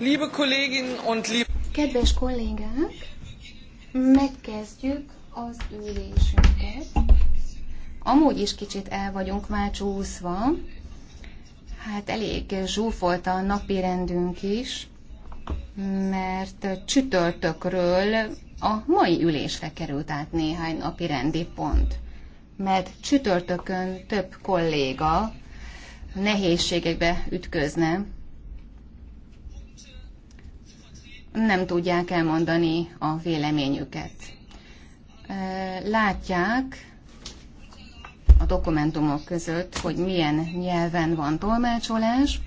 Liebe Kolleginnen und liebe Kedves kollégák, megkezdjük az ülésünket. Amúgy is kicsit el vagyunk már csúszva, hát elég zsúfolt a napi rendünk is, mert csütörtökről a mai ülésre került át néhány napi rendi pont. Mert csütörtökön több kolléga nehézségekbe ütközne, nem tudják elmondani a véleményüket. Látják a dokumentumok között, hogy milyen nyelven van tolmácsolás.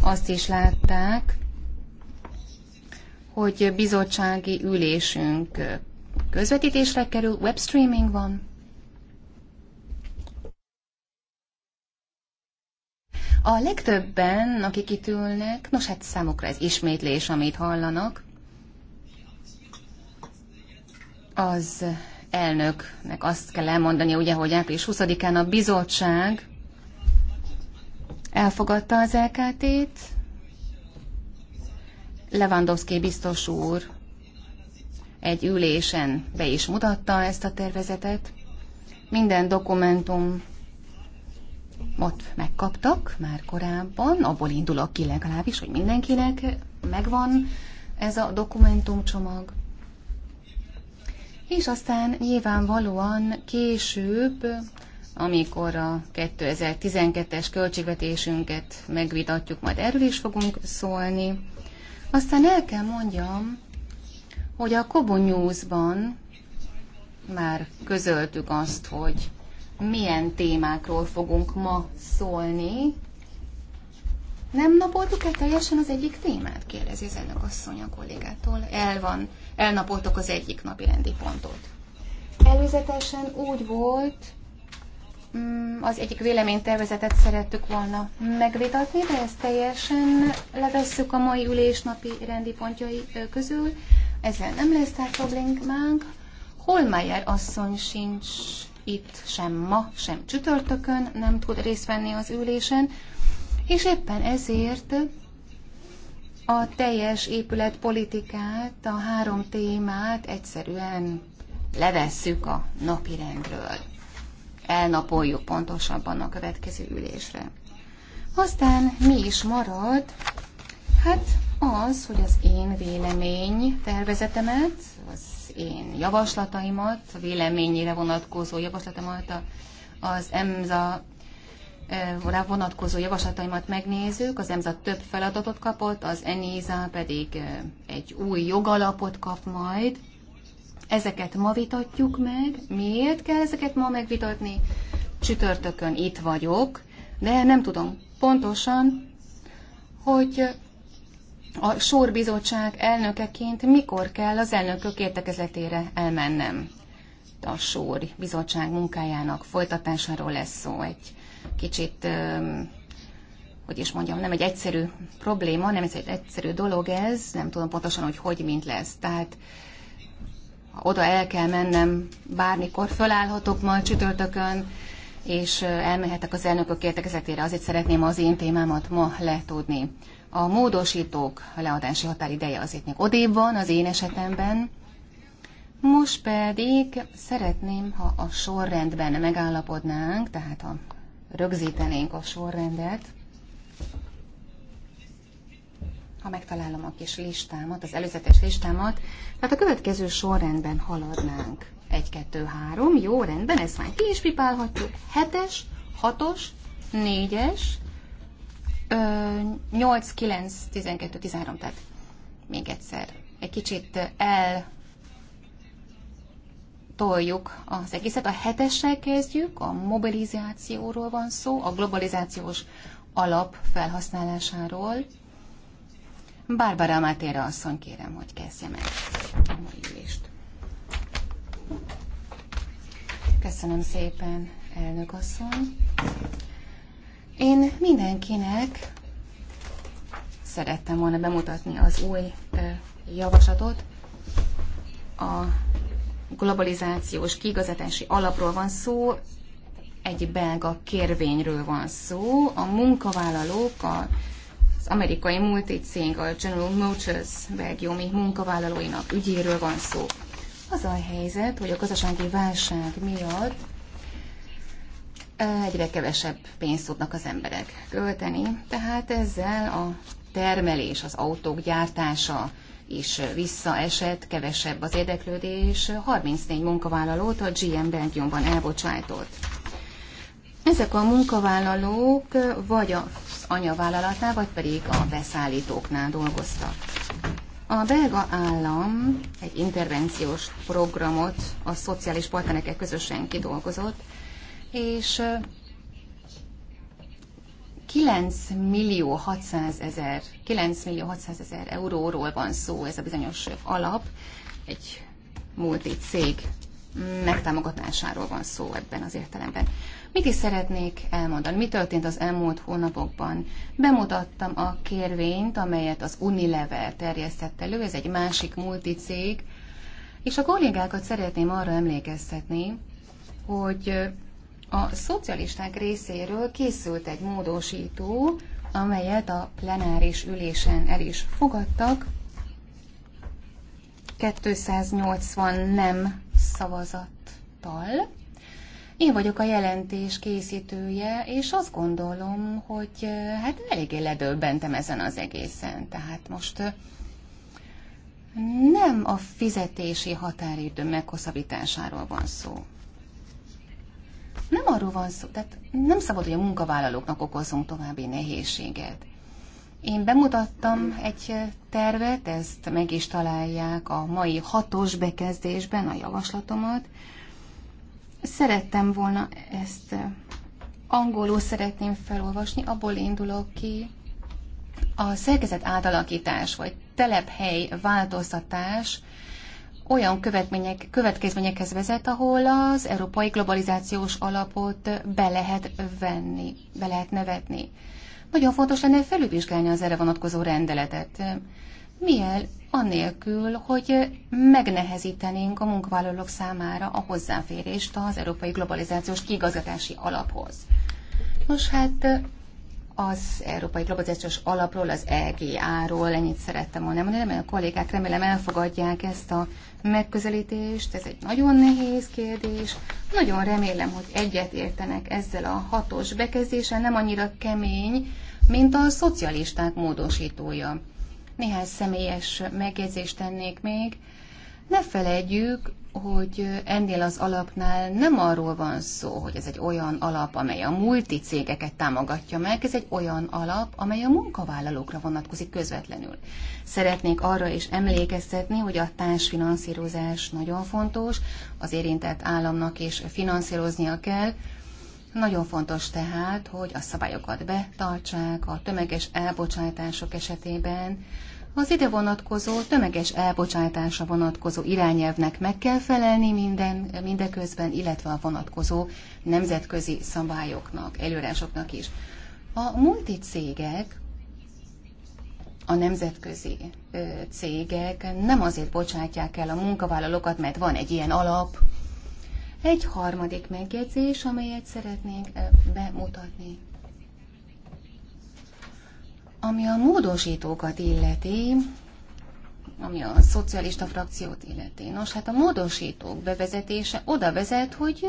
Azt is látták, hogy bizottsági ülésünk közvetítésre kerül, webstreaming van. A legtöbben, akik itt ülnek, nos hát számukra ez ismétlés, amit hallanak. Az elnöknek azt kell elmondani, ugye, hogy április 20-án a bizottság elfogadta az LKT-t. Lewandowski biztos úr egy ülésen be is mutatta ezt a tervezetet. Minden dokumentum ott megkaptak már korábban, abból indulok ki legalábbis, hogy mindenkinek megvan ez a dokumentumcsomag. És aztán nyilvánvalóan később, amikor a 2012-es költségvetésünket megvitatjuk, majd erről is fogunk szólni. Aztán el kell mondjam, hogy a Kobo News-ban már közöltük azt, hogy milyen témákról fogunk ma szólni. Nem napoltuk-e teljesen az egyik témát? Kérdezi az elnök asszony a kollégától. El van, elnapoltok az egyik napi rendi pontot. Előzetesen úgy volt, mm, az egyik véleménytervezetet szerettük volna megvitatni, de ezt teljesen levesszük a mai ülés napi rendi pontjai közül. Ezzel nem lesz tehát problémánk. Holmeyer asszony sincs itt sem ma, sem csütörtökön nem tud részt venni az ülésen, és éppen ezért a teljes épületpolitikát, a három témát egyszerűen levesszük a napirendről. Elnapoljuk pontosabban a következő ülésre. Aztán mi is marad? Hát az, hogy az én vélemény tervezetemet én javaslataimat, véleményére vonatkozó javaslataimat, az EMSA rá vonatkozó javaslataimat megnézzük, az EMSA több feladatot kapott, az ENISA pedig egy új jogalapot kap majd. Ezeket ma vitatjuk meg. Miért kell ezeket ma megvitatni? Csütörtökön itt vagyok, de nem tudom pontosan, hogy a sorbizottság elnökeként mikor kell az elnökök értekezletére elmennem. A sorbizottság bizottság munkájának folytatásáról lesz szó. Egy kicsit, hogy is mondjam, nem egy egyszerű probléma, nem egy egyszerű dolog ez, nem tudom pontosan, hogy hogy mint lesz. Tehát oda el kell mennem, bármikor fölállhatok majd csütörtökön, és elmehetek az elnökök értekezetére. Azért szeretném az én témámat ma letudni. A módosítók leadási határideje azért még odébb van az én esetemben. Most pedig szeretném, ha a sorrendben megállapodnánk, tehát ha rögzítenénk a sorrendet, ha megtalálom a kis listámat, az előzetes listámat, tehát a következő sorrendben haladnánk. 1, 2, 3, jó, rendben, ezt már ki is pipálhatjuk. 7-es, 6-os, 4-es, 8, 9, 12, 13, tehát még egyszer. Egy kicsit el toljuk az egészet. A hetessel kezdjük, a mobilizációról van szó, a globalizációs alap felhasználásáról. Bárbara Mátéra asszony kérem, hogy kezdje meg a mai ülést. Köszönöm szépen, elnök asszony. Én mindenkinek szerettem volna bemutatni az új javaslatot. A globalizációs kiigazatási alapról van szó, egy belga kérvényről van szó. A munkavállalók, az amerikai multicég, a General Motors belgiumi munkavállalóinak ügyéről van szó. Az a helyzet, hogy a gazdasági válság miatt egyre kevesebb pénzt tudnak az emberek költeni, tehát ezzel a termelés, az autók gyártása is visszaesett, kevesebb az érdeklődés, 34 munkavállalót a GM Belgiumban elbocsájtott. Ezek a munkavállalók vagy az anyavállalatnál, vagy pedig a beszállítóknál dolgoztak. A belga állam egy intervenciós programot a szociális partnerekkel közösen kidolgozott, és 9 millió 600 ezer, 9 millió 600 ezer euróról van szó ez a bizonyos alap, egy multi cég megtámogatásáról van szó ebben az értelemben. Mit is szeretnék elmondani? Mi történt az elmúlt hónapokban? Bemutattam a kérvényt, amelyet az Unilever terjesztett elő, ez egy másik multicég, és a kollégákat szeretném arra emlékeztetni, hogy a szocialisták részéről készült egy módosító, amelyet a plenáris ülésen el is fogadtak. 280 nem szavazattal. Én vagyok a jelentés készítője, és azt gondolom, hogy eh, hát eléggé ledöbbentem ezen az egészen. Tehát most eh, nem a fizetési határidő meghosszabbításáról van szó. Nem arról van szó, tehát nem szabad, hogy a munkavállalóknak okozzunk további nehézséget. Én bemutattam egy tervet, ezt meg is találják a mai hatos bekezdésben a javaslatomat. Szerettem volna ezt eh, angolul szeretném felolvasni, abból indulok ki. A szerkezet átalakítás vagy telephely változtatás olyan követmények, következményekhez vezet, ahol az európai globalizációs alapot be lehet venni, be lehet nevetni. Nagyon fontos lenne felülvizsgálni az erre vonatkozó rendeletet. Miel annélkül, hogy megnehezítenénk a munkavállalók számára a hozzáférést az európai globalizációs kigazgatási alaphoz. Nos, hát az Európai Globalizációs Alapról, az EGA-ról, ennyit szerettem volna mondani, mert a kollégák remélem elfogadják ezt a megközelítést, ez egy nagyon nehéz kérdés, nagyon remélem, hogy egyet értenek ezzel a hatos bekezdéssel, nem annyira kemény, mint a szocialisták módosítója. Néhány személyes megjegyzést tennék még. Ne felejtjük, hogy ennél az alapnál nem arról van szó, hogy ez egy olyan alap, amely a multi cégeket támogatja meg, ez egy olyan alap, amely a munkavállalókra vonatkozik közvetlenül. Szeretnék arra is emlékeztetni, hogy a társfinanszírozás nagyon fontos, az érintett államnak is finanszíroznia kell, nagyon fontos tehát, hogy a szabályokat betartsák a tömeges elbocsátások esetében, az ide vonatkozó tömeges elbocsátásra vonatkozó irányelvnek meg kell felelni minden, mindeközben, illetve a vonatkozó nemzetközi szabályoknak, előrásoknak is. A multicégek, a nemzetközi cégek nem azért bocsátják el a munkavállalókat, mert van egy ilyen alap. Egy harmadik megjegyzés, amelyet szeretnénk bemutatni. Ami a módosítókat illeti, ami a szocialista frakciót illeti. Nos, hát a módosítók bevezetése oda vezet, hogy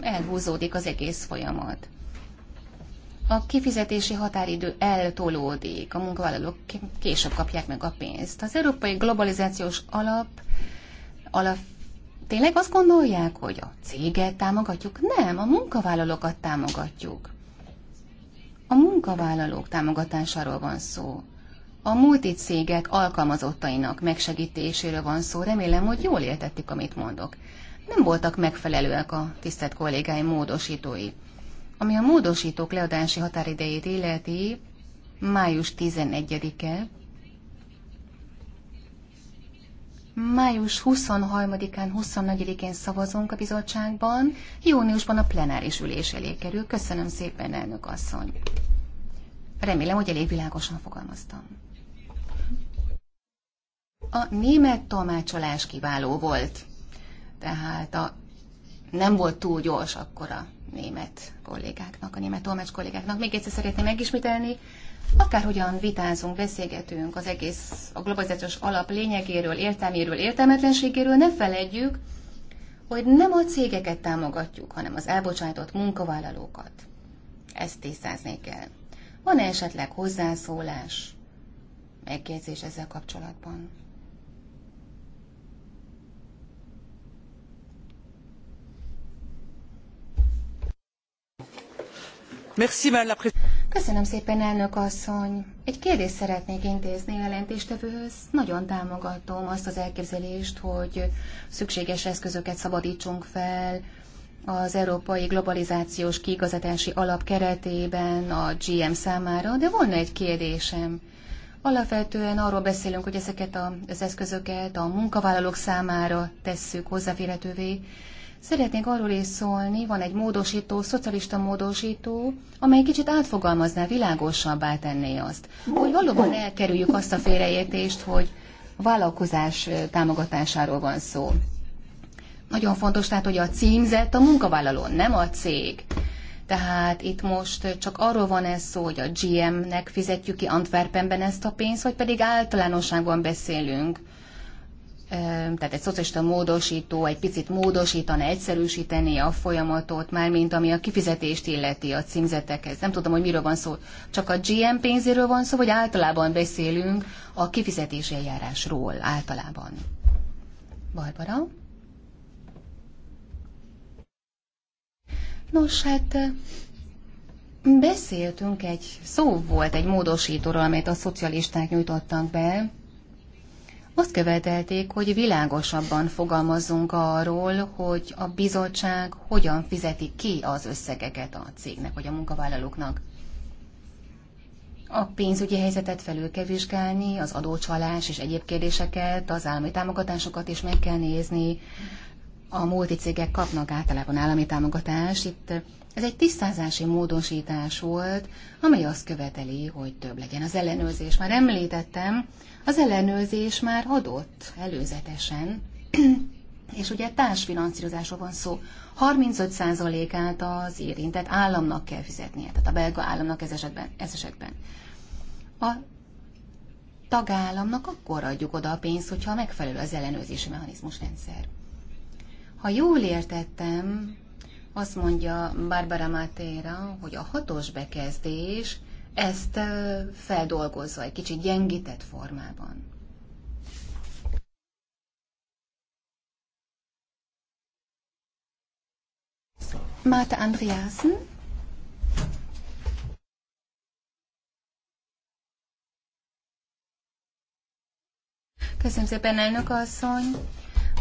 elhúzódik az egész folyamat. A kifizetési határidő eltolódik, a munkavállalók később kapják meg a pénzt. Az Európai Globalizációs Alap, alap tényleg azt gondolják, hogy a céget támogatjuk? Nem, a munkavállalókat támogatjuk. A munkavállalók támogatásáról van szó. A multicégek alkalmazottainak megsegítéséről van szó. Remélem, hogy jól értették, amit mondok. Nem voltak megfelelőek a tisztelt kollégáim módosítói. Ami a módosítók leadási határidejét illeti, május 11-e, Május 23-án, 24-én szavazunk a bizottságban, júniusban a plenáris ülés elé kerül. Köszönöm szépen, elnök asszony. Remélem, hogy elég világosan fogalmaztam. A német tolmácsolás kiváló volt, tehát a, nem volt túl gyors akkor a német kollégáknak, a német tolmács kollégáknak. Még egyszer szeretném megismételni, akárhogyan vitázunk, beszélgetünk az egész a globalizációs alap lényegéről, értelméről, értelmetlenségéről, ne felejtjük, hogy nem a cégeket támogatjuk, hanem az elbocsájtott munkavállalókat. Ezt tisztázni kell. van -e esetleg hozzászólás, megjegyzés ezzel kapcsolatban? Merci, Madame la Présidente. Köszönöm szépen, elnök asszony. Egy kérdést szeretnék intézni a jelentéstevőhöz. Nagyon támogatom azt az elképzelést, hogy szükséges eszközöket szabadítsunk fel az európai globalizációs kiigazatási alap keretében a GM számára, de volna egy kérdésem. Alapvetően arról beszélünk, hogy ezeket az eszközöket a munkavállalók számára tesszük hozzáférhetővé, Szeretnék arról is szólni, van egy módosító, szocialista módosító, amely kicsit átfogalmazná, világosabbá tenné azt, hogy valóban elkerüljük azt a félreértést, hogy vállalkozás támogatásáról van szó. Nagyon fontos, tehát, hogy a címzett a munkavállaló, nem a cég. Tehát itt most csak arról van ez szó, hogy a GM-nek fizetjük ki Antwerpenben ezt a pénzt, vagy pedig általánosságban beszélünk tehát egy szocialista módosító egy picit módosítana, egyszerűsíteni a folyamatot, mármint ami a kifizetést illeti a címzetekhez. Nem tudom, hogy miről van szó. Csak a GM pénzéről van szó, vagy általában beszélünk a kifizetési eljárásról általában. Barbara? Nos, hát beszéltünk egy, szó volt egy módosítóról, amelyet a szocialisták nyújtottak be, azt követelték, hogy világosabban fogalmazzunk arról, hogy a bizottság hogyan fizeti ki az összegeket a cégnek vagy a munkavállalóknak. A pénzügyi helyzetet felül kell vizsgálni, az adócsalás és egyéb kérdéseket, az állami támogatásokat is meg kell nézni. A multicégek kapnak általában állami támogatást. Itt ez egy tisztázási módosítás volt, amely azt követeli, hogy több legyen az ellenőrzés. Már említettem, az ellenőrzés már adott előzetesen, és ugye társfinanszírozásról van szó. 35%-át az érintett államnak kell fizetnie, tehát a belga államnak ez esetben. Ez esetben. A tagállamnak akkor adjuk oda a pénzt, hogyha megfelelő az ellenőrzési mechanizmus rendszer. Ha jól értettem, azt mondja Barbara Matéra, hogy a hatos bekezdés ezt feldolgozva, egy kicsit gyengített formában. Márta Andreasen. Köszönöm szépen, elnök asszony.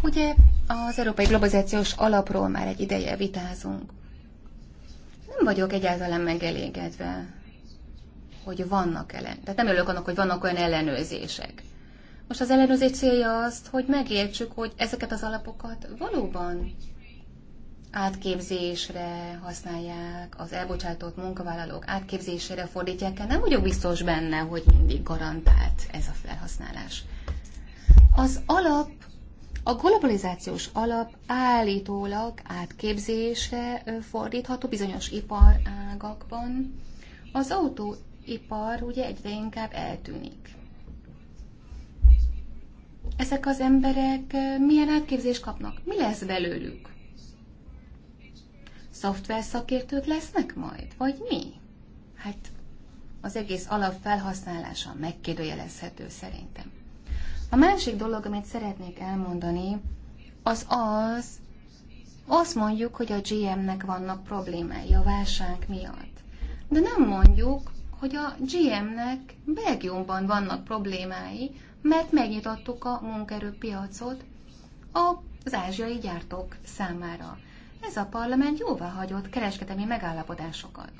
Ugye az európai globalizációs alapról már egy ideje vitázunk. Nem vagyok egyáltalán megelégedve hogy vannak ellen. Tehát nem örülök annak, hogy vannak olyan ellenőrzések. Most az ellenőrzés célja azt, hogy megértsük, hogy ezeket az alapokat valóban átképzésre használják, az elbocsátott munkavállalók átképzésére fordítják el. Nem vagyok biztos benne, hogy mindig garantált ez a felhasználás. Az alap, a globalizációs alap állítólag átképzésre fordítható bizonyos iparágakban. Az autó ipar ugye egyre inkább eltűnik. Ezek az emberek eh, milyen átképzést kapnak? Mi lesz belőlük? Szoftver szakértők lesznek majd? Vagy mi? Hát az egész alap felhasználása megkérdőjelezhető szerintem. A másik dolog, amit szeretnék elmondani, az az, azt mondjuk, hogy a GM-nek vannak problémái a válság miatt. De nem mondjuk, hogy a GM-nek Belgiumban vannak problémái, mert megnyitottuk a munkerőpiacot az ázsiai gyártók számára. Ez a parlament jóvá hagyott kereskedelmi megállapodásokat.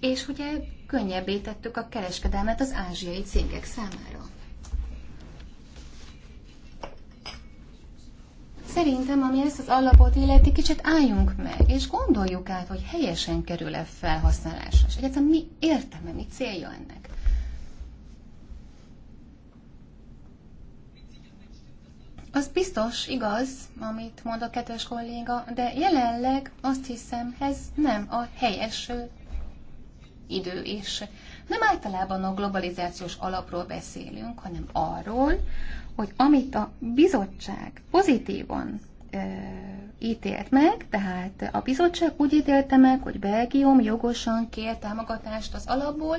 És ugye könnyebbé tettük a kereskedelmet az ázsiai cégek számára. Szerintem, ami ezt az alapot illeti, kicsit álljunk meg, és gondoljuk át, hogy helyesen kerül-e felhasználásra. És egyáltalán mi értelme, mi célja ennek? Az biztos, igaz, amit mond a kedves kolléga, de jelenleg azt hiszem, ez nem a helyes idő, és nem általában a globalizációs alapról beszélünk, hanem arról, hogy amit a bizottság pozitívan ö, ítélt meg, tehát a bizottság úgy ítélte meg, hogy Belgium jogosan kér támogatást az alapból,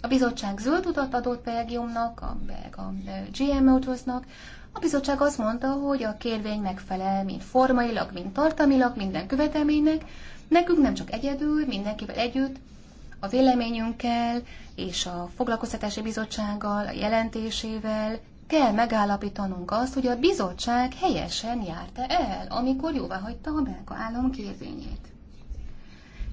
a bizottság zöld utat adott Belgiumnak, a, a GM Motorsnak, a bizottság azt mondta, hogy a kérvény megfelel mind formailag, mind tartalmilag, minden követelménynek, nekünk nem csak egyedül, mindenkivel együtt, a véleményünkkel és a foglalkoztatási bizottsággal, a jelentésével, kell megállapítanunk azt, hogy a bizottság helyesen járta el, amikor jóvá hagyta a belga állam kérvényét.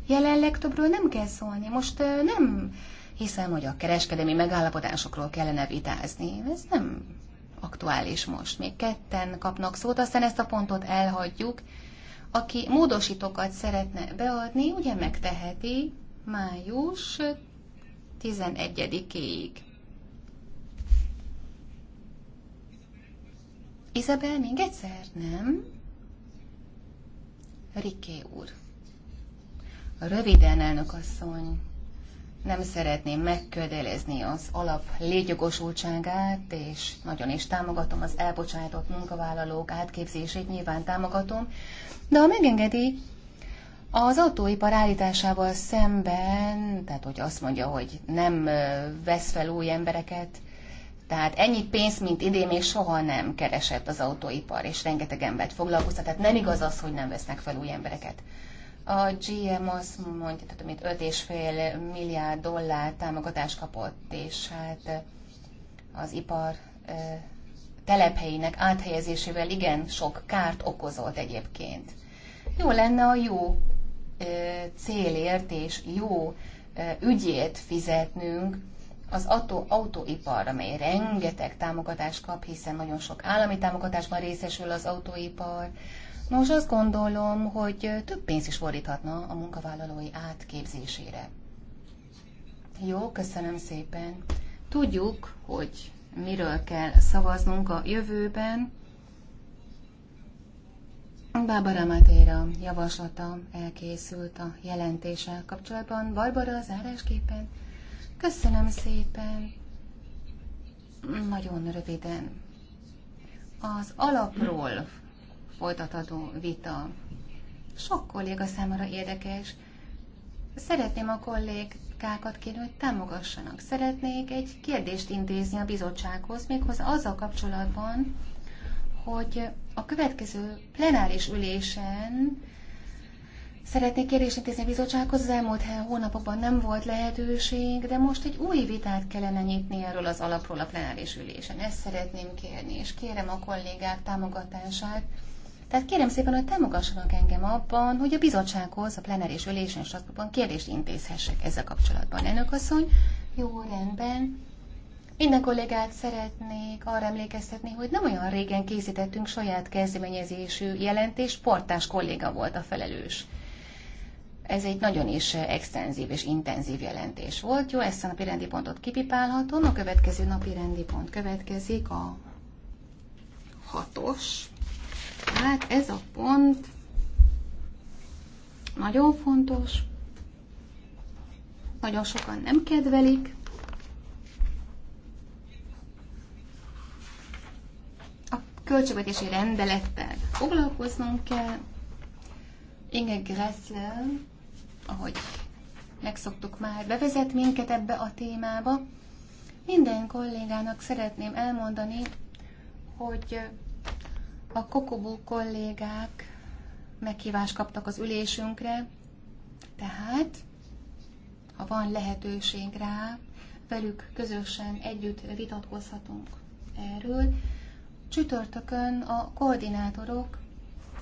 Jelenleg többről nem kell szólni, most nem hiszem, hogy a kereskedemi megállapodásokról kellene vitázni. Ez nem aktuális most. Még ketten kapnak szót, aztán ezt a pontot elhagyjuk. Aki módosítókat szeretne beadni, ugye megteheti május 11-ig. Izabel, még egyszer? Nem? Riké úr. Röviden, elnök asszony, nem szeretném megködelezni az alap légyogosultságát, és nagyon is támogatom az elbocsátott munkavállalók átképzését, nyilván támogatom, de ha megengedi, az autóipar állításával szemben, tehát hogy azt mondja, hogy nem vesz fel új embereket, tehát ennyi pénzt, mint idén még soha nem keresett az autóipar, és rengeteg embert foglalkoztat, tehát nem igaz az, hogy nem vesznek fel új embereket. A GM azt mondja, tehát amit 5,5 milliárd dollár támogatást kapott, és hát az ipar telephelyének áthelyezésével igen sok kárt okozott egyébként. Jó lenne a jó célért és jó ügyét fizetnünk, az autóiparra, autóipar, amely rengeteg támogatást kap, hiszen nagyon sok állami támogatásban részesül az autóipar. Nos, azt gondolom, hogy több pénzt is fordíthatna a munkavállalói átképzésére. Jó, köszönöm szépen. Tudjuk, hogy miről kell szavaznunk a jövőben. Bábara Matéra javaslata elkészült a jelentéssel kapcsolatban. Barbara zárásképpen Köszönöm szépen. Nagyon röviden. Az alapról folytatadó vita sok kolléga számára érdekes. Szeretném a kollégákat kérni, hogy támogassanak. Szeretnék egy kérdést intézni a bizottsághoz, méghozzá azzal kapcsolatban, hogy a következő plenáris ülésen Szeretnék kérdést intézni a bizottsághoz, az elmúlt hónapokban nem volt lehetőség, de most egy új vitát kellene nyitni erről az alapról a plenáris ülésen. Ezt szeretném kérni, és kérem a kollégák támogatását. Tehát kérem szépen, hogy támogassanak engem abban, hogy a bizottsághoz a plenáris ülésen Strasbourgban kérdést intézhessek ezzel kapcsolatban. Önök asszony, jó rendben. Minden kollégát szeretnék arra emlékeztetni, hogy nem olyan régen készítettünk saját kezdeményezésű jelentést, portás kolléga volt a felelős. Ez egy nagyon is extenzív és intenzív jelentés volt. Jó, ezt a napi rendi pontot kipipálhatom. A következő napi rendi pont következik, a hatos. Hát ez a pont nagyon fontos, nagyon sokan nem kedvelik. A költségvetési rendelettel foglalkoznunk kell. Inge Gressler ahogy megszoktuk már, bevezet minket ebbe a témába. Minden kollégának szeretném elmondani, hogy a kokobú kollégák meghívást kaptak az ülésünkre, tehát ha van lehetőség rá, velük közösen együtt vitatkozhatunk erről. Csütörtökön a koordinátorok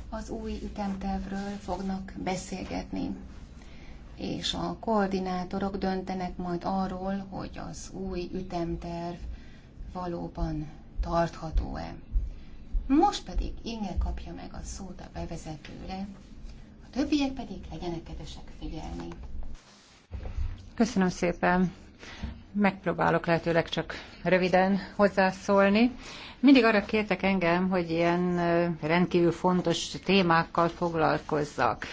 az új ütemtervről fognak beszélgetni és a koordinátorok döntenek majd arról, hogy az új ütemterv valóban tartható-e. Most pedig Inge kapja meg a szót a bevezetőre, a többiek pedig legyenek kedvesek figyelni. Köszönöm szépen. Megpróbálok lehetőleg csak röviden hozzászólni. Mindig arra kértek engem, hogy ilyen rendkívül fontos témákkal foglalkozzak.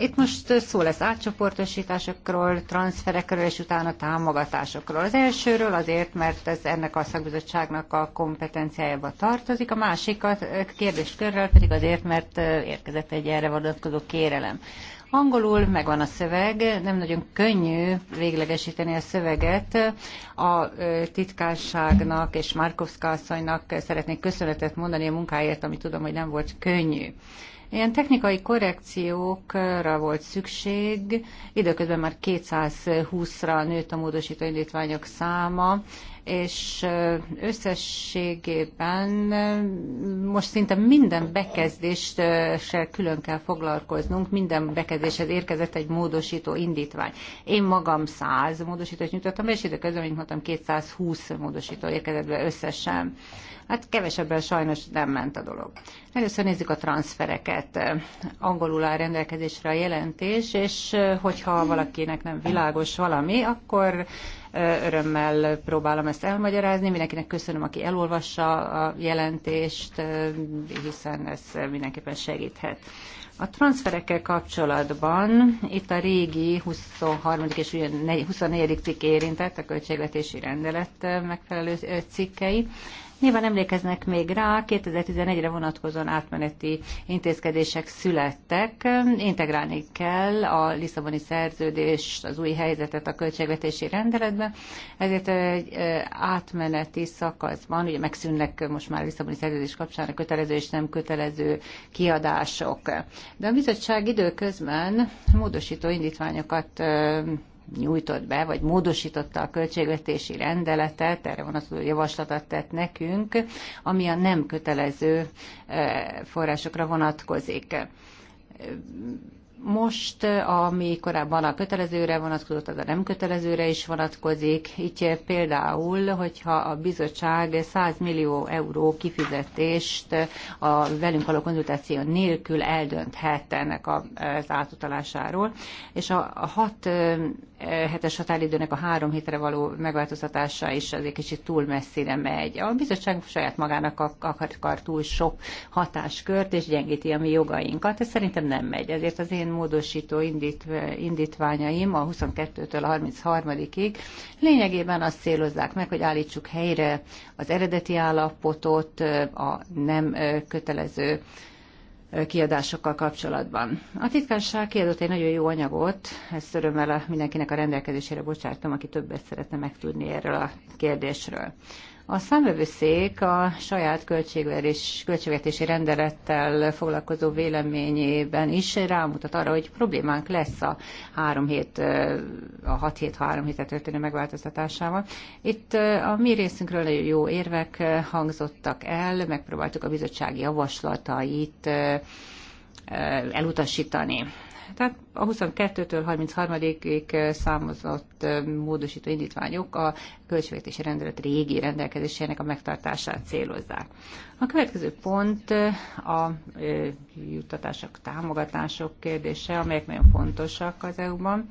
Itt most szó lesz átcsoportosításokról, transferekről és utána támogatásokról. Az elsőről azért, mert ez ennek a szakbizottságnak a kompetenciájába tartozik, a másik kérdéskörrel pedig azért, mert érkezett egy erre vonatkozó kérelem. Angolul megvan a szöveg, nem nagyon könnyű véglegesíteni a szöveget. A titkárságnak és Markovszka asszonynak szeretnék köszönetet mondani a munkáért, ami tudom, hogy nem volt könnyű. Ilyen technikai korrekciókra volt szükség, időközben már 220-ra nőtt a módosító indítványok száma, és összességében most szinte minden bekezdéssel külön kell foglalkoznunk, minden bekezdéshez érkezett egy módosító indítvány. Én magam 100 módosítót nyújtottam és időközben, mint mondtam, 220 módosító érkezett be összesen. Hát kevesebben sajnos nem ment a dolog. Először nézzük a transfereket. Angolul áll rendelkezésre a jelentés, és hogyha valakinek nem világos valami, akkor örömmel próbálom ezt elmagyarázni. Mindenkinek köszönöm, aki elolvassa a jelentést, hiszen ez mindenképpen segíthet. A transferekkel kapcsolatban itt a régi 23. és 24. cikk érintett, a költségvetési rendelet megfelelő cikkei. Nyilván emlékeznek még rá, 2011-re vonatkozóan átmeneti intézkedések születtek. Integrálni kell a Lisszaboni szerződést, az új helyzetet a költségvetési rendeletbe, ezért egy átmeneti szakaszban, ugye megszűnnek most már a Lisszaboni szerződés kapcsán a kötelező és nem kötelező kiadások. De a bizottság időközben módosító indítványokat nyújtott be, vagy módosította a költségvetési rendeletet, erre vonatkozó javaslatot tett nekünk, ami a nem kötelező eh, forrásokra vonatkozik most, eh, ami korábban a kötelezőre vonatkozott, az a nem kötelezőre is vonatkozik. Így eh, például, hogyha a bizottság 100 millió euró kifizetést eh, a velünk való konzultáció nélkül eldönthet ennek az átutalásáról, és a, hat hetes határidőnek a három hétre való megváltoztatása is azért kicsit túl messzire megy. A bizottság saját magának akar túl sok hatáskört, és gyengíti a mi jogainkat. Ez szerintem nem megy. Ezért az én módosító indítványaim a 22-től a 33-ig lényegében azt célozzák meg, hogy állítsuk helyre az eredeti állapotot a nem kötelező kiadásokkal kapcsolatban. A titkárság kiadott egy nagyon jó anyagot, ezt örömmel mindenkinek a rendelkezésére bocsátom, aki többet szeretne megtudni erről a kérdésről. A számvevőszék a saját költségvetési rendelettel foglalkozó véleményében is rámutat arra, hogy problémánk lesz a 3 hét, a 6 hét, 3 hétet történő megváltoztatásával. Itt a mi részünkről nagyon jó érvek hangzottak el, megpróbáltuk a bizottsági javaslatait elutasítani. Tehát a 22-től 33-ig eh, számozott eh, módosító indítványok a költségvetési rendelet régi rendelkezésének a megtartását célozzák. A következő pont eh, a juttatások, támogatások kérdése, amelyek nagyon fontosak az EU-ban.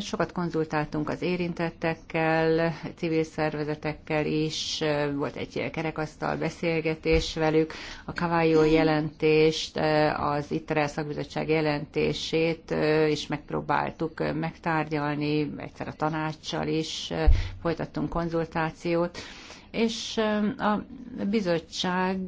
Sokat konzultáltunk az érintettekkel, civil szervezetekkel is, volt egy kerekasztal beszélgetés velük, a Kavályó jelentést, az Itterel szakbizottság jelentését is megpróbáltuk megtárgyalni, egyszer a tanácssal is folytattunk konzultációt, és a bizottság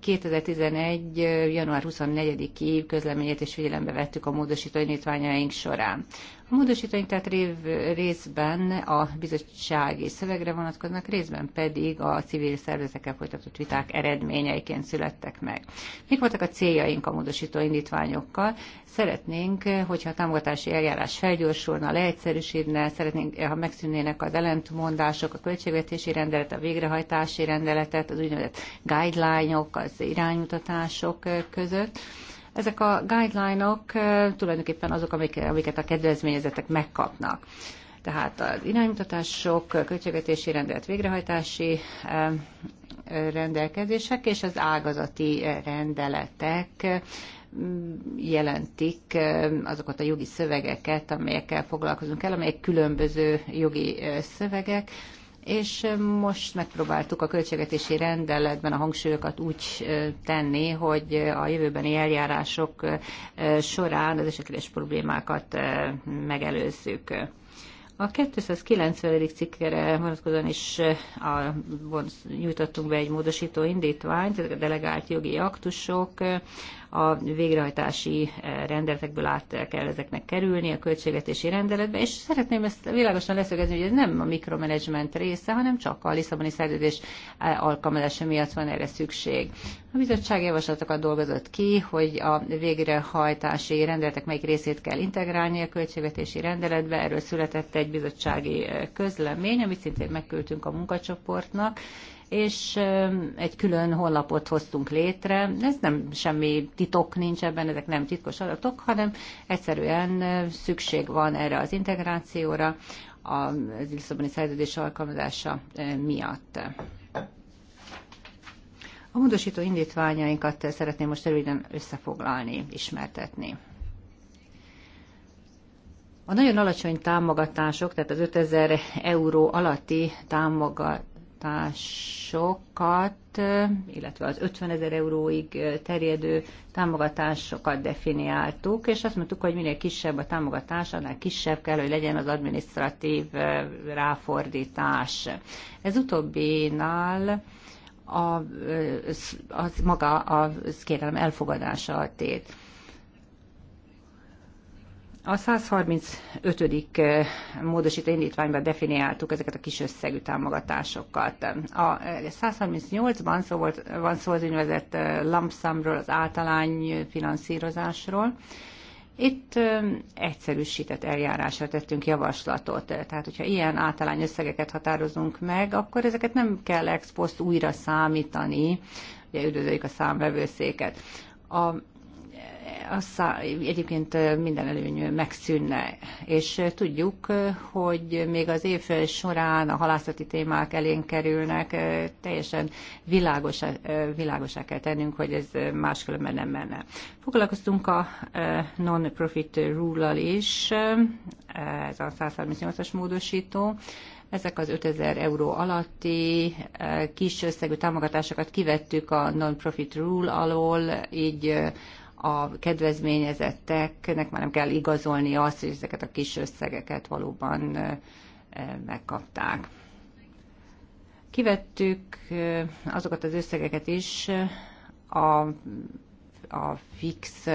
2011. január 24-i közleményét is figyelembe vettük a módosító indítványaink során. A módosítani tehát rév, részben a bizottsági szövegre vonatkoznak, részben pedig a civil szervezetekkel folytatott viták eredményeiként születtek meg. Mik voltak a céljaink a módosító indítványokkal? Szeretnénk, hogyha a támogatási eljárás felgyorsulna, leegyszerűsítne, szeretnénk, ha megszűnnének az ellentmondások, a költségvetési rendelet, a végrehajtási rendeletet, az úgynevezett guideline-ok, -ok, az iránymutatások között ezek a guideline-ok -ok tulajdonképpen azok, amik, amiket a kedvezményezetek megkapnak. Tehát az iránymutatások, költségvetési rendelet végrehajtási rendelkezések és az ágazati rendeletek jelentik azokat a jogi szövegeket, amelyekkel foglalkozunk el, amelyek különböző jogi szövegek, és most megpróbáltuk a költségvetési rendeletben a hangsúlyokat úgy tenni, hogy a jövőbeni eljárások során az esetleges problémákat megelőzzük. A 290. cikkre vonatkozóan is a, nyújtottunk be egy módosító indítványt, ezek a delegált jogi aktusok, a végrehajtási eh, rendeletekből át kell ezeknek kerülni a költségvetési rendeletbe, és szeretném ezt világosan leszögezni, hogy ez nem a mikromanagement része, hanem csak a Lisszaboni szerződés eh, alkalmazása miatt van erre szükség. A bizottság javaslatokat dolgozott ki, hogy a végrehajtási rendeletek melyik részét kell integrálni a költségvetési rendeletbe, erről született egy bizottsági eh, közlemény, amit szintén megküldtünk a munkacsoportnak, és egy külön honlapot hoztunk létre. Ez nem semmi titok nincs ebben, ezek nem titkos adatok, hanem egyszerűen szükség van erre az integrációra az Lisszaboni szerződés alkalmazása miatt. A módosító indítványainkat szeretném most röviden összefoglalni, ismertetni. A nagyon alacsony támogatások, tehát az 5000 euró alatti támogatások támogatásokat, illetve az 50 ezer euróig terjedő támogatásokat definiáltuk, és azt mondtuk, hogy minél kisebb a támogatás, annál kisebb kell, hogy legyen az administratív ráfordítás. Ez utóbbinál a, az maga a kérelem elfogadása a tét. A 135. Eh, módosító indítványban definiáltuk ezeket a kis összegű támogatásokat. A 138-ban eh, szó volt, van szó az úgynevezett eh, lump az általány finanszírozásról. Itt egyszerűsített eljárásra tettünk javaslatot. Tehát, hogyha ilyen általány összegeket határozunk meg, akkor ezeket nem kell ex post újra számítani, ugye üdvözöljük a számvevőszéket. A azt egyébként minden előny megszűnne, és tudjuk, hogy még az év során a halászati témák elén kerülnek, teljesen világos, világosá kell tennünk, hogy ez máskülönben nem menne. Foglalkoztunk a non-profit rule-al is, ez a 138-as módosító, ezek az 5000 euró alatti kis összegű támogatásokat kivettük a non-profit rule alól, így a kedvezményezetteknek már nem kell igazolni azt, hogy ezeket a kis összegeket valóban megkapták. Kivettük azokat az összegeket is, a, a fix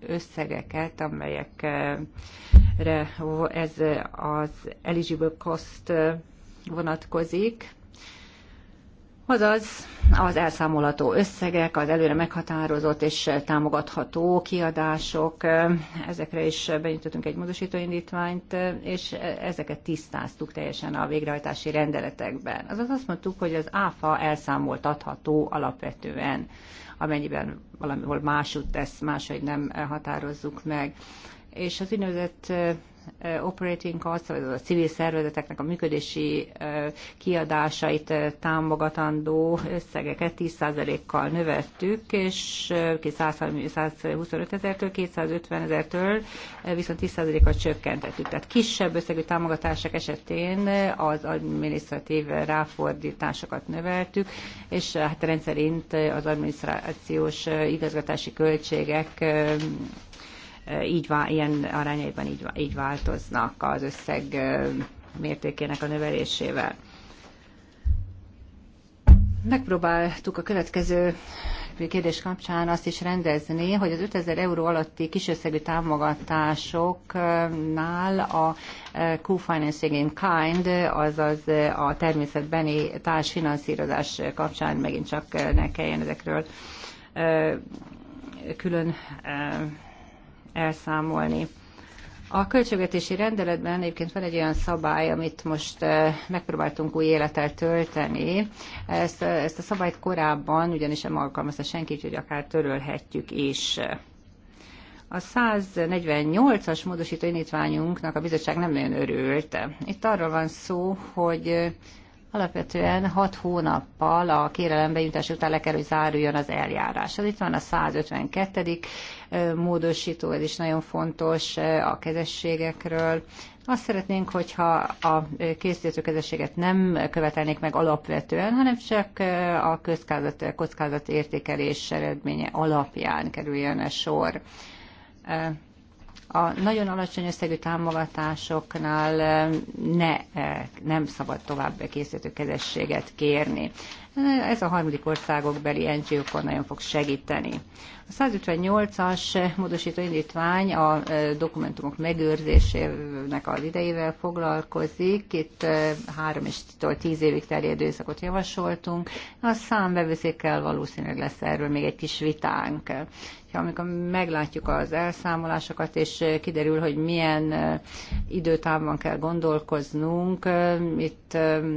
összegeket, amelyekre ez az eligible cost vonatkozik, azaz az elszámolható összegek, az előre meghatározott és támogatható kiadások, ezekre is benyújtottunk egy módosítóindítványt, és ezeket tisztáztuk teljesen a végrehajtási rendeletekben. Azaz azt mondtuk, hogy az ÁFA elszámoltatható alapvetően, amennyiben valamihol másút tesz, máshogy nem határozzuk meg és az úgynevezett operating cost, vagy a civil szervezeteknek a működési kiadásait támogatandó összegeket 10%-kal növeltük, és 125 ezertől 250 ezertől viszont 10%-kal csökkentettük. Tehát kisebb összegű támogatások esetén az adminisztratív ráfordításokat növeltük, és hát rendszerint az adminisztrációs igazgatási költségek így vá- ilyen arányaiban így, így változnak az összeg mértékének a növelésével. Megpróbáltuk a következő kérdés kapcsán azt is rendezni, hogy az 5000 euró alatti kisösszegű támogatásoknál a co-financing in kind, azaz a természetbeni társfinanszírozás kapcsán megint csak ne kelljen ezekről külön elszámolni. A költségvetési rendeletben egyébként van egy olyan szabály, amit most eh, megpróbáltunk új élettel tölteni. Ezt, eh, ezt a szabályt korábban ugyanis nem alkalmazta senki, hogy akár törölhetjük is. A 148-as módosító indítványunknak a bizottság nem nagyon örült. Itt arról van szó, hogy eh, alapvetően 6 hónappal a kérelem bejutása után le kell, hogy záruljon az eljárás. Az itt van a 152 módosító, ez is nagyon fontos a kezességekről. Azt szeretnénk, hogyha a készítőkezességet nem követelnék meg alapvetően, hanem csak a közkázat, kockázat értékelés eredménye alapján kerüljön a sor. A nagyon alacsony összegű támogatásoknál ne, nem szabad tovább készítőkezességet kérni. Ez a harmadik országok beli NGO-kon nagyon fog segíteni. A 158-as módosító indítvány a dokumentumok megőrzésének az idejével foglalkozik. Itt 3 és 10 évig terjedő időszakot javasoltunk. A számbevőszékkel valószínűleg lesz erről még egy kis vitánk amikor meglátjuk az elszámolásokat, és kiderül, hogy milyen időtávban kell gondolkoznunk, itt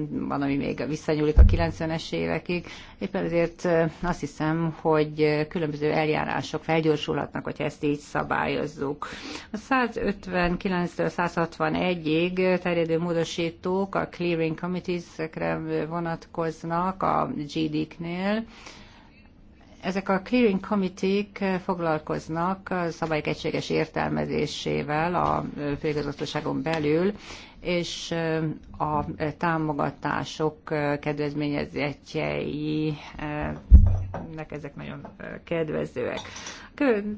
van, ami még visszanyúlik a 90-es évekig, éppen ezért azt hiszem, hogy különböző eljárások felgyorsulhatnak, hogyha ezt így szabályozzuk. A 159 161-ig terjedő módosítók a clearing committees-ekre vonatkoznak a GD-knél, ezek a clearing committee eh, foglalkoznak a szabályok egységes értelmezésével a eh, főigazgatóságon belül, és eh, a támogatások kedvezményezetjei ezek nagyon kedvezőek.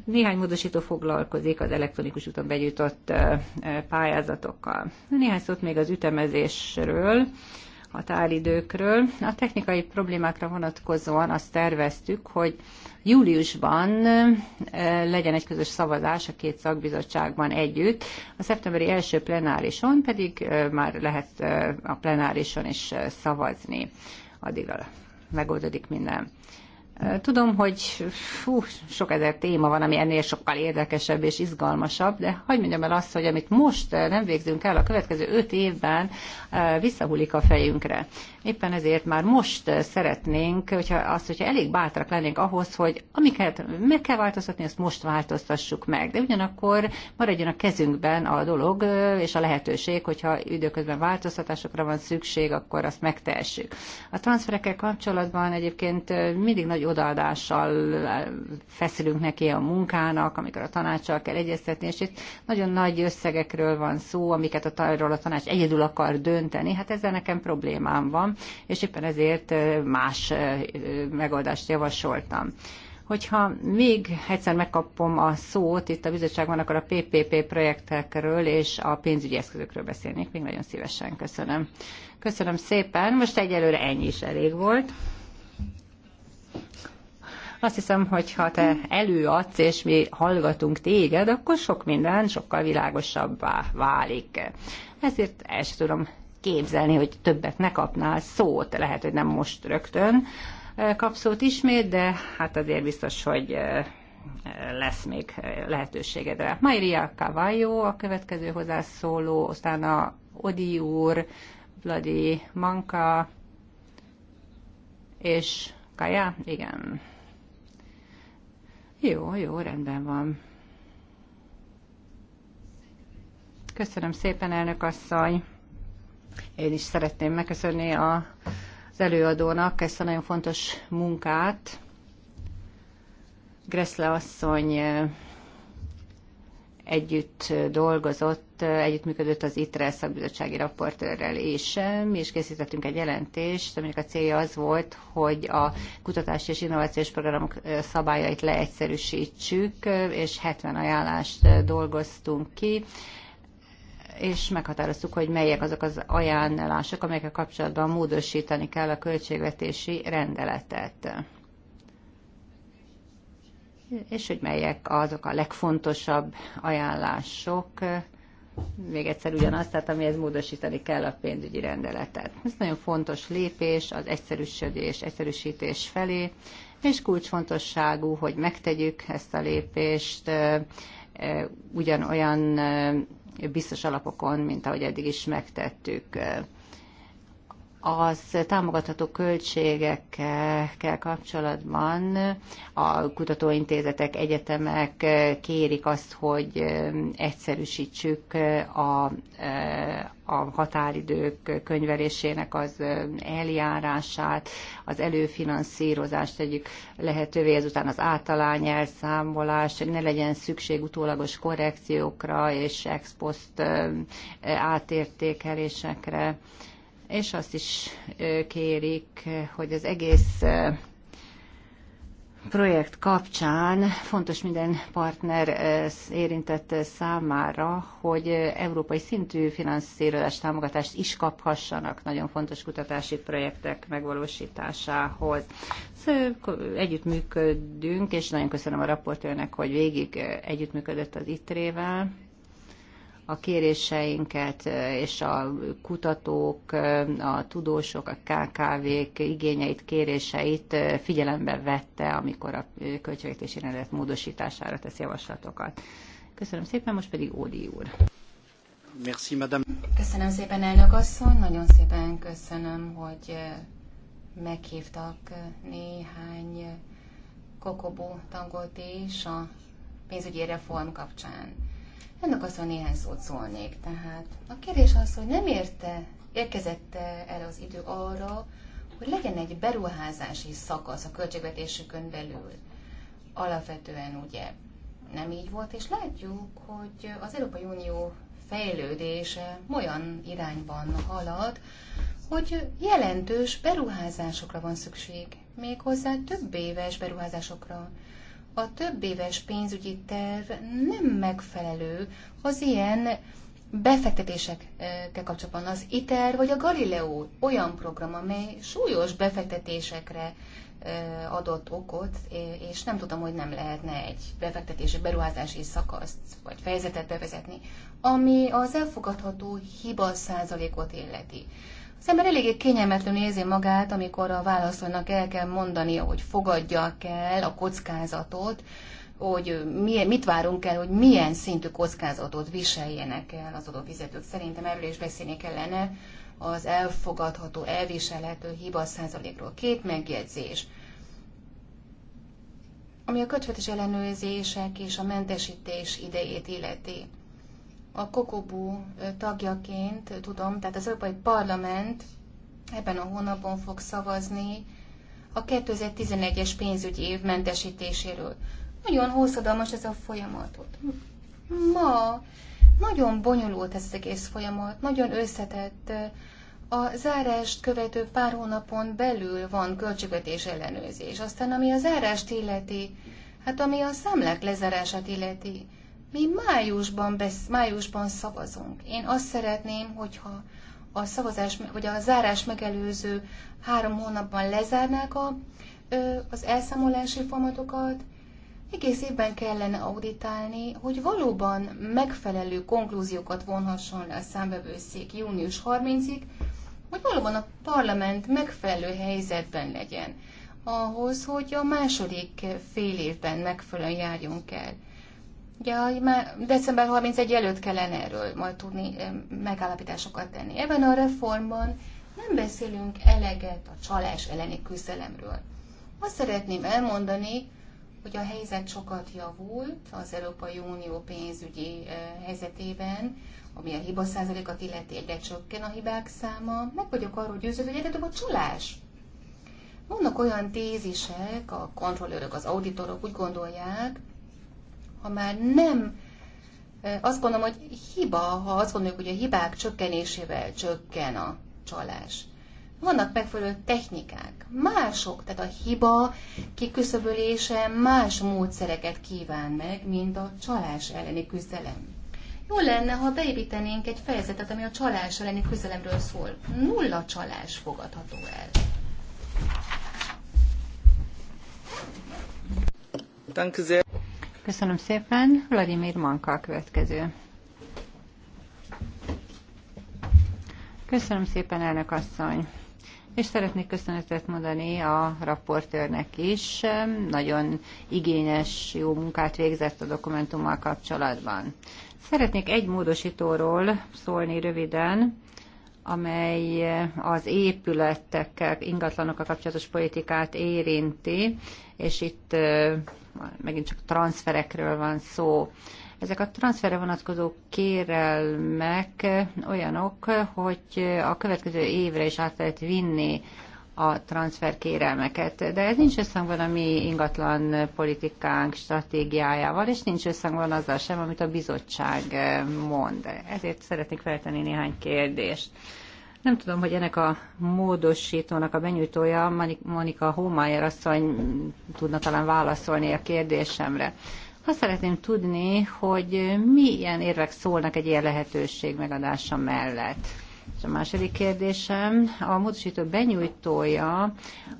Néhány módosító foglalkozik az elektronikus úton begyűjtött pályázatokkal. Néhány szót még az ütemezésről. A határidőkről. A technikai problémákra vonatkozóan azt terveztük, hogy júliusban eh, legyen egy közös szavazás a két szakbizottságban együtt, a szeptemberi első plenárison pedig eh, már lehet eh, a plenárison is szavazni. Addigra megoldódik minden. Tudom, hogy fú, sok ezer téma van, ami ennél sokkal érdekesebb és izgalmasabb, de hagyd mondjam el azt, hogy amit most eh, nem végzünk el, a következő öt évben eh, visszahullik a fejünkre. Éppen ezért már most eh, szeretnénk, hogyha azt, hogyha elég bátrak lennénk ahhoz, hogy amiket meg kell változtatni, azt most változtassuk meg. De ugyanakkor maradjon a kezünkben a dolog és a lehetőség, hogyha időközben változtatásokra van szükség, akkor azt megtehessük. A transferekkel kapcsolatban egyébként mindig nagy odaadással eh, feszülünk neki a munkának, amikor a tanácssal kell egyeztetni, és itt nagyon nagy összegekről van szó, amiket a, arról a tanács egyedül akar dönteni, hát ezzel nekem problémám van, és éppen ezért eh, más eh, megoldást javasoltam hogyha még egyszer megkapom a szót itt a bizottságban, akkor a PPP projektekről és a pénzügyi eszközökről beszélnék. Még nagyon szívesen köszönöm. Köszönöm szépen. Most egyelőre ennyi is elég volt. Azt hiszem, hogy ha te előadsz, és mi hallgatunk téged, akkor sok minden sokkal világosabbá válik. Ezért el sem tudom képzelni, hogy többet ne kapnál szót, lehet, hogy nem most rögtön eh, kapsz szót ismét, de hát azért biztos, hogy eh, lesz még eh, lehetőségedre. Mairia Cavallo a következő hozzászóló, aztán a Odi úr, Vladi Manka és Kaja, igen. Jó, jó, rendben van. Köszönöm szépen, elnök asszony. Én is szeretném megköszönni a, az előadónak ezt a nagyon fontos munkát. Greszle asszony eh, együtt dolgozott, együttműködött az ITRE szakbizottsági raportőrrel is, és készítettünk egy jelentést, aminek a célja az volt, hogy a kutatási és innovációs programok szabályait leegyszerűsítsük, és 70 ajánlást dolgoztunk ki, és meghatároztuk, hogy melyek azok az ajánlások, amelyekkel kapcsolatban módosítani kell a költségvetési rendeletet és hogy melyek azok a legfontosabb ajánlások, még egyszer ugyanazt, tehát amihez módosítani kell a pénzügyi rendeletet. Ez nagyon fontos lépés az egyszerűsödés, egyszerűsítés felé, és kulcsfontosságú, hogy megtegyük ezt a lépést ugyanolyan biztos alapokon, mint ahogy eddig is megtettük az támogatható költségekkel kapcsolatban a kutatóintézetek, egyetemek kérik azt, hogy egyszerűsítsük a, a határidők könyvelésének az eljárását, az előfinanszírozást tegyük lehetővé, ezután az általány elszámolás, ne legyen szükség utólagos korrekciókra és ex post átértékelésekre és azt is kérik, hogy az egész projekt kapcsán fontos minden partner érintett számára, hogy európai szintű finanszírozás támogatást is kaphassanak nagyon fontos kutatási projektek megvalósításához. Szóval együttműködünk, és nagyon köszönöm a raportőrnek, hogy végig együttműködött az ITRÉ-vel a kéréseinket, és a kutatók, a tudósok, a KKV-k igényeit, kéréseit figyelembe vette, amikor a költségvetési rendelet módosítására tesz javaslatokat. Köszönöm szépen, most pedig Ódi úr. Merci, madame. Köszönöm szépen, elnök asszony, nagyon szépen köszönöm, hogy meghívtak néhány kokobó tagot is a pénzügyi reform kapcsán. Ennek azon néhány szót szólnék. Tehát a kérdés az, hogy nem érte, érkezett el az idő arra, hogy legyen egy beruházási szakasz a költségvetésükön belül. Alapvetően ugye nem így volt, és látjuk, hogy az Európai Unió fejlődése olyan irányban halad, hogy jelentős beruházásokra van szükség, méghozzá több éves beruházásokra a több éves pénzügyi terv nem megfelelő az ilyen befektetésekkel kapcsolatban. Az ITER vagy a Galileo olyan program, amely súlyos befektetésekre adott okot, és nem tudom, hogy nem lehetne egy befektetési, beruházási szakaszt vagy fejezetet bevezetni, ami az elfogadható hiba százalékot illeti. Az ember eléggé kényelmetlenül érzi magát, amikor a válaszolnak el kell mondania, hogy fogadja el a kockázatot, hogy milyen, mit várunk el, hogy milyen szintű kockázatot viseljenek el az adófizetők. Szerintem erről is beszélni kellene az elfogadható, elviselhető hiba százalékról. Két megjegyzés. Ami a kötvetes ellenőrzések és a mentesítés idejét illeti a Kokobu tagjaként tudom, tehát az Európai Parlament ebben a hónapban fog szavazni a 2011-es pénzügyi év mentesítéséről. Nagyon hosszadalmas ez a folyamat. Ma nagyon bonyolult ez az egész folyamat, nagyon összetett. A zárást követő pár hónapon belül van költségvetés ellenőrzés. Aztán ami a zárást illeti, hát ami a számlák lezárását illeti, mi májusban, besz, májusban szavazunk. Én azt szeretném, hogyha a szavazás, vagy a zárás megelőző három hónapban lezárnák a, az elszámolási folyamatokat, egész évben kellene auditálni, hogy valóban megfelelő konklúziókat vonhasson le a számbevőszék június 30-ig, hogy valóban a parlament megfelelő helyzetben legyen ahhoz, hogy a második fél évben megfelelően járjunk el. Ugye már december 31 előtt kellene erről majd tudni eh, megállapításokat tenni. Ebben a reformban nem beszélünk eleget a csalás elleni küzdelemről. Azt szeretném elmondani, hogy a helyzet sokat javult az Európai Unió pénzügyi eh, helyzetében, ami a hiba százalékat illeti, egyre csökken a hibák száma. Meg vagyok arról győződve, hogy egyre a csalás. Vannak olyan tézisek, a kontrollőrök, az auditorok úgy gondolják, ha már nem, azt gondolom, hogy hiba, ha azt gondoljuk, hogy a hibák csökkenésével csökken a csalás. Vannak megfelelő technikák, mások, tehát a hiba kiküszöbölése más módszereket kíván meg, mint a csalás elleni küzdelem. Jó lenne, ha beépítenénk egy fejezetet, ami a csalás elleni küzdelemről szól. Nulla csalás fogadható el. Köszönöm. Köszönöm szépen. Vladimir Manka a következő. Köszönöm szépen, elnök asszony. És szeretnék köszönetet mondani a raportőrnek is. Nagyon igényes, jó munkát végzett a dokumentummal kapcsolatban. Szeretnék egy módosítóról szólni röviden, amely eh, az épületekkel, ingatlanokkal kapcsolatos politikát érinti, és itt eh, megint csak transferekről van szó. Ezek a transferre vonatkozó kérelmek olyanok, hogy a következő évre is át lehet vinni a transferkérelmeket, de ez nincs összhangban a mi ingatlan politikánk stratégiájával, és nincs összhangban azzal sem, amit a bizottság eh, mond. Ezért szeretnék feltenni néhány kérdést. Nem tudom, hogy ennek a módosítónak a benyújtója, Monika Hómaier asszony tudna talán válaszolni a kérdésemre. Azt szeretném tudni, hogy milyen érvek szólnak egy ilyen lehetőség megadása mellett a második kérdésem, a módosító benyújtója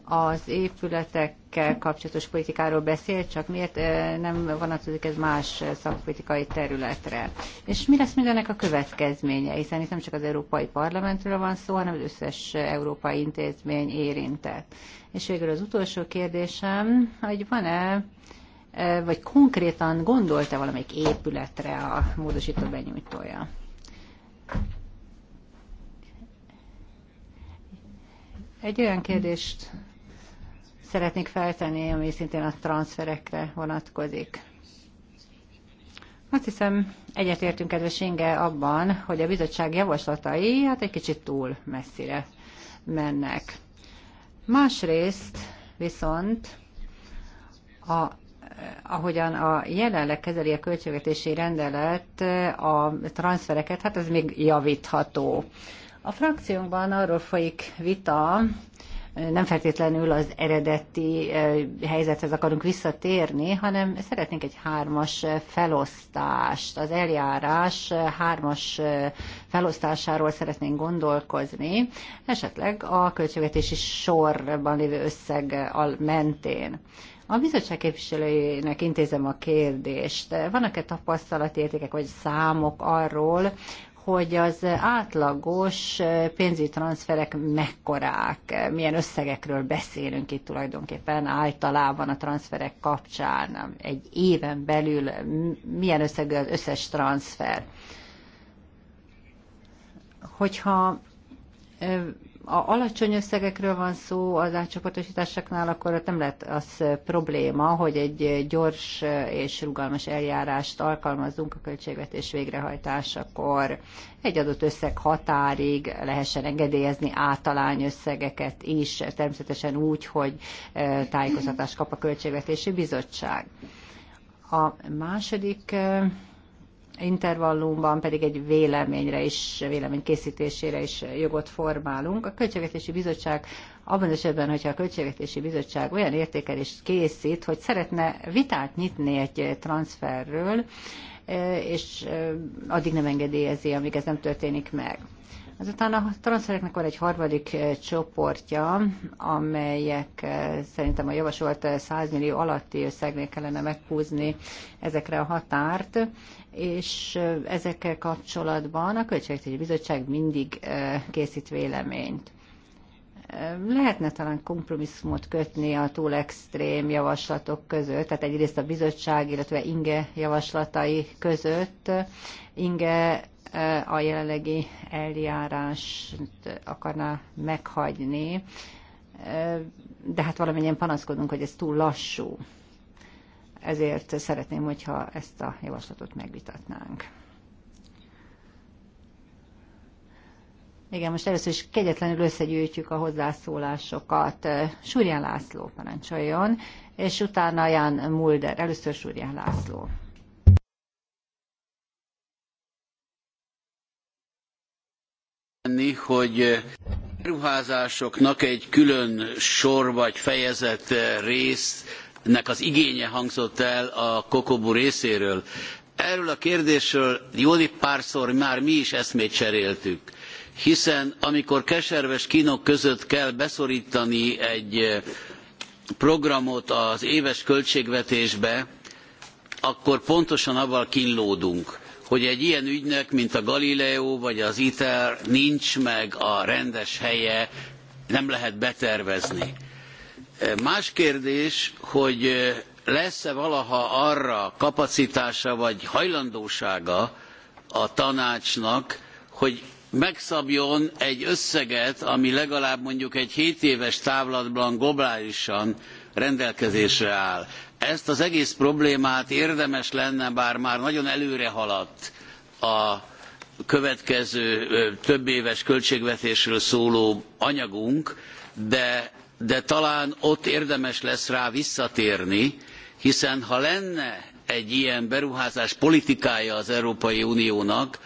az épületekkel kapcsolatos politikáról beszél, csak miért nem vonatkozik ez más szakpolitikai területre? És mi lesz mindennek a következménye? Hiszen itt nem csak az Európai Parlamentről van szó, hanem az összes európai intézmény érintett. És végül az utolsó kérdésem, hogy van-e vagy konkrétan gondolta valamelyik épületre a módosító benyújtója? Egy olyan kérdést szeretnék feltenni, ami szintén a transferekre vonatkozik. Azt hiszem, egyetértünk, kedves Inge, abban, hogy a bizottság javaslatai hát egy kicsit túl messzire mennek. Másrészt viszont a ahogyan a jelenleg kezeli a költségvetési rendelet a transfereket, hát ez még javítható. A frakciónkban arról folyik vita, nem feltétlenül az eredeti helyzethez akarunk visszatérni, hanem szeretnénk egy hármas felosztást, az eljárás hármas felosztásáról szeretnénk gondolkozni, esetleg a költségvetési sorban lévő összeg mentén. A bizottság képviselőjének intézem a kérdést. Vannak-e tapasztalatértékek vagy számok arról, hogy az átlagos pénzügyi transferek mekkorák, milyen összegekről beszélünk itt tulajdonképpen általában a transferek kapcsán, egy éven belül milyen összegű az összes transfer. Hogyha a alacsony összegekről van szó az átcsoportosításoknál, akkor ott nem lett az probléma, hogy egy gyors és rugalmas eljárást alkalmazzunk a költségvetés végrehajtásakor. Egy adott összeg határig lehessen engedélyezni általány összegeket is, természetesen úgy, hogy e, tájékoztatást kap a Költségvetési Bizottság. A második e, intervallumban pedig egy véleményre is, véleménykészítésére is jogot formálunk. A Költségvetési Bizottság abban az esetben, hogyha a Költségvetési Bizottság olyan értékelést készít, hogy szeretne vitát nyitni egy transferről, és addig nem engedélyezi, amíg ez nem történik meg. Azután a transzfereknek van egy harmadik csoportja, amelyek szerintem a javasolt 100 millió alatti összegnél kellene meghúzni ezekre a határt, és ezekkel kapcsolatban a Költségtégi Bizottság mindig készít véleményt. Lehetne talán kompromisszumot kötni a túl extrém javaslatok között, tehát egyrészt a bizottság, illetve Inge javaslatai között. Inge eh, a jelenlegi eljárást akarná meghagyni, eh, de hát valamennyien panaszkodunk, hogy ez túl lassú. Ezért szeretném, hogyha ezt a javaslatot megvitatnánk. Igen, most először is kegyetlenül összegyűjtjük a hozzászólásokat. Súrján László parancsoljon, és utána Ján Mulder. Először Súrján László. hogy beruházásoknak egy külön sor vagy fejezet résznek az igénye hangzott el a Kokobu részéről. Erről a kérdésről jó párszor már mi is eszmét cseréltük hiszen amikor keserves kínok között kell beszortani egy eh, programot az éves költségvetésbe, akkor pontosan avval kínlódunk, hogy egy ilyen ügynek, mint a Galileo vagy az ITER nincs meg a rendes helye, nem lehet betervezni. Eh, más kérdés, hogy eh, lesz-e valaha arra kapacitása vagy hajlandósága a tanácsnak, hogy megszabjon egy összeget, ami legalább mondjuk egy hétéves távlatban globálisan rendelkezésre áll. Ezt az egész problémát érdemes lenne, bár már nagyon előre haladt a következő többéves költségvetésről szóló anyagunk, de, de talán ott érdemes lesz rá visszatérni, hiszen ha lenne egy ilyen beruházás politikája az Európai Uniónak,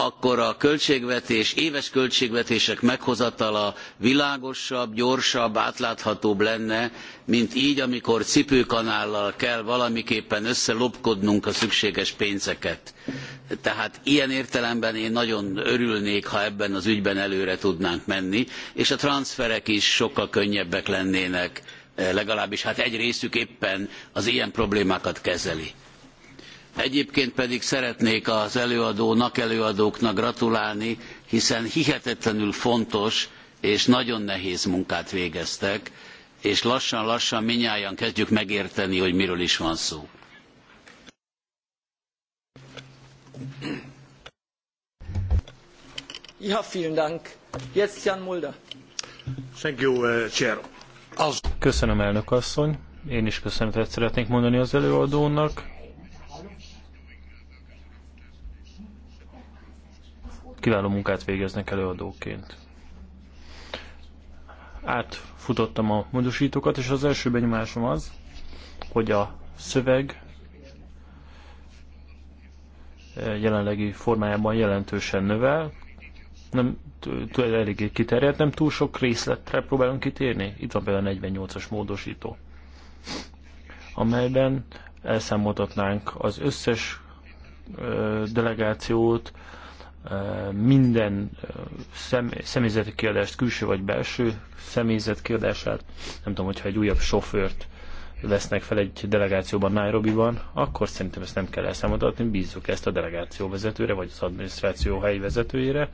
akkor a költségvetés, éves költségvetések meghozatala világosabb, gyorsabb, átláthatóbb lenne, mint így, amikor cipőkanállal kell valamiképpen összelopkodnunk a szükséges pénzeket. Tehát ilyen értelemben én nagyon örülnék, ha ebben az ügyben előre tudnánk menni, és a transzferek is sokkal könnyebbek lennének, eh, legalábbis hát egy részük éppen az ilyen problémákat kezeli. Egyébként pedig szeretnék az előadónak, előadóknak gratulálni, hiszen hihetetlenül fontos és nagyon nehéz munkát végeztek, és lassan-lassan minnyáján kezdjük megérteni, hogy miről is van szó. Ja, vielen Dank. Jetzt Jan Mulder. Thank you, uh, Chair. Az... Köszönöm, elnök asszony. Én is köszönetet szeretnék mondani az előadónak kiváló munkát végeznek előadóként. Átfutottam a módosítókat, és az első benyomásom az, hogy a szöveg eh, jelenlegi formájában jelentősen növel, nem eléggé kiterjedt, nem túl sok részletre próbálunk kitérni. Itt van például a 48-as módosító, amelyben elszámoltatnánk az összes eh, delegációt, minden személy, személyzeti kiadást, külső vagy belső személyzet kiadását, nem tudom, hogyha egy újabb sofőrt vesznek fel egy delegációban Nairobiban, akkor szerintem ezt nem kell elszámadatni, bízzuk ezt a delegáció vezetőre, vagy az adminisztráció helyi vezetőjére,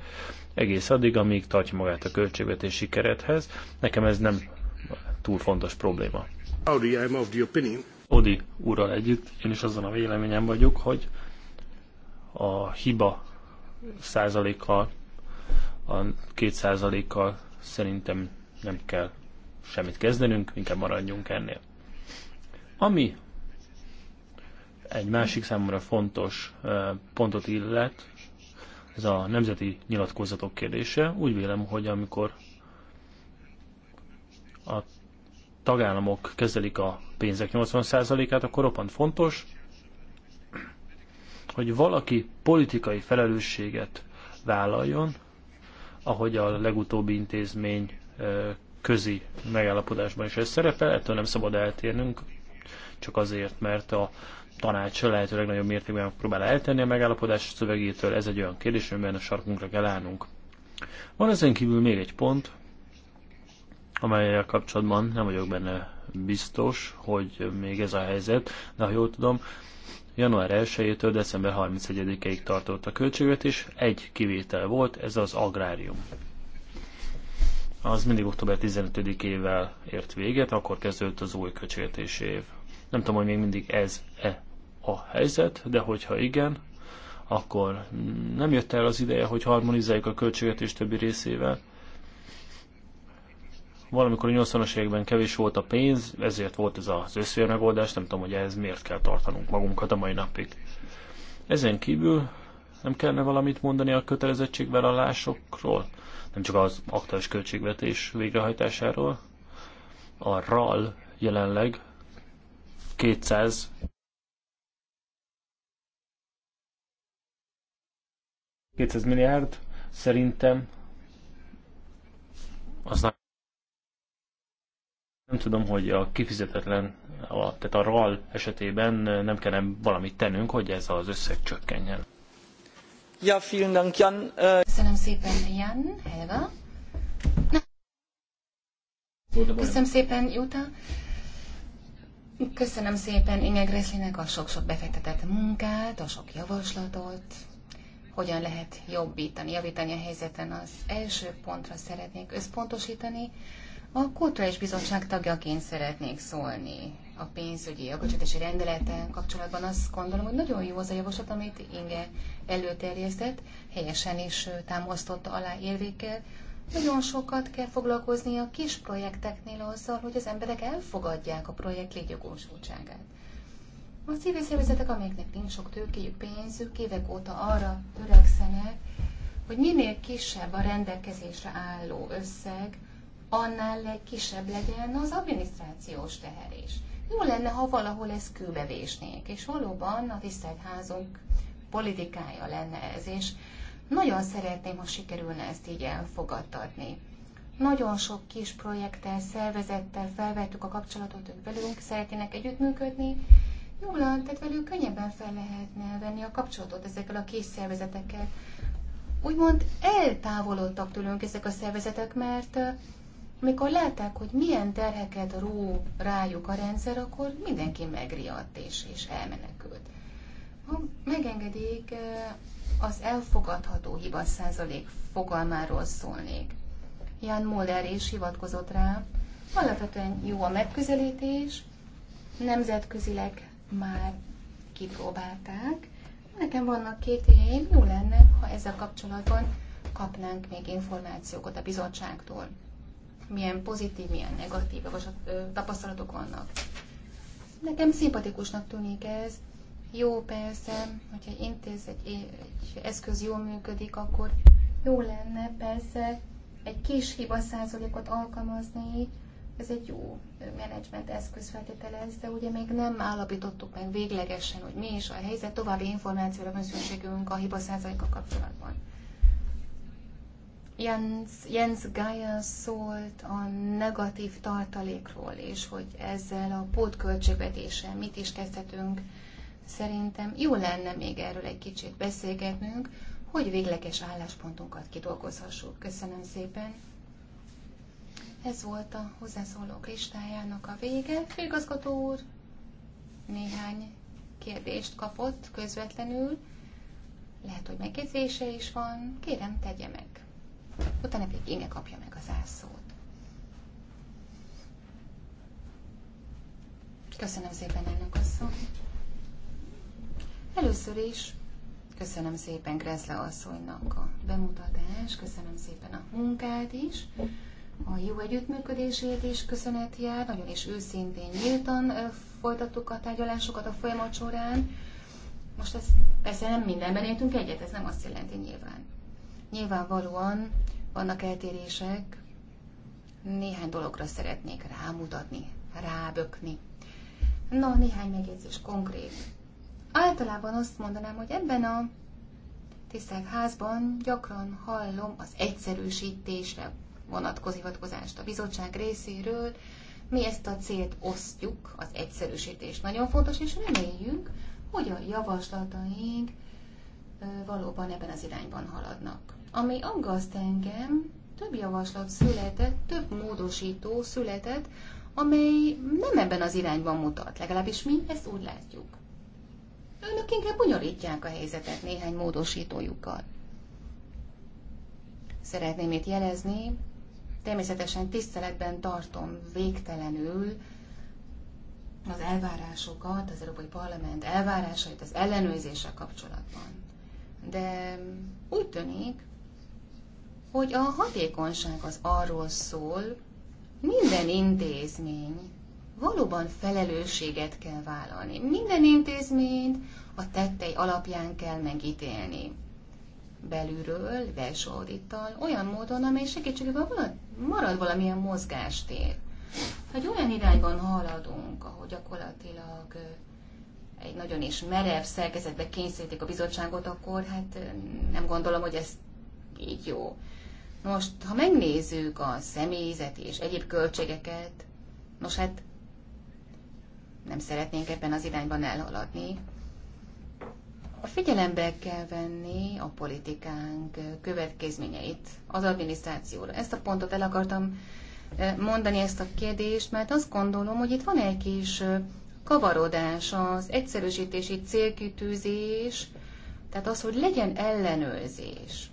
egész addig, amíg tartja magát a költségvetési kerethez. Nekem ez nem túl fontos probléma. Audi, I'm of the opinion. Odi úrral együtt, én is azon a véleményem vagyok, hogy a hiba százalékkal, a két százalékkal szerintem nem kell semmit kezdenünk, inkább maradjunk ennél. Ami egy másik számomra fontos pontot illet, ez a nemzeti nyilatkozatok kérdése. Úgy vélem, hogy amikor a tagállamok kezelik a pénzek 80%-át, akkor roppant fontos, hogy valaki politikai felelősséget vállaljon, ahogy a legutóbbi intézmény közi megállapodásban is ez szerepel, ettől nem szabad eltérnünk, csak azért, mert a tanács lehető legnagyobb mértékben próbál eltenni a megállapodás szövegétől, ez egy olyan kérdés, amiben a sarkunkra kell állnunk. Van ezen kívül még egy pont, amelyel kapcsolatban nem vagyok benne biztos, hogy még ez a helyzet, de ha jól tudom, január 1-től december 31-ig tartott a költségvetés, egy kivétel volt, ez az agrárium. Az mindig október 15-ével ért véget, akkor kezdődött az új költségvetési év. Nem tudom, hogy még mindig ez-e a helyzet, de hogyha igen, akkor nem jött el az ideje, hogy harmonizáljuk a költségvetés többi részével, valamikor a 80-as években kevés volt a pénz, ezért volt ez az megoldás. nem tudom, hogy ehhez miért kell tartanunk magunkat a mai napig. Ezen kívül nem kellene valamit mondani a kötelezettségvállalásokról, nem csak az aktuális költségvetés végrehajtásáról. A RAL jelenleg 200 200 milliárd, szerintem az nagy nem tudom, hogy a kifizetetlen, a, tehát a RAL esetében nem kellene valamit tennünk, hogy ez az összeg csökkenjen. Ja, vielen Dank, Jan. Köszönöm szépen, Jan, Helga. Köszönöm szépen, Juta. Köszönöm szépen Inge Gresslinek a sok-sok befektetett munkát, a sok javaslatot, hogyan lehet jobbítani, javítani a helyzeten. Az első pontra szeretnék összpontosítani, a Kulturális Bizottság tagjaként szeretnék szólni a pénzügyi jogocsatási rendeleten kapcsolatban. Azt gondolom, hogy nagyon jó az a javaslat, amit Inge előterjesztett, helyesen is támasztotta alá érvékkel. Nagyon sokat kell foglalkozni a kis projekteknél azzal, hogy az emberek elfogadják a projekt létjogosultságát. A civil szervezetek, amelyeknek nincs sok tőkéjük, pénzük, évek óta arra törekszenek, hogy minél kisebb a rendelkezésre álló összeg, annál kisebb legyen az adminisztrációs teher is. Jó lenne, ha valahol ezt kőbevésnék, és valóban a visszegházunk politikája lenne ez, és nagyon szeretném, ha sikerülne ezt így elfogadtatni. Nagyon sok kis projekttel, szervezettel felvettük a kapcsolatot, ők velünk szeretnének együttműködni. Jól lenne, tehát velük könnyebben fel lehetne venni a kapcsolatot ezekkel a kis szervezetekkel. Úgymond eltávolodtak tőlünk ezek a szervezetek, mert mikor látták, hogy milyen terheket ró rájuk a rendszer, akkor mindenki megriadt és, és elmenekült. Ha megengedik, az elfogadható hiba százalék fogalmáról szólnék. Jan Muller is hivatkozott rá. Alapvetően jó a megközelítés, nemzetközileg már kipróbálták. Nekem vannak két éjjeim, jó lenne, ha ezzel kapcsolatban kapnánk még információkat a bizottságtól milyen pozitív, milyen negatív tapasztalatok vannak. Nekem szimpatikusnak tűnik ez. Jó persze, hogyha egy intéz, egy, egy eszköz jól működik, akkor jó lenne persze egy kis hiba százalékot alkalmazni, ez egy jó menedzsment eszköz feltételez, de ugye még nem állapítottuk meg véglegesen, hogy mi is a helyzet, további információra van szükségünk a hiba százalékkal kapcsolatban. Jens, Jens Geier szólt a negatív tartalékról, és hogy ezzel a pótköltségvetéssel mit is kezdhetünk. Szerintem jó lenne még erről egy kicsit beszélgetnünk, hogy végleges álláspontunkat kidolgozhassuk. Köszönöm szépen! Ez volt a hozzászólók listájának a vége. Főigazgató úr néhány kérdést kapott közvetlenül. Lehet, hogy megjegyzése is van. Kérem, tegye meg utána pedig Inge kapja meg az ászót. Köszönöm szépen, elnök asszony. Először is köszönöm szépen Kreszle asszonynak a bemutatást, köszönöm szépen a munkát is, a jó együttműködését is köszönet jár, nagyon is őszintén nyíltan folytattuk a tárgyalásokat a folyamat során. Most ez persze nem mindenben értünk egyet, ez nem azt jelenti nyilván. Nyilvánvalóan vannak eltérések, néhány dologra szeretnék rámutatni, rábökni. Na, néhány megjegyzés konkrét. Általában azt mondanám, hogy ebben a tisztelt házban gyakran hallom az egyszerűsítésre vonatkozó hivatkozást a bizottság részéről. Mi ezt a célt osztjuk, az egyszerűsítés nagyon fontos, és reméljük, hogy a javaslataink valóban ebben az irányban haladnak. Ami aggaszt engem, több javaslat született, több módosító született, amely nem ebben az irányban mutat, legalábbis mi ezt úgy látjuk. Önök inkább bonyolítják a helyzetet néhány módosítójukkal. Szeretném itt jelezni, természetesen tiszteletben tartom végtelenül az elvárásokat, az Európai Parlament elvárásait az ellenőrzése kapcsolatban. De úgy tűnik, hogy a hatékonyság az arról szól, minden intézmény valóban felelősséget kell vállalni. Minden intézményt a tettei alapján kell megítélni. Belülről, belső audittal, olyan módon, amely segítségével marad valamilyen mozgástér. egy olyan irányban haladunk, ahogy gyakorlatilag egy nagyon is merev szerkezetbe kényszerítik a bizottságot, akkor hát nem gondolom, hogy ez így jó. Most, ha megnézzük a személyzet és egyéb költségeket, nos hát nem szeretnénk ebben az irányban elhaladni. A figyelembe kell venni a politikánk következményeit az adminisztrációra. Ezt a pontot el akartam eh, mondani ezt a kérdést, mert azt gondolom, hogy itt van egy kis eh, kavarodás, az egyszerűsítési célkütőzés, tehát az, hogy legyen ellenőrzés.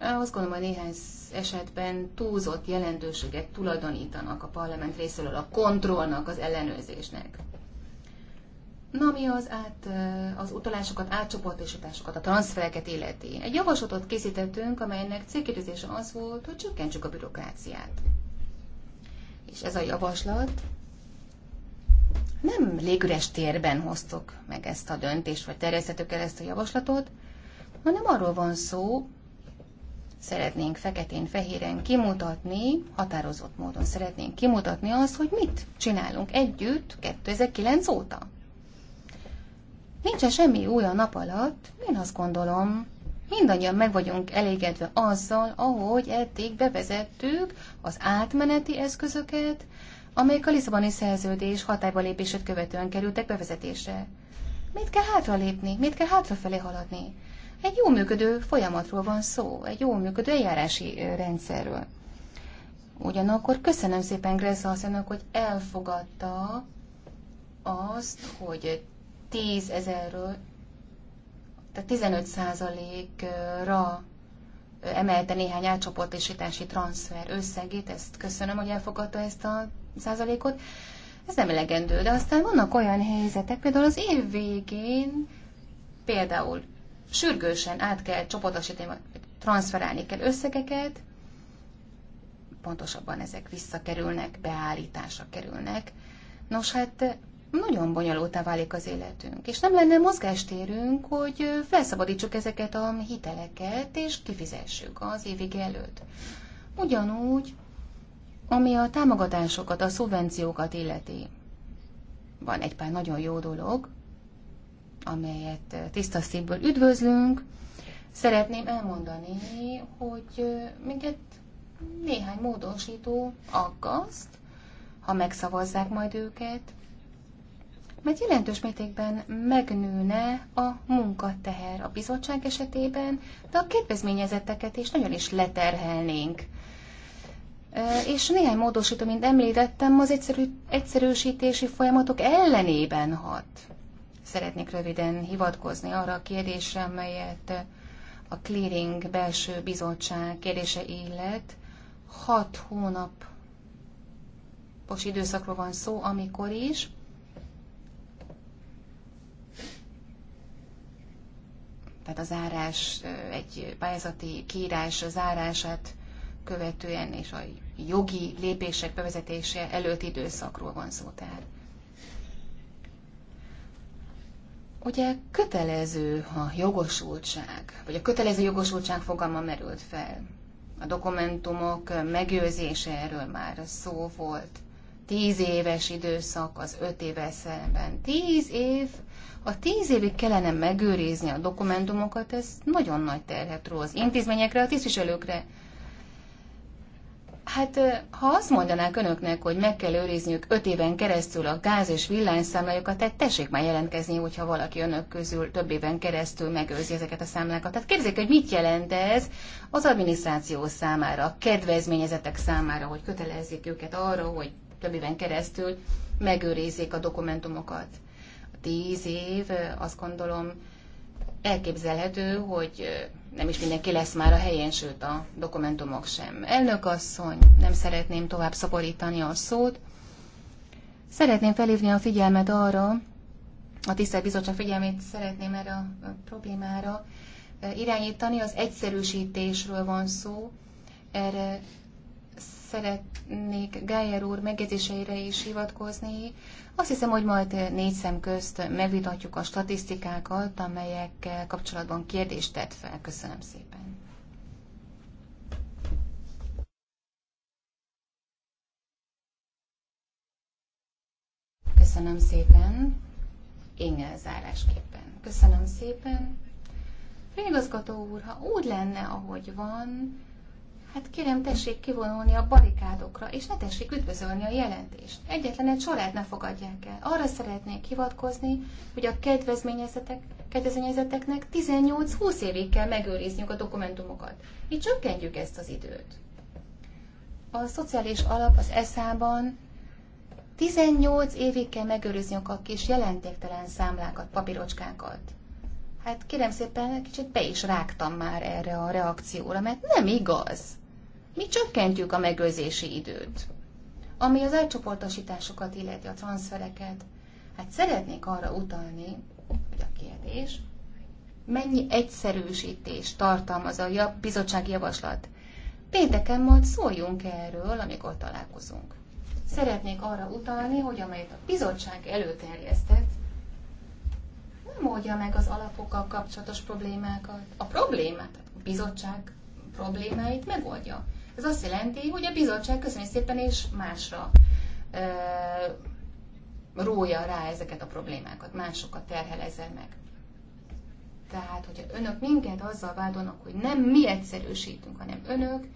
Azt gondolom, hogy néhány esetben túlzott jelentőséget tulajdonítanak a parlament részéről a kontrollnak, az ellenőrzésnek. Na, mi az, át, az utalásokat, átcsoportosításokat, a transzfereket illeti. Egy javaslatot készítettünk, amelynek célkérdezése az volt, hogy csökkentsük a bürokráciát. És ez a javaslat nem légüres térben hoztok meg ezt a döntést, vagy terjesztettük el ezt a javaslatot, hanem arról van szó, Szeretnénk feketén-fehéren kimutatni, határozott módon szeretnénk kimutatni azt, hogy mit csinálunk együtt 2009 óta. Nincsen semmi új a nap alatt, én azt gondolom, mindannyian meg vagyunk elégedve azzal, ahogy eddig bevezettük az átmeneti eszközöket, amelyek a Lisszaboni szerződés hatályba lépését követően kerültek bevezetésre. Mit kell hátralépni, mit kell hátrafelé haladni? Egy jó működő folyamatról van szó, egy jó működő eljárási rendszerről. Ugyanakkor köszönöm szépen Gressa asszonynak, hogy elfogadta azt, hogy 10 ezerről, tehát 15 százalékra emelte néhány átcsoportosítási transfer összegét, ezt köszönöm, hogy elfogadta ezt a százalékot. Ez nem elegendő, de aztán vannak olyan helyzetek, például az év végén például sürgősen át kell csoportosítani, transferálni kell összegeket, pontosabban ezek visszakerülnek, beállításra kerülnek. Nos, hát nagyon bonyolultá válik az életünk, és nem lenne mozgástérünk, hogy felszabadítsuk ezeket a hiteleket, és kifizessük az évig előtt. Ugyanúgy, ami a támogatásokat, a szubvenciókat illeti. Van egy pár nagyon jó dolog, amelyet eh, tiszta szívből üdvözlünk. Szeretném elmondani, hogy eh, minket néhány módosító aggaszt, ha megszavazzák majd őket, mert jelentős mértékben megnőne a munkateher a bizottság esetében, de a kedvezményezetteket is nagyon is leterhelnénk. Eh, és néhány módosító, mint említettem, az egyszerű, egyszerűsítési folyamatok ellenében hat. Szeretnék röviden hivatkozni arra a kérdésre, amelyet a Clearing belső bizottság kérdése illet. Hat hónapos időszakról van szó, amikor is tehát a zárás, egy pályázati kiírás zárását követően és a jogi lépések bevezetése előtt időszakról van szó. Tehát Ugye kötelező a jogosultság, vagy a kötelező jogosultság fogalma merült fel. A dokumentumok megőrzése erről már szó volt. Tíz éves időszak az öt évvel szemben. Tíz év, ha tíz évig kellene megőrizni a dokumentumokat, ez nagyon nagy terhet ró az intézményekre, a tisztviselőkre, Hát ha azt mondanák önöknek, hogy meg kell őrizniük öt éven keresztül a gáz és villányszámlájukat, tehát tessék már jelentkezni, hogyha valaki önök közül több éven keresztül megőrzi ezeket a számlákat. Tehát kérdezik, hogy mit jelent ez az adminisztráció számára, a kedvezményezetek számára, hogy kötelezzék őket arra, hogy több éven keresztül megőrizzék a dokumentumokat. A tíz év, azt gondolom, elképzelhető, hogy nem is mindenki lesz már a helyén, sőt a dokumentumok sem. Elnök asszony, nem szeretném tovább szaporítani a szót. Szeretném felhívni a figyelmet arra, a tisztelt bizottság figyelmét szeretném erre a problémára e, irányítani. Az egyszerűsítésről van szó. Erre Szeretnék Geyer úr megjegyzéseire is hivatkozni. Azt hiszem, hogy majd négy szem közt megvitatjuk a statisztikákat, amelyekkel kapcsolatban kérdést tett fel. Köszönöm szépen. Köszönöm szépen. Ingel zárásképpen. Köszönöm szépen. Főigazgató úr, ha úgy lenne, ahogy van, Hát kérem, tessék kivonulni a barikádokra, és ne tessék üdvözölni a jelentést. Egyetlen egy sorát ne fogadják el. Arra szeretnék hivatkozni, hogy a kedvezményezetek, kedvezményezeteknek 18-20 évig kell megőrizniük a dokumentumokat. Így csökkentjük ezt az időt. A szociális alap az eszában 18 évig kell megőrizniük a kis jelentéktelen számlákat, papírocskákat. Hát kérem szépen, kicsit be is rágtam már erre a reakcióra, mert nem igaz. Mi csökkentjük a megőrzési időt, ami az elcsoportosításokat illeti, a transfereket. Hát szeretnék arra utalni, hogy a kérdés, mennyi egyszerűsítés tartalmaz a bizottsági javaslat. Pénteken majd szóljunk erről, amikor találkozunk. Szeretnék arra utalni, hogy amelyet a bizottság előterjesztett, nem oldja meg az alapokkal kapcsolatos problémákat. A problémát, a bizottság problémáit megoldja. Ez azt jelenti, hogy a bizottság köszöni szépen és másra ö, rója rá ezeket a problémákat, másokat terhel ezzel meg. Tehát, hogyha önök minket azzal vádolnak, hogy nem mi egyszerűsítünk, hanem önök,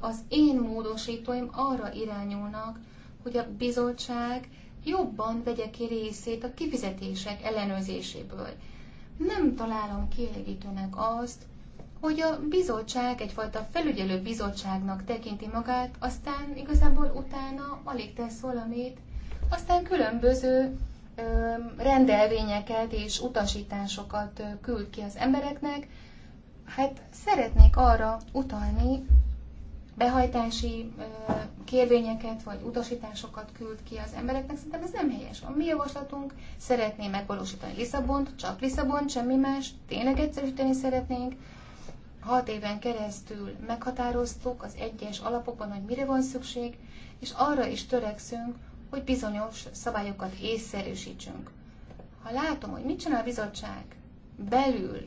az én módosítóim arra irányulnak, hogy a bizottság jobban vegye ki részét a kifizetések ellenőrzéséből. Nem találom kielégítőnek azt, hogy a bizottság egyfajta felügyelő bizottságnak tekinti magát, aztán igazából utána alig tesz valamit, aztán különböző ö, rendelvényeket és utasításokat küld ki az embereknek. Hát szeretnék arra utalni, behajtási ö, kérvényeket vagy utasításokat küld ki az embereknek, szerintem ez nem helyes. A mi javaslatunk szeretné megvalósítani Lisszabont, csak Lisszabont, semmi más, tényleg egyszerűsíteni szeretnénk, hat éven keresztül meghatároztuk az egyes alapokban, hogy mire van szükség, és arra is törekszünk, hogy bizonyos szabályokat észszerűsítsünk. Ha látom, hogy mit csinál a bizottság belül,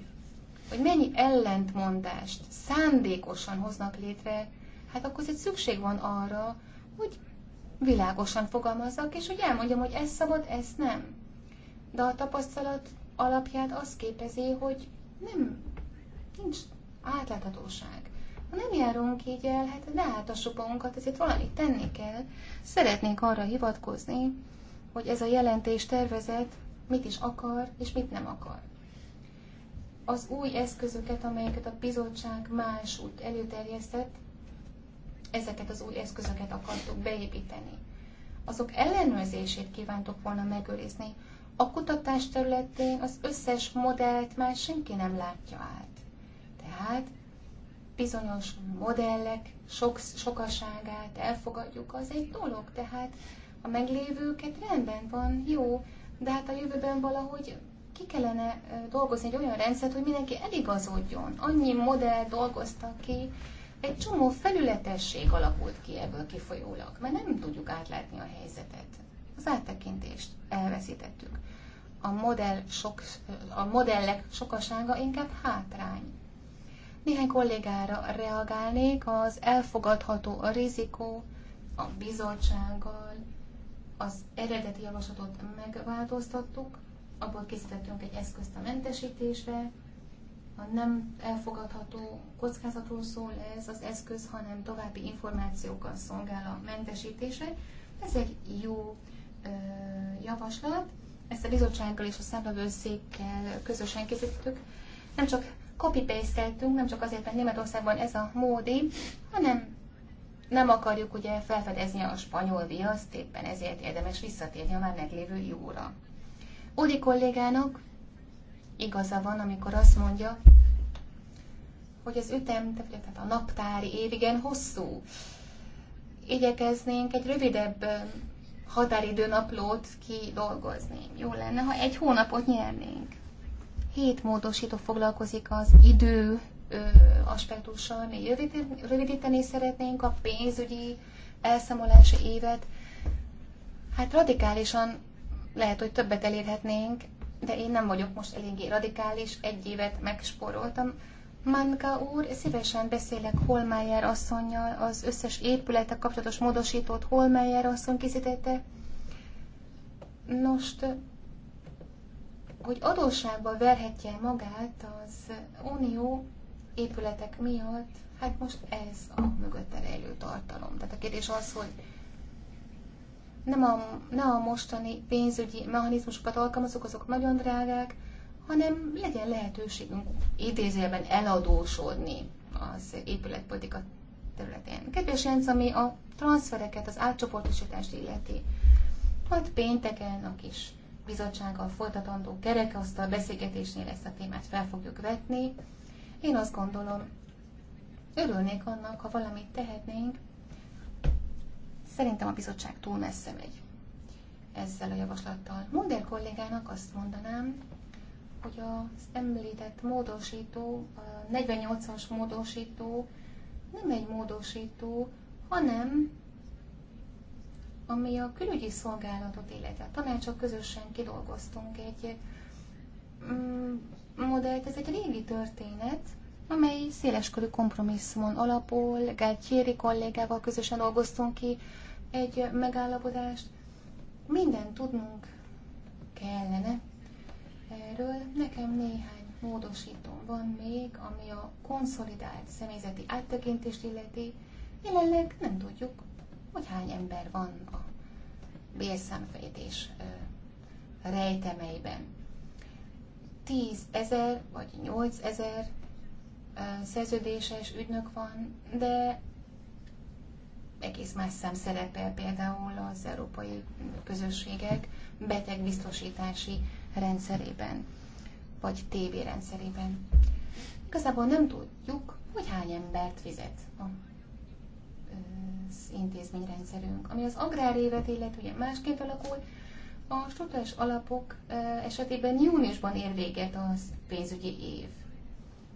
hogy mennyi ellentmondást szándékosan hoznak létre, hát akkor azért szükség van arra, hogy világosan fogalmazzak, és hogy elmondjam, hogy ez szabad, ez nem. De a tapasztalat alapját az képezi, hogy nem, nincs átláthatóság. Ha nem járunk így el, hát ne áltassuk magunkat, ezért valamit tenni kell. Szeretnénk arra hivatkozni, hogy ez a jelentés tervezet mit is akar, és mit nem akar. Az új eszközöket, amelyeket a bizottság más út előterjesztett, ezeket az új eszközöket akartuk beépíteni. Azok ellenőrzését kívántuk volna megőrizni. A kutatás területén az összes modellt már senki nem látja át. Tehát bizonyos modellek sok, sokaságát elfogadjuk, az egy dolog. Tehát a meglévőket rendben van, jó, de hát a jövőben valahogy ki kellene dolgozni egy olyan rendszert, hogy mindenki eligazodjon. Annyi modell dolgoztak ki, egy csomó felületesség alakult ki ebből kifolyólag, mert nem tudjuk átlátni a helyzetet. Az áttekintést elveszítettük. A, modell sok, a modellek sokasága inkább hátrány. Néhány kollégára reagálnék az elfogadható a rizikó a bizottsággal, az eredeti javaslatot megváltoztattuk, abból készítettünk egy eszközt a mentesítésre, ha nem elfogadható kockázatról szól ez az eszköz, hanem további információkkal szolgál a mentesítésre. Ez egy jó ö, javaslat, ezt a bizottsággal és a székkel közösen készítettük. Nem csak copy paste nem csak azért, mert Németországban ez a módi, hanem nem akarjuk ugye felfedezni a spanyol viaszt, éppen ezért érdemes visszatérni a már meglévő jóra. Udi kollégának igaza van, amikor azt mondja, hogy az ütem, tehát a naptári év igen hosszú. Igyekeznénk egy rövidebb határidő naplót kidolgozni. Jó lenne, ha egy hónapot nyernénk. Hét módosító foglalkozik az idő aspektussal. Mi rövidíteni szeretnénk a pénzügyi elszámolási évet. Hát radikálisan lehet, hogy többet elérhetnénk, de én nem vagyok most eléggé radikális, egy évet megspóroltam. Manka úr, szívesen beszélek Holmeyer asszonynal, az összes épületek kapcsolatos módosítót Holmeyer asszony készítette. Most hogy adósságba verhetje magát az unió épületek miatt, hát most ez a mögötte rejlő tartalom. Tehát a kérdés az, hogy nem a, ne a mostani pénzügyi mechanizmusokat alkalmazok, azok nagyon drágák, hanem legyen lehetőségünk idézőjelben eladósodni az épületpolitika területén. Kedves Jens, ami a transfereket, az átcsoportosítást illeti, majd pénteken a kis bizottsággal folytatandó kerekasztal beszélgetésnél ezt a témát fel fogjuk vetni. Én azt gondolom, örülnék annak, ha valamit tehetnénk. Szerintem a bizottság túl messze megy ezzel a javaslattal. Munder kollégának azt mondanám, hogy az említett módosító, a 48-as módosító nem egy módosító, hanem ami a külügyi szolgálatot illeti. A tanácsok közösen kidolgoztunk egy mm, modellt, ez egy régi történet, amely széleskörű kompromisszumon alapul, Gáltyéri kollégával közösen dolgoztunk ki egy megállapodást. Minden tudnunk kellene. Erről nekem néhány módosító van még, ami a konszolidált személyzeti áttekintést illeti. Jelenleg nem tudjuk hogy hány ember van a bélszemfejtés rejtemeiben. 10 ezer vagy 8 ezer szerződéses ügynök van, de egész más szám szerepel például az európai közösségek betegbiztosítási rendszerében, vagy TV rendszerében. Igazából nem tudjuk, hogy hány embert fizet a az intézményrendszerünk. Ami az agrárévet illeti, ugye másként alakul, a struktúrás alapok esetében júniusban ér véget az pénzügyi év.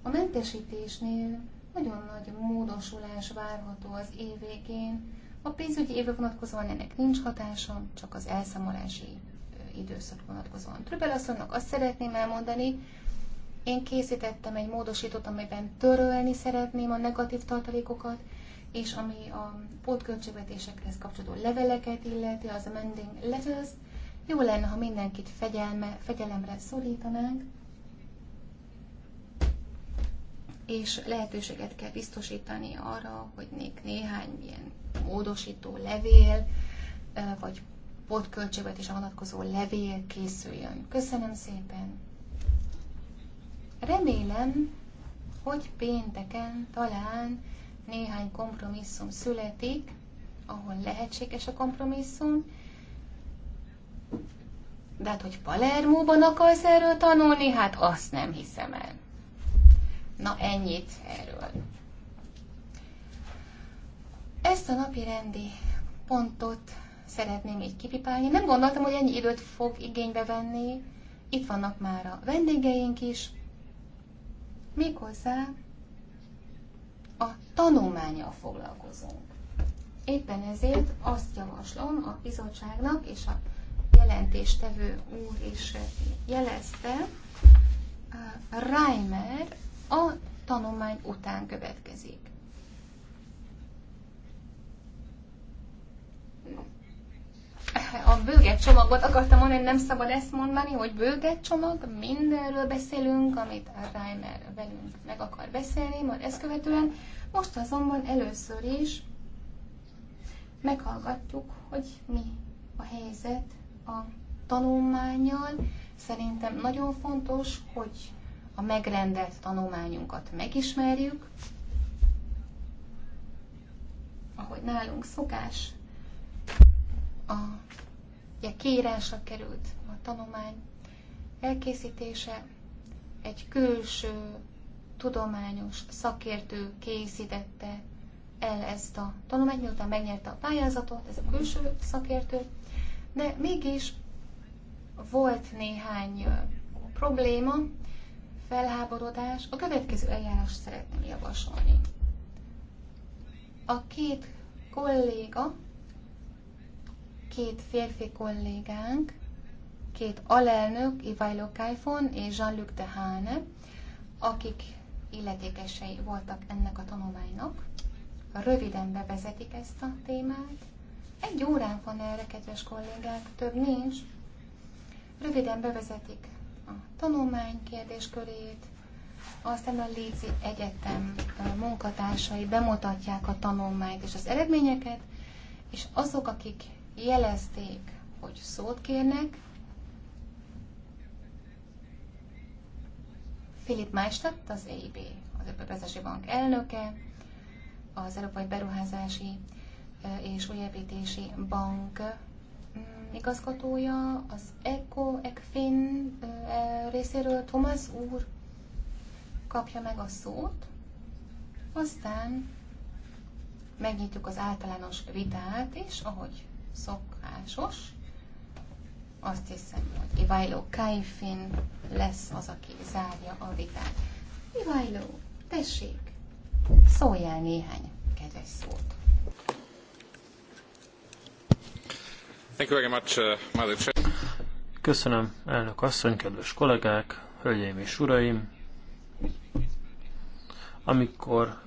A mentesítésnél nagyon nagy módosulás várható az év végén. A pénzügyi évre vonatkozóan ennek nincs hatása, csak az elszámolási időszak vonatkozóan. Trübel asszonynak azt szeretném elmondani, én készítettem egy módosítót, amelyben törölni szeretném a negatív tartalékokat, és ami a pótköltségvetésekhez kapcsolódó leveleket illeti, az a Mending letters, jó lenne, ha mindenkit fegyelme, fegyelemre szorítanánk, és lehetőséget kell biztosítani arra, hogy még néhány ilyen módosító levél, vagy pótköltségvetésre vonatkozó levél készüljön. Köszönöm szépen! Remélem, hogy pénteken talán néhány kompromisszum születik, ahol lehetséges a kompromisszum, de hát, hogy Palermóban akarsz erről tanulni, hát azt nem hiszem el. Na ennyit erről. Ezt a napi rendi pontot szeretném így kipipálni. Nem gondoltam, hogy ennyi időt fog igénybe venni. Itt vannak már a vendégeink is. Méghozzá a tanulmányjal foglalkozunk. Éppen ezért azt javaslom a bizottságnak, és a jelentéstevő úr is jelezte, Reimer a tanulmány után következik. a bőget csomagot akartam mondani, nem szabad ezt mondani, hogy bőget csomag, mindenről beszélünk, amit a Reimer velünk meg akar beszélni, majd ezt követően. Most azonban először is meghallgattuk, hogy mi a helyzet a tanulmányjal. Szerintem nagyon fontos, hogy a megrendelt tanulmányunkat megismerjük, ahogy nálunk szokás, a ugye, kiírásra került a tanulmány elkészítése, egy külső tudományos szakértő készítette el ezt a tanulmányt, miután megnyerte a pályázatot, ez a külső szakértő, de mégis volt néhány probléma, felháborodás. A következő eljárást szeretném javasolni. A két kolléga két férfi kollégánk, két alelnök, Ivajlo Kajfon és Jean-Luc Dehane, akik illetékesei voltak ennek a tanulmánynak. Röviden bevezetik ezt a témát. Egy órán van erre, kedves kollégák, több nincs. Röviden bevezetik a tanulmány kérdéskörét, aztán a Léci Egyetem munkatársai bemutatják a tanulmányt és az eredményeket, és azok, akik jelezték, hogy szót kérnek. Philip Maestadt, az EIB, az Európai Bank elnöke, az Európai Beruházási eh, és Újépítési Bank mm, igazgatója, az ECO, ECFIN eh, részéről Thomas úr kapja meg a szót, aztán megnyitjuk az általános vitát, és ahogy szokásos. Azt hiszem, hogy Ivailo Kaifin lesz az, aki zárja a vitát. Ivailo, tessék, szóljál néhány kedves szót. Uh, Köszönöm, elnök asszony, kedves kollégák, hölgyeim és uraim! Amikor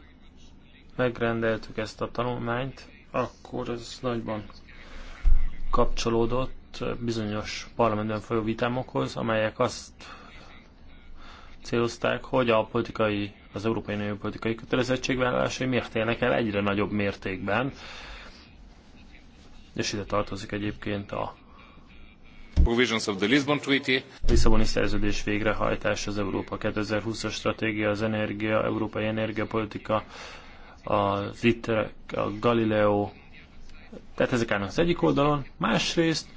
megrendeltük ezt a tanulmányt, akkor ez nagyban kapcsolódott bizonyos parlamentben folyó vitámokhoz, amelyek azt célozták, hogy a politikai, az Európai Unió politikai kötelezettségvállalásai miért élnek el egyre nagyobb mértékben, és ide tartozik egyébként a Provisions of the Lisbon Treaty. Lisszaboni szerződés végrehajtás, az Európa 2020-as stratégia, az energia, európai energiapolitika, az itt a Galileo, tehát ezek állnak az egyik oldalon, másrészt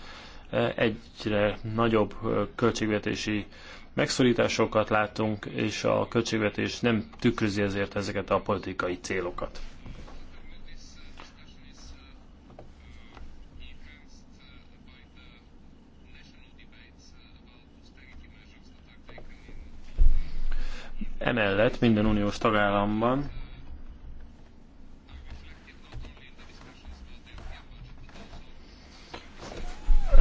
e, egyre nagyobb e, költségvetési megszorításokat látunk, és a költségvetés nem tükrözi ezért ezeket a politikai célokat. Emellett minden uniós tagállamban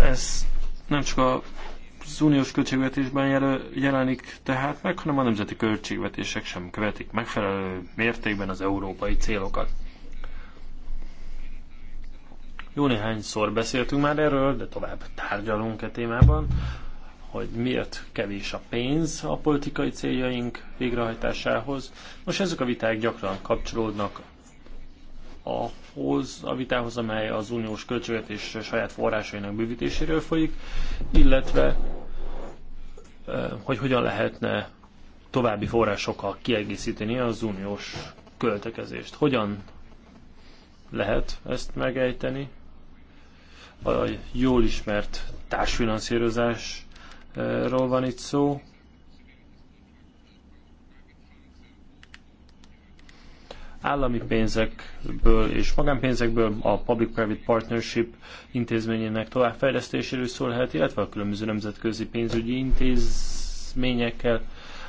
Ez nem csak az uniós költségvetésben jelenik tehát meg, hanem a nemzeti költségvetések sem követik megfelelő mértékben az európai célokat. Jó néhányszor beszéltünk már erről, de tovább tárgyalunk e témában, hogy miért kevés a pénz a politikai céljaink végrehajtásához. Most ezek a viták gyakran kapcsolódnak ahhoz a vitához, amely az uniós költségvetés saját forrásainak bővítéséről folyik, illetve hogy hogyan lehetne további forrásokkal kiegészíteni az uniós költekezést. Hogyan lehet ezt megejteni? A jól ismert társfinanszírozásról van itt szó, állami pénzekből és magánpénzekből a Public-Private Partnership intézményének továbbfejlesztéséről szólhat, illetve a különböző nemzetközi pénzügyi intézményekkel,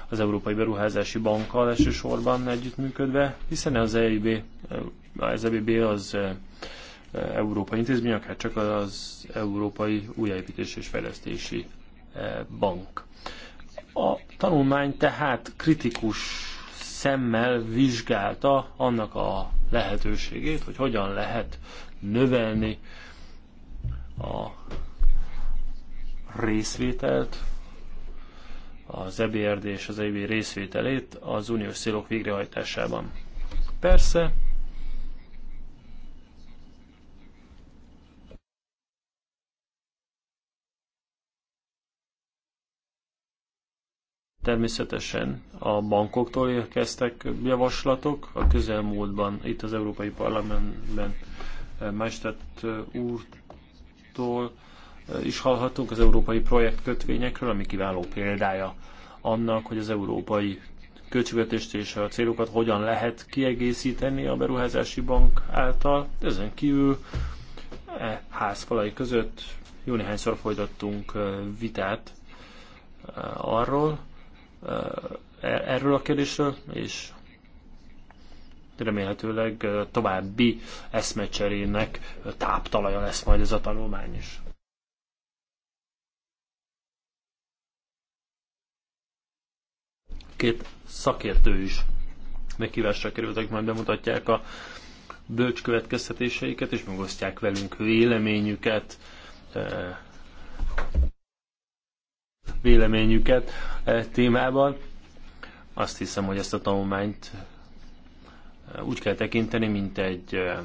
az Európai Beruházási Bankkal elsősorban együttműködve, hiszen az EIB, az EBB az eh, eh, Európai Intézmény, akár csak az Európai Újjáépítés és Fejlesztési eh, Bank. A tanulmány tehát kritikus szemmel vizsgálta annak a lehetőségét, hogy hogyan lehet növelni a részvételt, az EBRD és az EB részvételét az uniós célok végrehajtásában. Persze, Természetesen a bankoktól érkeztek javaslatok. A közelmúltban itt az Európai Parlamentben eh, Mestett eh, úrtól eh, is hallhattunk az európai kötvényekről, ami kiváló példája annak, hogy az európai költségvetést és a célokat hogyan lehet kiegészíteni a beruházási bank által. Ezen kívül e házfalai között jó néhányszor folytattunk vitát arról, E, erről a kérdésről, és remélhetőleg további eszmecserének táptalaja lesz majd ez a tanulmány is. Két szakértő is meghívásra kerültek, majd bemutatják a bölcs következtetéseiket, és megosztják velünk véleményüket véleményüket e témában. Azt hiszem, hogy ezt a tanulmányt e, úgy kell tekinteni, mint egy, e,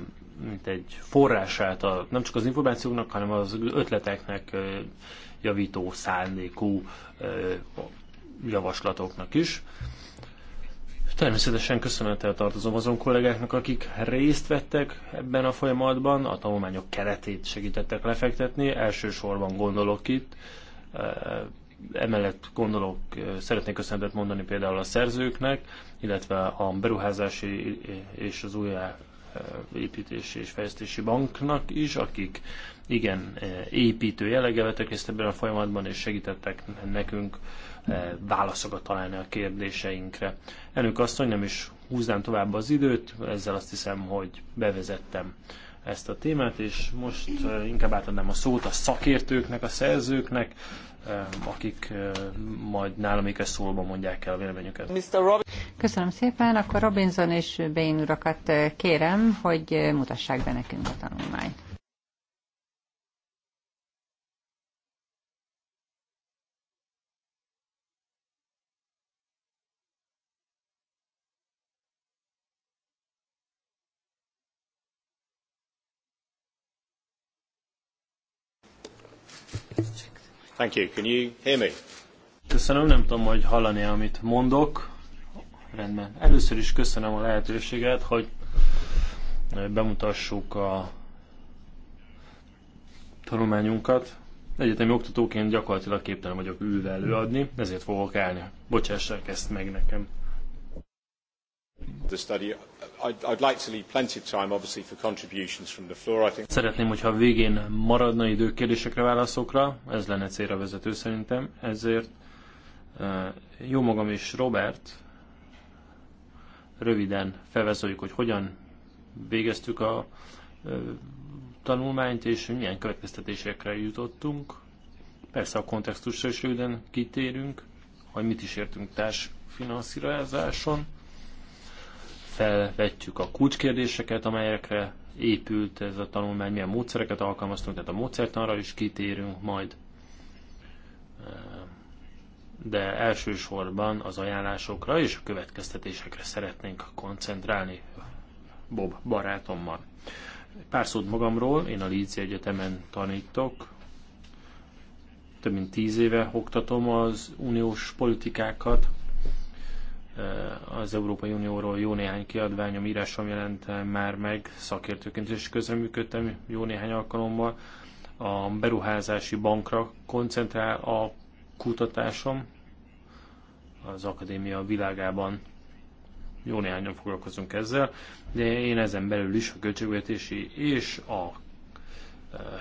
mint egy forrását a, nem csak az információknak, hanem az ötleteknek e, javító szándékú javaslatoknak is. Természetesen köszönettel tartozom azon kollégáknak, akik részt vettek ebben a folyamatban, a tanulmányok keretét segítettek lefektetni, elsősorban gondolok itt emellett gondolok, szeretnék köszönetet mondani például a szerzőknek, illetve a beruházási és az új építési és fejlesztési banknak is, akik igen építő jellege vettek részt ebben a folyamatban, és segítettek nekünk válaszokat találni a kérdéseinkre. Elnök asszony, nem is húznám tovább az időt, ezzel azt hiszem, hogy bevezettem ezt a témát, és most inkább átadnám a szót a szakértőknek, a szerzőknek, akik majd nálam ékes szóban mondják el a véleményüket. Köszönöm szépen, akkor Robinson és Bain urakat kérem, hogy mutassák be nekünk a tanulmányt. Thank you. Can you hear me? Köszönöm, nem tudom, hogy hallani, amit mondok. Rendben. Először is köszönöm a lehetőséget, hogy bemutassuk a tanulmányunkat. Egyetemi oktatóként gyakorlatilag képtelen vagyok ülve előadni, ezért fogok állni. Bocsássák ezt meg nekem. The study. I'd, I'd like to leave plenty of time, obviously, for contributions from the floor. I think. Szeretném, hogyha a végén maradna idő kérdésekre, válaszokra. Ez lenne célra vezető szerintem. Ezért jó magam és Robert röviden felvezoljuk, hogy hogyan végeztük a tanulmányt, és milyen következtetésekre jutottunk. Persze a kontextusra is röviden kitérünk, hogy mit is értünk társfinanszírozáson felvetjük a kulcskérdéseket, amelyekre épült ez a tanulmány, milyen módszereket alkalmaztunk, tehát a módszertanra is kitérünk majd, de elsősorban az ajánlásokra és a következtetésekre szeretnénk koncentrálni Bob barátommal. Pár szót magamról, én a Líci Egyetemen tanítok, több mint tíz éve oktatom az uniós politikákat, az Európai Unióról jó néhány kiadványom, írásom jelent már meg, szakértőként is közreműködtem jó néhány alkalommal. A beruházási bankra koncentrál a kutatásom, az akadémia világában jó néhányan foglalkozunk ezzel, de én ezen belül is a költségvetési és a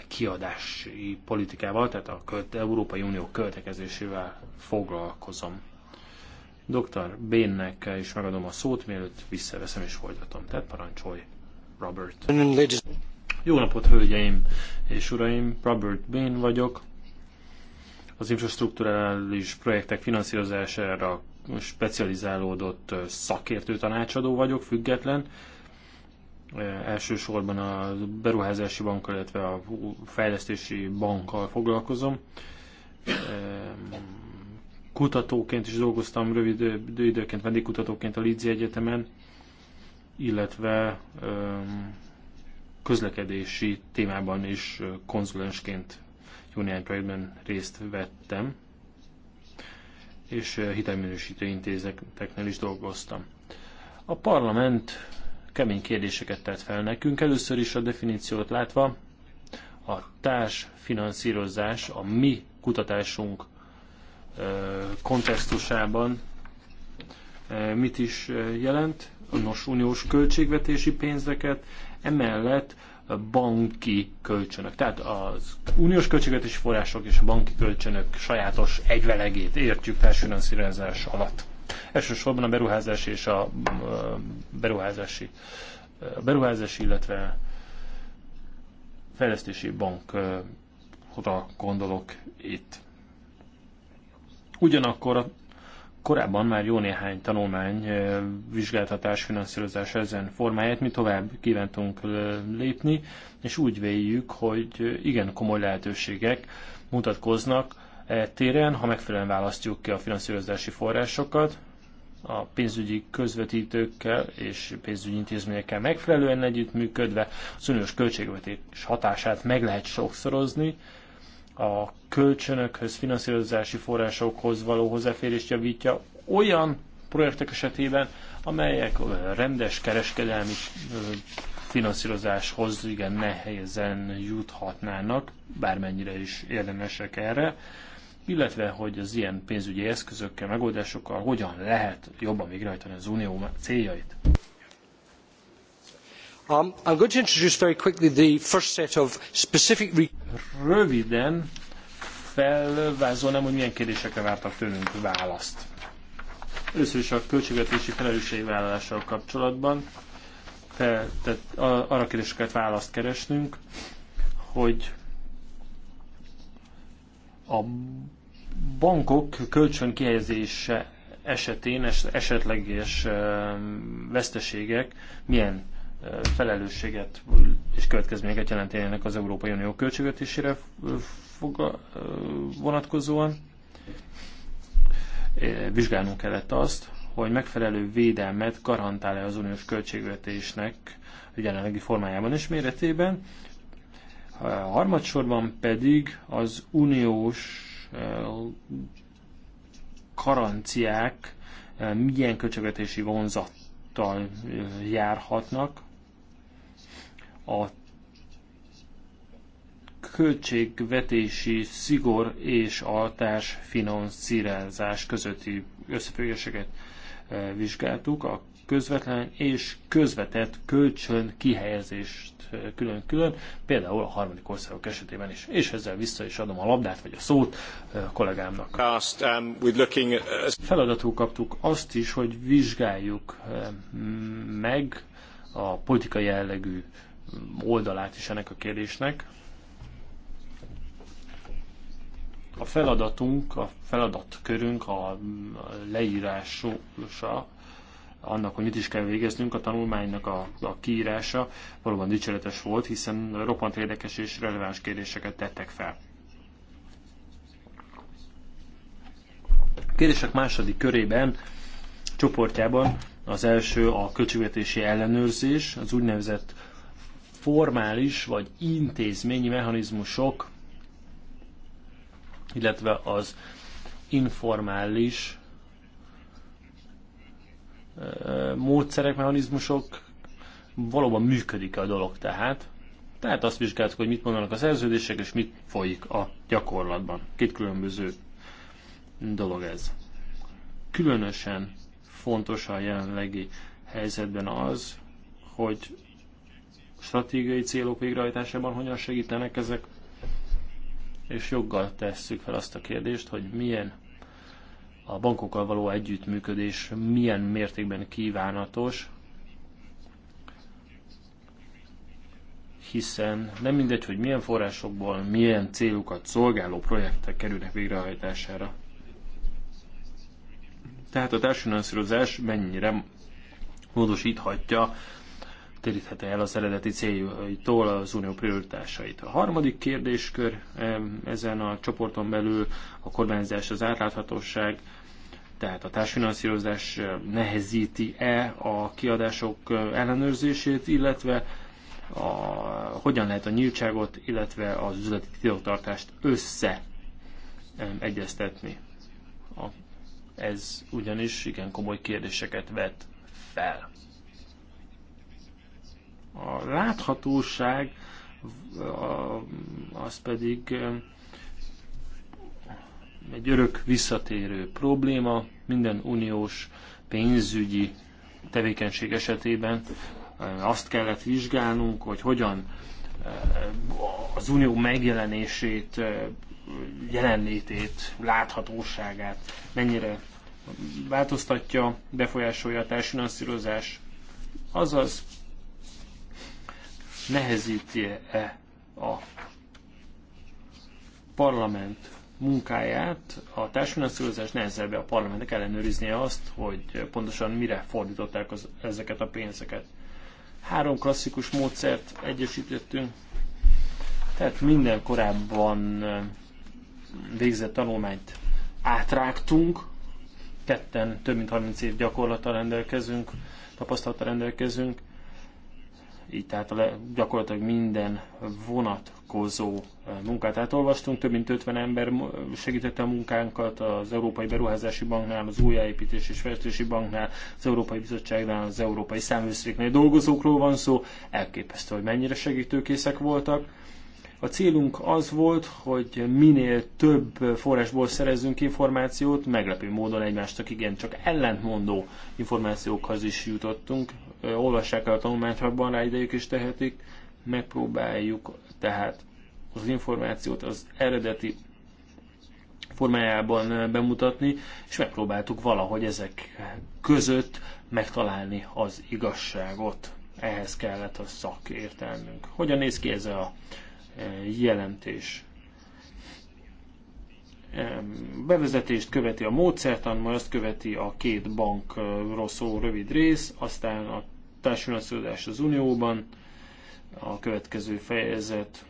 kiadási politikával, tehát a költ, Európai Unió költekezésével foglalkozom. Dr. Bénnek is megadom a szót, mielőtt visszaveszem és folytatom. Tehát parancsolj, Robert. Jó napot, hölgyeim és uraim! Robert Bain vagyok. Az infrastruktúrális projektek finanszírozására specializálódott szakértő tanácsadó vagyok, független. Elsősorban a beruházási bankkal, illetve a fejlesztési bankkal foglalkozom kutatóként is dolgoztam rövid időként, vendégkutatóként a Lidzi Egyetemen, illetve közlekedési témában is konzulensként jó projektben részt vettem, és hitelminősítő intézeteknél is dolgoztam. A parlament kemény kérdéseket tett fel nekünk, először is a definíciót látva, a társfinanszírozás a mi kutatásunk kontextusában mit is jelent, nos uniós költségvetési pénzeket, emellett banki kölcsönök. Tehát az uniós költségvetési források és a banki kölcsönök sajátos egyvelegét értjük társfinanszírozás alatt. Elsősorban a beruházás és a beruházási, a beruházási illetve fejlesztési bank, bankra gondolok itt. Ugyanakkor a korábban már jó néhány tanulmány vizsgáltatás finanszírozása ezen formáját, mi tovább kívántunk lépni, és úgy véljük, hogy igen komoly lehetőségek mutatkoznak e téren, ha megfelelően választjuk ki a finanszírozási forrásokat, a pénzügyi közvetítőkkel és pénzügyi intézményekkel megfelelően együttműködve az uniós költségvetés hatását meg lehet sokszorozni, a kölcsönökhöz, finanszírozási forrásokhoz való hozzáférést javítja olyan projektek esetében, amelyek rendes kereskedelmi finanszírozáshoz igen nehezen juthatnának, bármennyire is érdemesek erre, illetve hogy az ilyen pénzügyi eszközökkel, megoldásokkal hogyan lehet jobban végrehajtani az unió céljait. Um, I'm going to introduce very quickly the first set of specific röviden felvázolnám, hogy milyen kérdésekre vártak tőlünk választ. Először is a költségvetési vállalással kapcsolatban tehát arra kérdéseket választ keresnünk, hogy a bankok kölcsön esetén esetleges veszteségek milyen felelősséget és következményeket jelentenének az Európai Unió költségvetésére vonatkozóan. Vizsgálnunk kellett azt, hogy megfelelő védelmet garantál-e az uniós költségvetésnek jelenlegi formájában és méretében. A harmadsorban pedig az uniós garanciák milyen költségvetési vonzattal járhatnak, a költségvetési szigor és a társfinanszírozás közötti összefüggéseket e, vizsgáltuk, a közvetlen és közvetett kölcsön kihelyezést e, külön-külön, például a harmadik országok esetében is. És ezzel vissza is adom a labdát vagy a szót a e, kollégámnak. Um, uh, Feladatul kaptuk azt is, hogy vizsgáljuk meg a politikai jellegű oldalát is ennek a kérdésnek. A feladatunk, a feladatkörünk, a leírása annak, hogy mit is kell végeznünk, a tanulmánynak a, a kiírása valóban dicséretes volt, hiszen roppant érdekes és releváns kérdéseket tettek fel. A kérdések második körében, csoportjában az első a költségvetési ellenőrzés, az úgynevezett formális vagy intézményi mechanizmusok, illetve az informális módszerek, mechanizmusok valóban működik a dolog tehát. Tehát azt vizsgáltuk, hogy mit mondanak a szerződések, és mit folyik a gyakorlatban. Két különböző dolog ez. Különösen fontos a jelenlegi helyzetben az, hogy stratégiai célok végrehajtásában hogyan segítenek ezek, és joggal tesszük fel azt a kérdést, hogy milyen a bankokkal való együttműködés milyen mértékben kívánatos, hiszen nem mindegy, hogy milyen forrásokból, milyen célukat szolgáló projektek kerülnek végrehajtására. Tehát a társadalmi mennyire módosíthatja téríthet el az eredeti céljaitól az unió prioritásait. A harmadik kérdéskör ezen a csoporton belül a kormányzás, az átláthatóság, tehát a társfinanszírozás eh, nehezíti-e a kiadások eh, ellenőrzését, illetve a, hogyan lehet a nyíltságot, illetve az üzleti titoktartást össze egyeztetni. ez ugyanis igen komoly kérdéseket vet fel. A láthatóság az pedig egy örök visszatérő probléma minden uniós pénzügyi tevékenység esetében. Azt kellett vizsgálnunk, hogy hogyan eh, az unió megjelenését, eh, jelenlétét, láthatóságát mennyire változtatja, befolyásolja a társfinanszírozás. Azaz nehezíti-e a parlament munkáját, a társfinanszírozás nehezebb a parlamentnek ellenőriznie azt, hogy pontosan mire fordították az, ezeket a pénzeket. Három klasszikus módszert egyesítettünk, tehát minden korábban végzett tanulmányt átrágtunk, ketten több mint 30 év gyakorlata rendelkezünk, tapasztalata rendelkezünk, így tehát le, gyakorlatilag minden vonatkozó eh, munkát átolvastunk. Több mint 50 ember segítette a munkánkat az Európai Beruházási Banknál, az Újjáépítés és Fejlesztési Banknál, az Európai Bizottságnál, az Európai Számvőszéknél dolgozókról van szó. Elképesztő, hogy mennyire segítőkészek voltak. A célunk az volt, hogy minél több forrásból szerezzünk információt, meglepő módon egymástak igen, csak ellentmondó információkhoz is jutottunk olvassák el a tanulmányt, ha van rá idejük is tehetik, megpróbáljuk tehát az információt az eredeti formájában bemutatni, és megpróbáltuk valahogy ezek között megtalálni az igazságot. Ehhez kellett a szakértelmünk. Hogyan néz ki ez a jelentés? bevezetést követi a módszertan, majd azt követi a két bankról szó rövid rész, aztán a társadalmi az Unióban, a következő fejezet,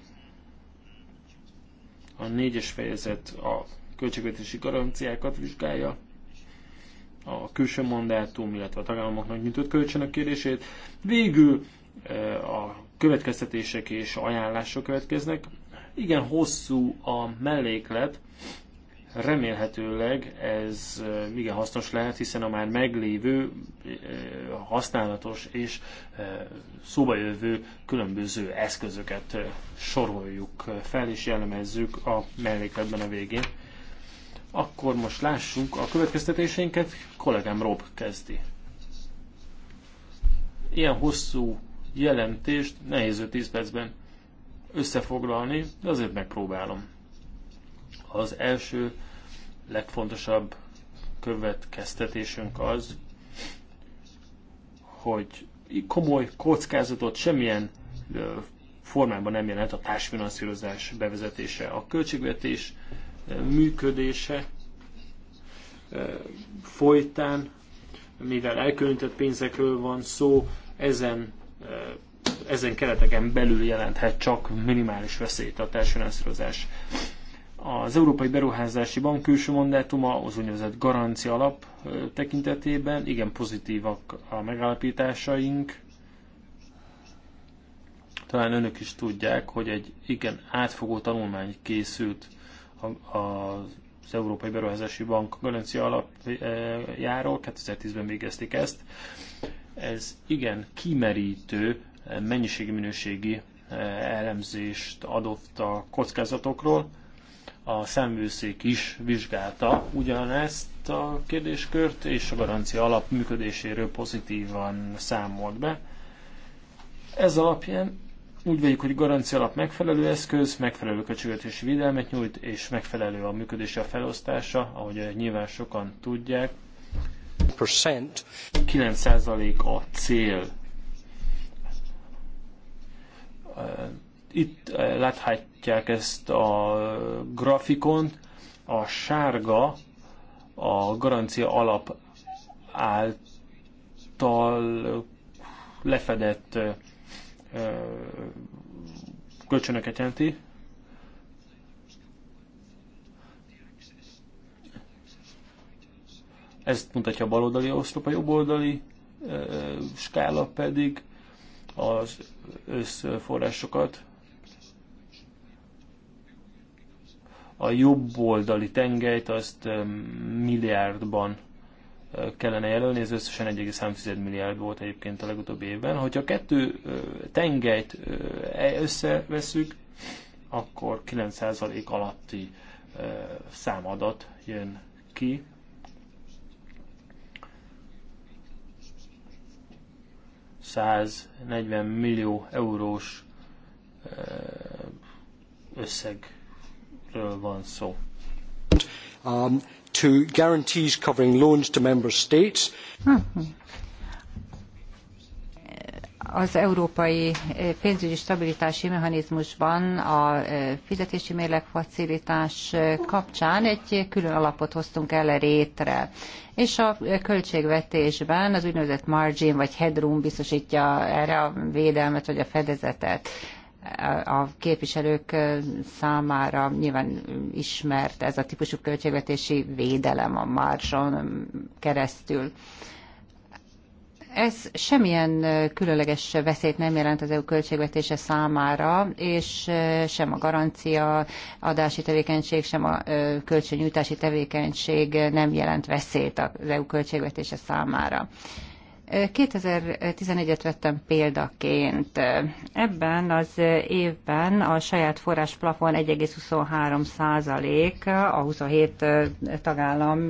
a négyes fejezet a költségvetési garanciákat vizsgálja, a külső mandátum, illetve a tagállamoknak nyitott kölcsönök kérését. Végül e, a következtetések és ajánlások következnek. Igen, hosszú a melléklet, Remélhetőleg ez eh, igen hasznos lehet, hiszen a már meglévő, eh, használatos és eh, szóba jövő különböző eszközöket soroljuk fel és jellemezzük a mellékletben a végén. Akkor most lássuk a következtetéseinket, kollégám Rob kezdi. Ilyen hosszú jelentést nehéz 10 percben összefoglalni, de azért megpróbálom. Az első legfontosabb következtetésünk az, hogy komoly kockázatot semmilyen formában nem jelent a társfinanszírozás bevezetése. A költségvetés működése folytán, mivel elkülönített pénzekről van szó, ezen, ezen kereteken belül jelenthet csak minimális veszélyt a társfinanszírozás. Az Európai Beruházási Bank külső mandátuma az úgynevezett garancia alap tekintetében igen pozitívak a megállapításaink. Talán önök is tudják, hogy egy igen átfogó tanulmány készült a, az Európai Beruházási Bank garancia alapjáról, 2010-ben végezték ezt. Ez igen kimerítő mennyiségi-minőségi elemzést adott a kockázatokról, a szemvőszék is vizsgálta ugyanezt a kérdéskört, és a garancia alap működéséről pozitívan számolt be. Ez alapján úgy vegyük, hogy garancia alap megfelelő eszköz, megfelelő költségvetési védelmet nyújt, és megfelelő a működése, a felosztása, ahogy nyilván sokan tudják. 9% a cél. Itt eh, láthatjuk mutatják ezt a grafikont, a sárga a garancia alap által lefedett kölcsönöket jelenti. Ezt mutatja a baloldali oszlop, a jobboldali skála pedig az összforrásokat. a jobb oldali tengelyt azt milliárdban kellene jelölni, ez összesen 1,3 milliárd volt egyébként a legutóbbi évben. Hogyha a kettő tengelyt e, összeveszük, akkor 9% alatti számadat jön ki. ...140 millió eurós összeg ről van szó. Um, to guarantees covering loans to member states. Uh-huh. Az európai eh, pénzügyi stabilitási mechanizmusban a eh, fizetési mérleg facilitás eh, kapcsán egy külön alapot hoztunk el rétre és a költségvetésben az úgynevezett margin vagy headroom biztosítja erre a védelmet vagy a fedezetet a képviselők számára nyilván ismert ez a típusú költségvetési védelem a marzson keresztül. Ez semmilyen különleges veszélyt nem jelent az EU költségvetése számára, és sem a garancia adási tevékenység, sem a kölcsönnyújtási tevékenység nem jelent veszélyt az EU költségvetése számára. 2011-et vettem példaként. Ebben az évben a saját forrás plafon 1,23 százalék a 27 tagállam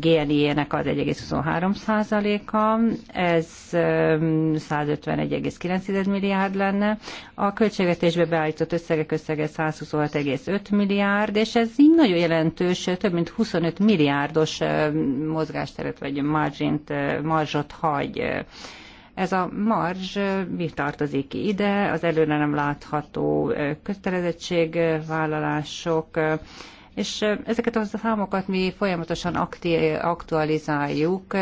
GNI-ének az 1,23 százaléka, ez 151,9 milliárd lenne. A költségvetésbe beállított összegek összege 126,5 milliárd, és ez így nagyon jelentős, több mint 25 milliárdos mozgásteret vagy margint, marzsot hagy. Ez a marzs mi tartozik ide? Az előre nem látható kötelezettségvállalások, vállalások és ezeket a számokat mi folyamatosan aktualizáljuk,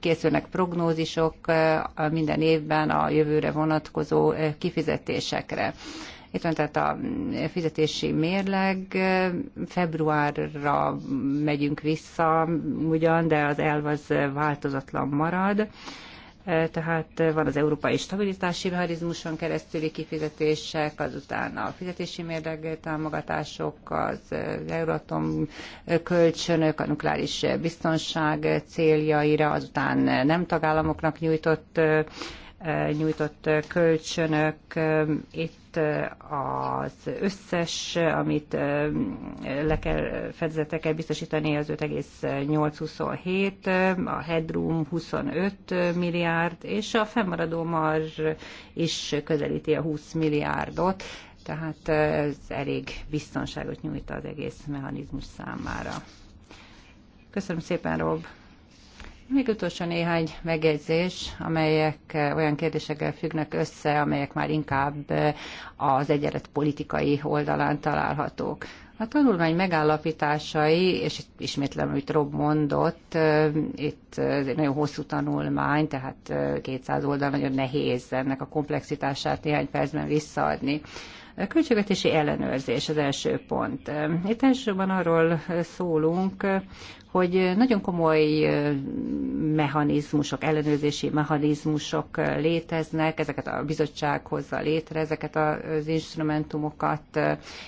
készülnek prognózisok minden évben a jövőre vonatkozó kifizetésekre. Itt van tehát a fizetési mérleg, februárra megyünk vissza ugyan, de az elv az változatlan marad tehát van az Európai Stabilitási Mechanizmuson keresztüli kifizetések, azután a fizetési mérleg támogatások, az Euratom kölcsönök, a nukleáris biztonság céljaira, azután nem tagállamoknak nyújtott nyújtott kölcsönök. Itt az összes, amit le kell, fedezete kell biztosítani, az 5,827, a headroom 25 milliárd, és a fennmaradó marzs is közelíti a 20 milliárdot, tehát ez elég biztonságot nyújt az egész mechanizmus számára. Köszönöm szépen, Rob! Még utolsó néhány megjegyzés, amelyek eh, olyan kérdésekkel függnek össze, amelyek már inkább eh, az egyenlet politikai oldalán találhatók. A tanulmány megállapításai, és itt ismétlem, amit Rob mondott, eh, itt ez egy nagyon hosszú tanulmány, tehát 200 oldal nagyon nehéz ennek a komplexitását néhány percben visszaadni. A költségvetési ellenőrzés az első pont. Itt elsősorban arról szólunk, hogy nagyon komoly mechanizmusok, ellenőrzési mechanizmusok léteznek, ezeket a bizottság hozza létre, ezeket az instrumentumokat,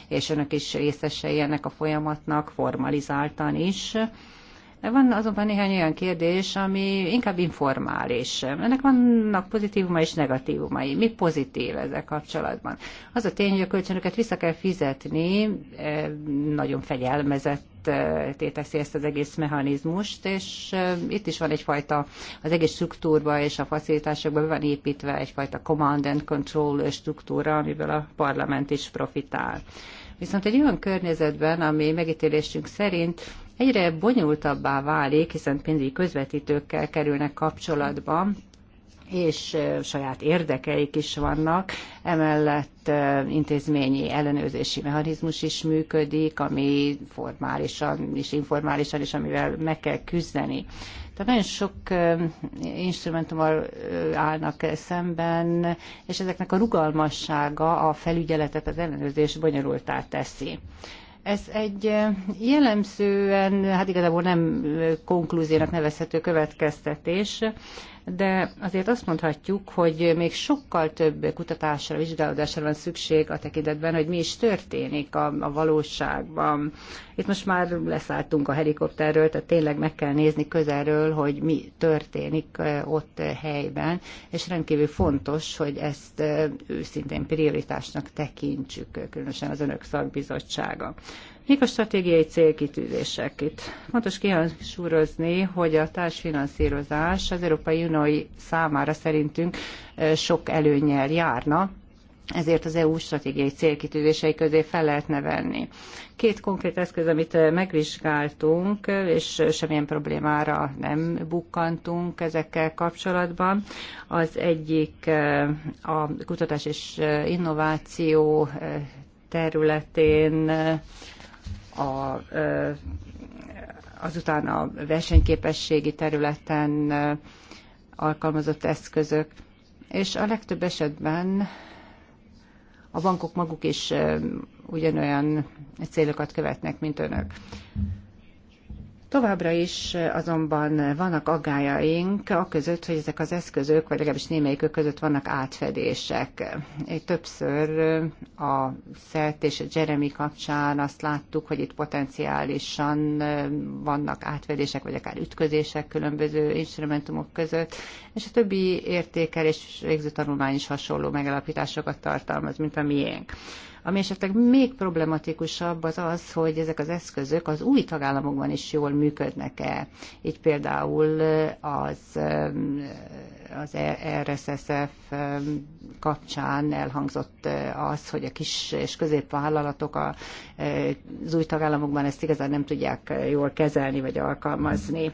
és önök is részesei ennek a folyamatnak formalizáltan is. Van azonban néhány olyan kérdés, ami inkább informális. Ennek vannak pozitívuma és negatívumai. Mi pozitív ezzel kapcsolatban? Az a tény, hogy a kölcsönöket vissza kell fizetni, nagyon fegyelmezett teszi ezt az egész mechanizmust, és itt is van egyfajta, az egész struktúrba és a facilitásokba van építve egyfajta command and control struktúra, amiből a parlament is profitál. Viszont egy olyan környezetben, ami megítélésünk szerint egyre bonyolultabbá válik, hiszen pénzügyi közvetítőkkel kerülnek kapcsolatba, és saját érdekeik is vannak. Emellett intézményi ellenőrzési mechanizmus is működik, ami formálisan és informálisan is, amivel meg kell küzdeni. Tehát nagyon sok instrumentummal állnak szemben, és ezeknek a rugalmassága a felügyeletet, az ellenőrzés bonyolultá teszi. Ez egy jellemzően, hát igazából nem konklúziónak nevezhető következtetés, de azért azt mondhatjuk, hogy még sokkal több kutatásra, vizsgálódásra van szükség a tekintetben, hogy mi is történik a, a valóságban. Itt most már leszálltunk a helikopterről, tehát tényleg meg kell nézni közelről, hogy mi történik ott helyben, és rendkívül fontos, hogy ezt őszintén prioritásnak tekintsük, különösen az önök szakbizottsága. Mik a stratégiai célkitűzések itt? Fontos kihangsúlyozni, hogy a társfinanszírozás az Európai Unió számára szerintünk sok előnyel járna, ezért az EU stratégiai célkitűzései közé fel lehetne venni. Két konkrét eszköz, amit megvizsgáltunk, és semmilyen problémára nem bukkantunk ezekkel kapcsolatban. Az egyik a kutatás és innováció területén a, azután a versenyképességi területen alkalmazott eszközök, és a legtöbb esetben a bankok maguk is ugyanolyan célokat követnek, mint önök. Továbbra is azonban vannak aggájaink a között, hogy ezek az eszközök, vagy legalábbis némelyikük között vannak átfedések. Én többször a Szert és a Jeremy kapcsán azt láttuk, hogy itt potenciálisan vannak átfedések, vagy akár ütközések különböző instrumentumok között, és a többi értékelés végző tanulmány is hasonló megalapításokat tartalmaz, mint a miénk. Ami esetleg még problematikusabb az az, hogy ezek az eszközök az új tagállamokban is jól működnek-e. Így például az, eh, az RSSF eh, kapcsán elhangzott eh, az, hogy a kis és középvállalatok a, az új tagállamokban ezt igazán nem tudják jól kezelni vagy alkalmazni. Mm.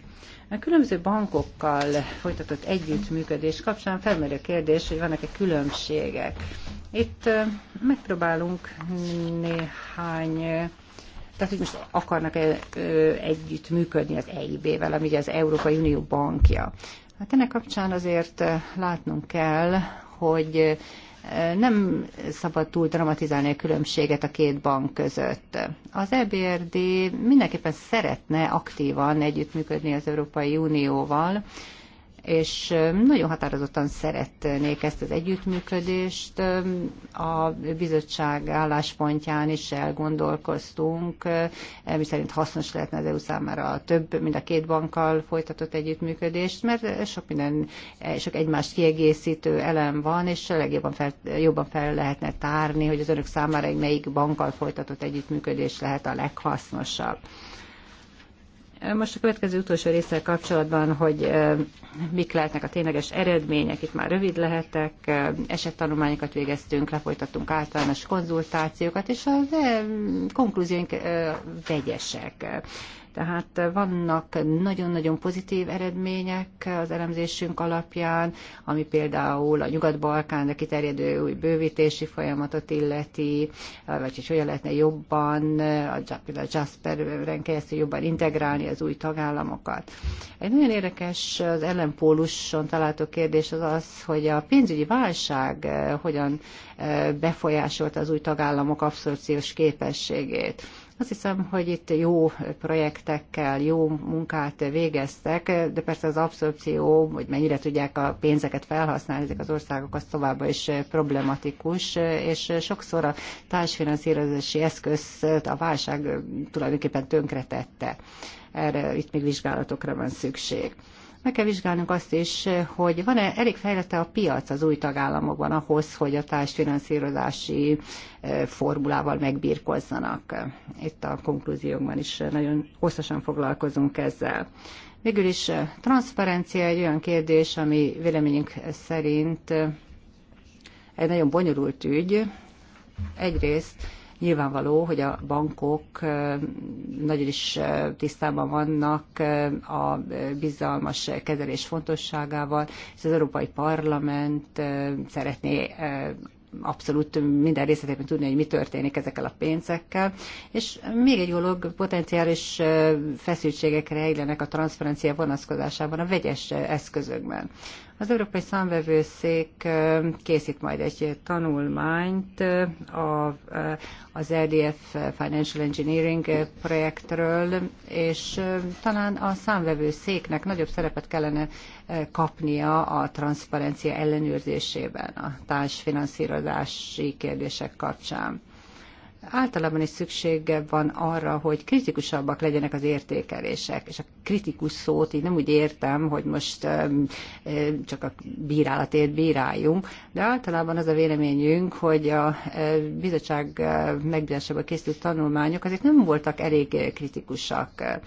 A különböző bankokkal folytatott együttműködés kapcsán felmerül a kérdés, hogy vannak-e különbségek. Itt megpróbálunk néhány tehát, hogy most akarnak -e, együttműködni az EIB-vel, ami ugye az Európai Unió bankja. Hát ennek kapcsán azért látnunk kell, hogy nem szabad túl dramatizálni a különbséget a két bank között. Az EBRD mindenképpen szeretne aktívan együttműködni az Európai Unióval, és nagyon határozottan szeretnék ezt az együttműködést. A bizottság álláspontján is elgondolkoztunk, mi szerint hasznos lehetne az EU számára a több, mint a két bankkal folytatott együttműködést, mert sok minden, e, sok egymást kiegészítő elem van, és legjobban fel, jobban fel lehetne tárni, hogy az önök számára egy melyik bankkal folytatott együttműködés lehet a leghasznosabb. Most a következő utolsó részsel kapcsolatban, hogy mik lehetnek a tényleges eredmények, itt már rövid lehetek, esettanulmányokat végeztünk, lefolytattunk általános konzultációkat, és a konklúzióink vegyesek. Tehát vannak nagyon-nagyon pozitív eredmények az elemzésünk alapján, ami például a Nyugat-Balkánra kiterjedő új bővítési folyamatot illeti, vagy hogy hogyan lehetne jobban, a a Jasperen keresztül jobban integrálni az új tagállamokat. Egy nagyon érdekes az ellenpóluson található kérdés az az, hogy a pénzügyi válság eh, hogyan eh, befolyásolta az új tagállamok abszorciós képességét. Azt hiszem, hogy itt jó projektekkel, jó munkát végeztek, de persze az abszorpció, hogy mennyire tudják a pénzeket felhasználni ezek az országok, az továbbra is problematikus, és sokszor a társfinanszírozási eszközt a válság tulajdonképpen tönkretette. Erre itt még vizsgálatokra van szükség. Meg kell vizsgálnunk azt is, hogy van-e elég fejlete a piac az új tagállamokban ahhoz, hogy a társfinanszírozási eh, formulával megbírkozzanak. Itt a konklúziókban is nagyon hosszasan foglalkozunk ezzel. Végül is eh, transzparencia egy olyan kérdés, ami véleményünk szerint eh, egy nagyon bonyolult ügy. Egyrészt Nyilvánvaló, hogy a bankok nagyon is tisztában vannak a bizalmas kezelés fontosságával, és az Európai Parlament szeretné abszolút minden részletében tudni, hogy mi történik ezekkel a pénzekkel. És még egy dolog, potenciális feszültségekre élenek a transzferencia vonatkozásában, a vegyes eszközökben. Az Európai Számvevőszék készít majd egy tanulmányt a, az RDF Financial Engineering projektről, és talán a számvevőszéknek nagyobb szerepet kellene kapnia a transzparencia ellenőrzésében a társfinanszírozási kérdések kapcsán általában is szüksége van arra, hogy kritikusabbak legyenek az értékelések, és a kritikus szót így nem úgy értem, hogy most csak a bírálatért bíráljunk, de általában az a véleményünk, hogy a bizottság megbízásából készült tanulmányok azért nem voltak elég kritikusak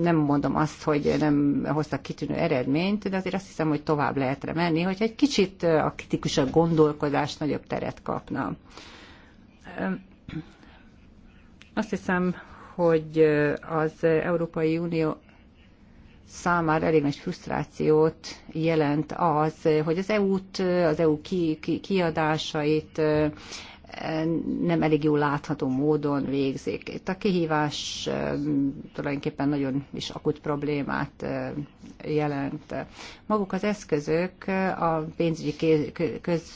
nem mondom azt, hogy nem hoztak kitűnő eredményt, de azért azt hiszem, hogy tovább lehetre menni, hogy egy kicsit a kritikusabb gondolkodás nagyobb teret kapna. Azt hiszem, hogy az Európai Unió számára elég nagy frusztrációt jelent az, hogy az EU-t, az EU ki, ki, kiadásait nem elég jól látható módon végzik. Itt a kihívás tulajdonképpen nagyon is akut problémát jelent. Maguk az eszközök a pénzügyi köz,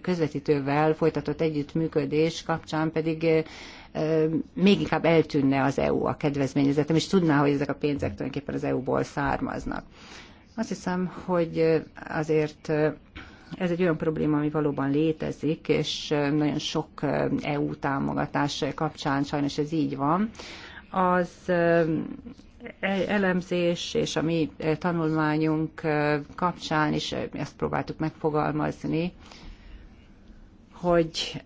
közvetítővel folytatott együttműködés kapcsán pedig még inkább eltűnne az EU a kedvezményezetem, és tudná, hogy ezek a pénzek tulajdonképpen az EU-ból származnak. Azt hiszem, hogy azért ez egy olyan probléma, ami valóban létezik, és nagyon sok EU támogatás kapcsán sajnos ez így van. Az e, elemzés és a mi tanulmányunk kapcsán is ezt próbáltuk megfogalmazni, hogy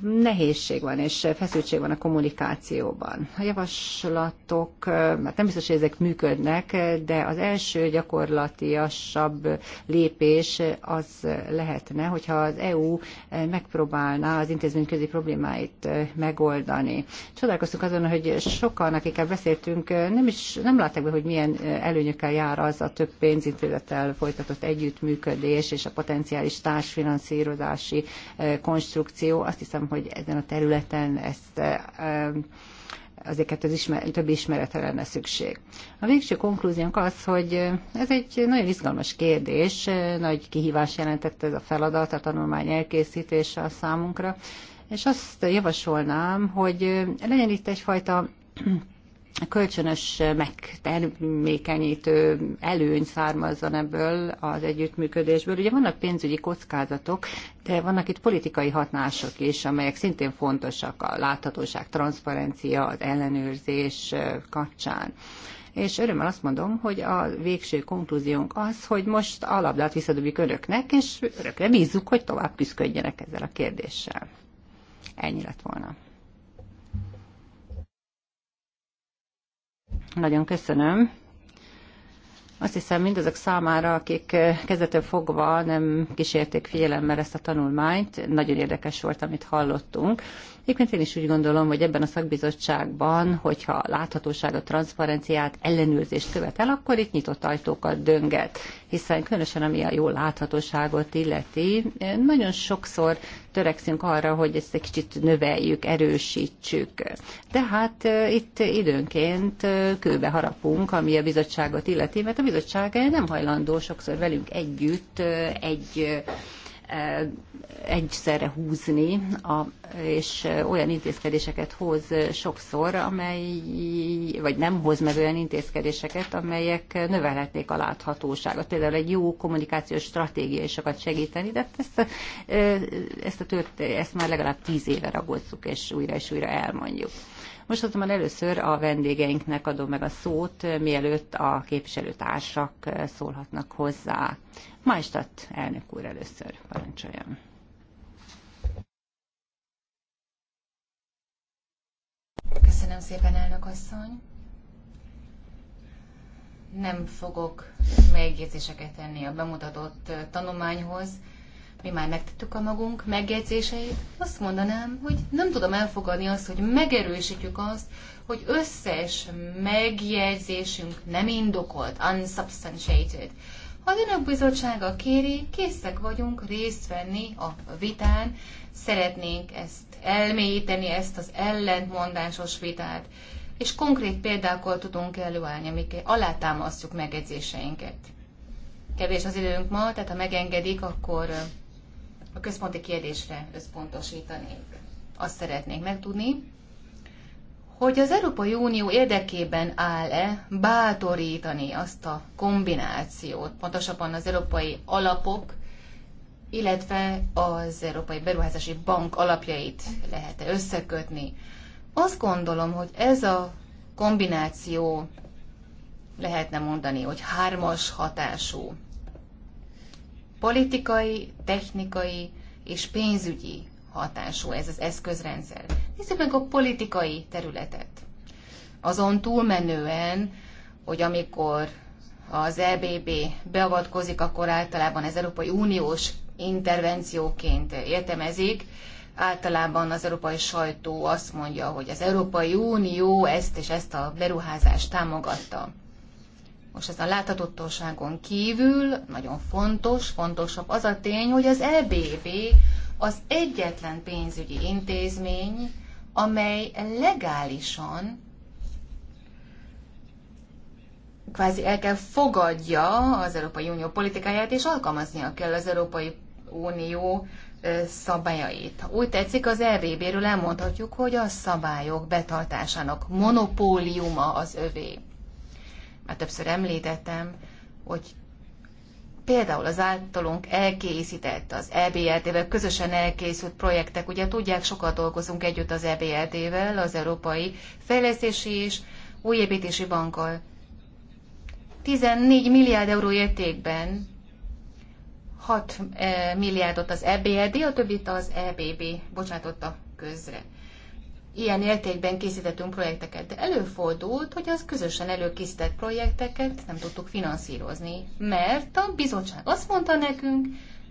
nehézség van és feszültség van a kommunikációban. A javaslatok, mert hát nem biztos, hogy ezek működnek, de az első gyakorlatiasabb lépés az lehetne, hogyha az EU megpróbálná az intézményközi problémáit megoldani. Csodálkoztunk azon, hogy sokan, akikkel beszéltünk, nem is nem látták be, hogy milyen előnyökkel jár az a több pénzintézettel folytatott együttműködés és a potenciális társfinanszírozási konstrukció. Azt hiszem, hiszem, hogy ezen a területen ezt e, e, azért az ismer, több ismeretre lenne szükség. A végső konklúziónk az, hogy ez egy nagyon izgalmas kérdés, e, nagy kihívás jelentett ez a feladat, a tanulmány elkészítése a számunkra, és azt javasolnám, hogy legyen itt egyfajta kölcsönös megtermékenyítő előny származzon ebből az együttműködésből. Ugye vannak pénzügyi kockázatok, de vannak itt politikai hatások is, amelyek szintén fontosak a láthatóság, transzparencia, az ellenőrzés kapcsán és örömmel azt mondom, hogy a végső konklúziónk az, hogy most a labdát visszadobjuk önöknek, és örökre bízzuk, hogy tovább küzdködjenek ezzel a kérdéssel. Ennyi lett volna. Nagyon köszönöm. Azt hiszem mindazok számára, akik eh, kezdetől fogva nem kísérték figyelemmel ezt a tanulmányt, nagyon érdekes volt, amit hallottunk. Egyébként én is úgy gondolom, hogy ebben a szakbizottságban, hogyha láthatóságot, transzparenciát, ellenőrzést követel, akkor itt nyitott ajtókat dönget. Hiszen különösen ami a jó láthatóságot illeti, nagyon sokszor törekszünk arra, hogy ezt egy kicsit növeljük, erősítsük. De hát itt időnként kőbe harapunk, ami a bizottságot illeti, mert a bizottság nem hajlandó sokszor velünk együtt egy egyszerre húzni, a, és olyan intézkedéseket hoz sokszor, amely, vagy nem hoz meg olyan intézkedéseket, amelyek növelhetnék a láthatóságot. Például egy jó kommunikációs stratégia is sokat segíteni, de ezt, ezt, a tört, ezt már legalább tíz éve ragozzuk, és újra és újra elmondjuk. Most azonban először a vendégeinknek adom meg a szót, mielőtt a képviselőtársak szólhatnak hozzá. Májstadt elnök úr először parancsoljon. Köszönöm szépen, elnök asszony. Nem fogok megjegyzéseket tenni a bemutatott tanulmányhoz mi már megtettük a magunk megjegyzéseit, azt mondanám, hogy nem tudom elfogadni azt, hogy megerősítjük azt, hogy összes megjegyzésünk nem indokolt, unsubstantiated. Ha az önök bizottsága kéri, készek vagyunk részt venni a vitán, szeretnénk ezt elmélyíteni, ezt az ellentmondásos vitát, és konkrét példákkal tudunk előállni, amik alátámasztjuk megjegyzéseinket. Kevés az időnk ma, tehát ha megengedik, akkor a központi kérdésre összpontosítani. Azt szeretnék megtudni, hogy az Európai Unió érdekében áll-e bátorítani azt a kombinációt, pontosabban az európai alapok, illetve az Európai Beruházási Bank alapjait lehet-e összekötni. Azt gondolom, hogy ez a kombináció lehetne mondani, hogy hármas hatású politikai, technikai és pénzügyi hatású ez az eszközrendszer. Nézzük meg a politikai területet. Azon túlmenően, hogy amikor az EBB beavatkozik, akkor általában az Európai Uniós intervencióként értelmezik. Általában az európai sajtó azt mondja, hogy az Európai Unió ezt és ezt a beruházást támogatta. Most ez a láthatóságon kívül nagyon fontos, fontosabb az a tény, hogy az EBB az egyetlen pénzügyi intézmény, amely legálisan kvázi el kell fogadja az Európai Unió politikáját, és alkalmaznia kell az Európai Unió szabályait. Úgy tetszik, az ebb ről elmondhatjuk, hogy a szabályok betartásának monopóliuma az övé már többször említettem, hogy például az általunk elkészített, az EBRD-vel közösen elkészült projektek, ugye tudják, sokat dolgozunk együtt az EBRD-vel, az Európai Fejlesztési és Újépítési Bankkal. 14 milliárd euró értékben 6 eh, milliárdot az EBRD, a többit az EBB bocsátotta közre ilyen értékben készítettünk projekteket. De előfordult, hogy az közösen előkészített projekteket nem tudtuk finanszírozni, mert a bizottság azt mondta nekünk,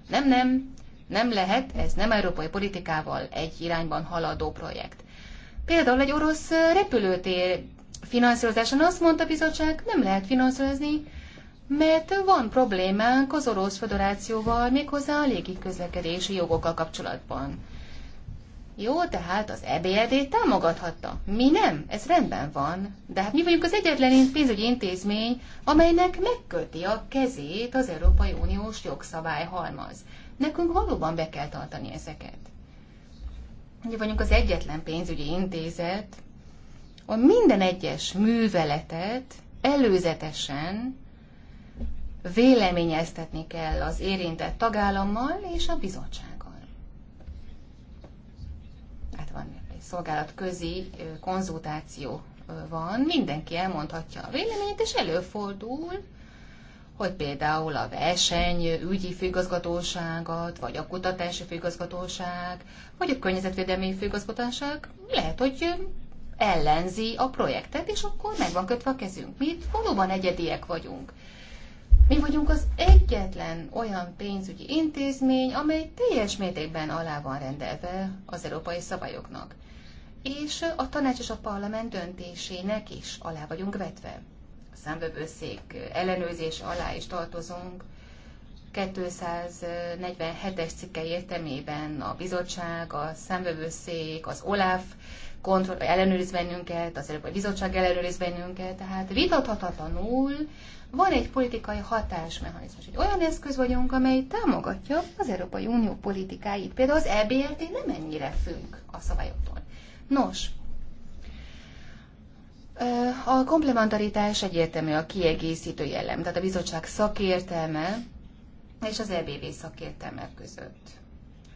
nem, nem, nem lehet, ez nem európai politikával egy irányban haladó projekt. Például egy orosz repülőtér finanszírozáson azt mondta a bizottság, nem lehet finanszírozni, mert van problémánk az Orosz Föderációval, méghozzá a légi közlekedési jogokkal kapcsolatban. Jó, tehát az ebédét támogathatta. Mi nem, ez rendben van. De hát mi vagyunk az egyetlen pénzügyi intézmény, amelynek megköti a kezét az Európai Uniós jogszabály halmaz. Nekünk valóban be kell tartani ezeket. Mi vagyunk az egyetlen pénzügyi intézet, a minden egyes műveletet előzetesen véleményeztetni kell az érintett tagállammal és a bizottság. szolgálat közi konzultáció van, mindenki elmondhatja a véleményét, és előfordul, hogy például a verseny ügyi főigazgatóságot, vagy a kutatási főigazgatóság, vagy a környezetvédelmi főigazgatóság lehet, hogy ellenzi a projektet, és akkor meg van kötve a kezünk. Mi itt valóban egyediek vagyunk. Mi vagyunk az egyetlen olyan pénzügyi intézmény, amely teljes mértékben alá van rendelve az európai szabályoknak és a tanács és a parlament döntésének is alá vagyunk vetve. A számvevőszék ellenőrzés alá is tartozunk. 247-es cikke értelmében a bizottság, a számvevőszék, az OLAF kontroll, ellenőriz bennünket, az Európai Bizottság ellenőriz bennünket, tehát vitathatatlanul van egy politikai hatásmechanizmus. Egy olyan eszköz vagyunk, amely támogatja az Európai Unió politikáit. Például az EBRT nem ennyire függ a szabályoktól. Nos, a komplementaritás egyértelmű a kiegészítő jellem, tehát a bizottság szakértelme és az EBV szakértelme között.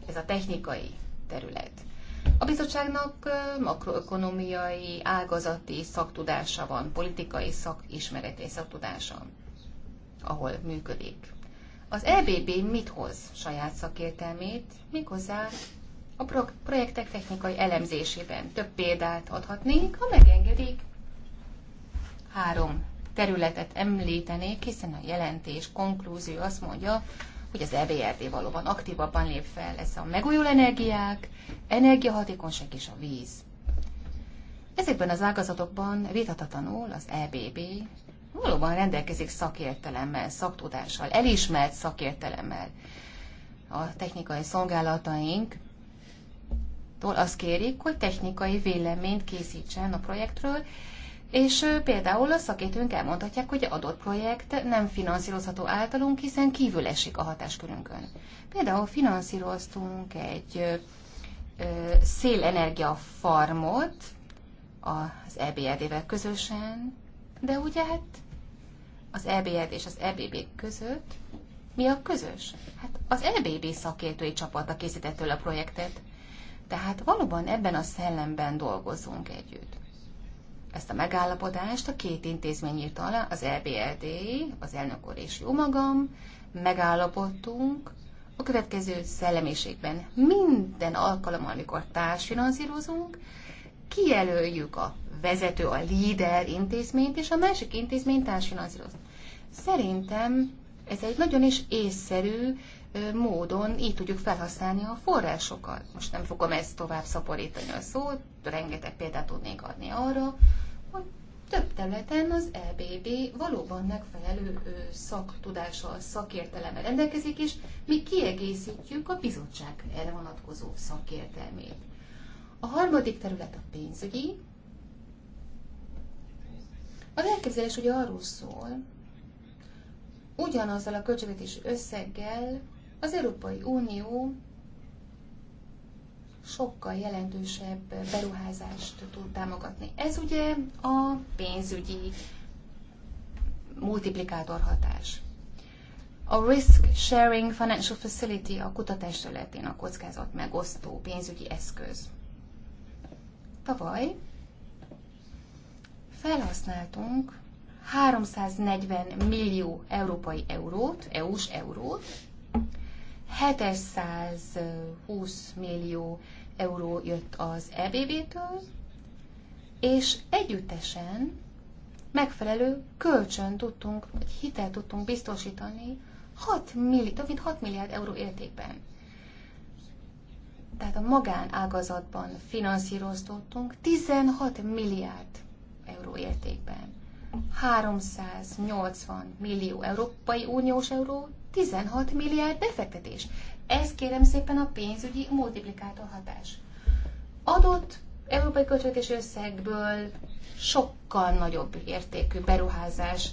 Ez a technikai terület. A bizottságnak makroökonomiai, ágazati szaktudása van, politikai szakismereti szaktudása, ahol működik. Az EBB mit hoz saját szakértelmét, méghozzá a projektek technikai elemzésében. Több példát adhatnék, ha megengedik. Három területet említenék, hiszen a jelentés konklúzió azt mondja, hogy az EBRD valóban aktívabban lép fel. Ez a megújul energiák, energiahatékonyság és a víz. Ezekben az ágazatokban vitatatlanul az EBB valóban rendelkezik szakértelemmel, szaktudással, elismert szakértelemmel. A technikai szolgálataink tól azt kérik, hogy technikai véleményt készítsen a projektről, és például a szakértőnk elmondhatják, hogy adott projekt nem finanszírozható általunk, hiszen kívül esik a hatáskörünkön. Például finanszíroztunk egy szélenergia farmot az EBRD-vel e közösen, de ugye hát az EBRD e és az EBB között mi a közös? Hát az EBB szakértői csapata készített tőle a projektet. Tehát valóban ebben a szellemben dolgozunk együtt. Ezt a megállapodást a két intézmény írta alá, az EBLD, az elnök úr és jó magam, megállapodtunk a következő szellemiségben. Minden alkalommal, amikor társfinanszírozunk, kijelöljük a vezető, a líder intézményt, és a másik intézmény társfinanszírozunk. Szerintem ez egy nagyon is észszerű módon így tudjuk felhasználni a forrásokat. Most nem fogom ezt tovább szaporítani a szót, rengeteg példát tudnék adni arra, hogy több területen az EBB valóban megfelelő szaktudással, szakértelemmel rendelkezik, és mi kiegészítjük a bizottság erre vonatkozó szakértelmét. A harmadik terület a pénzügyi. Az elképzelés ugye arról szól, ugyanazzal a költségvetési összeggel az Európai Unió sokkal jelentősebb beruházást tud támogatni. Ez ugye a pénzügyi multiplikátor hatás. A Risk Sharing Financial Facility a kutatás területén a kockázat megosztó pénzügyi eszköz. Tavaly felhasználtunk 340 millió európai eurót, EU-s eurót, 720 millió euró jött az EBB-től, és együttesen megfelelő kölcsön tudtunk, vagy hitelt tudtunk biztosítani 6 millió, több mint 6 milliárd euró értékben. Tehát a magánágazatban finanszíroztottunk 16 milliárd euró értékben. 380 millió Európai Uniós euró, 16 milliárd befektetés. Ez kérem szépen a pénzügyi multiplikátor hatás. Adott európai költségvetés összegből sokkal nagyobb értékű beruházás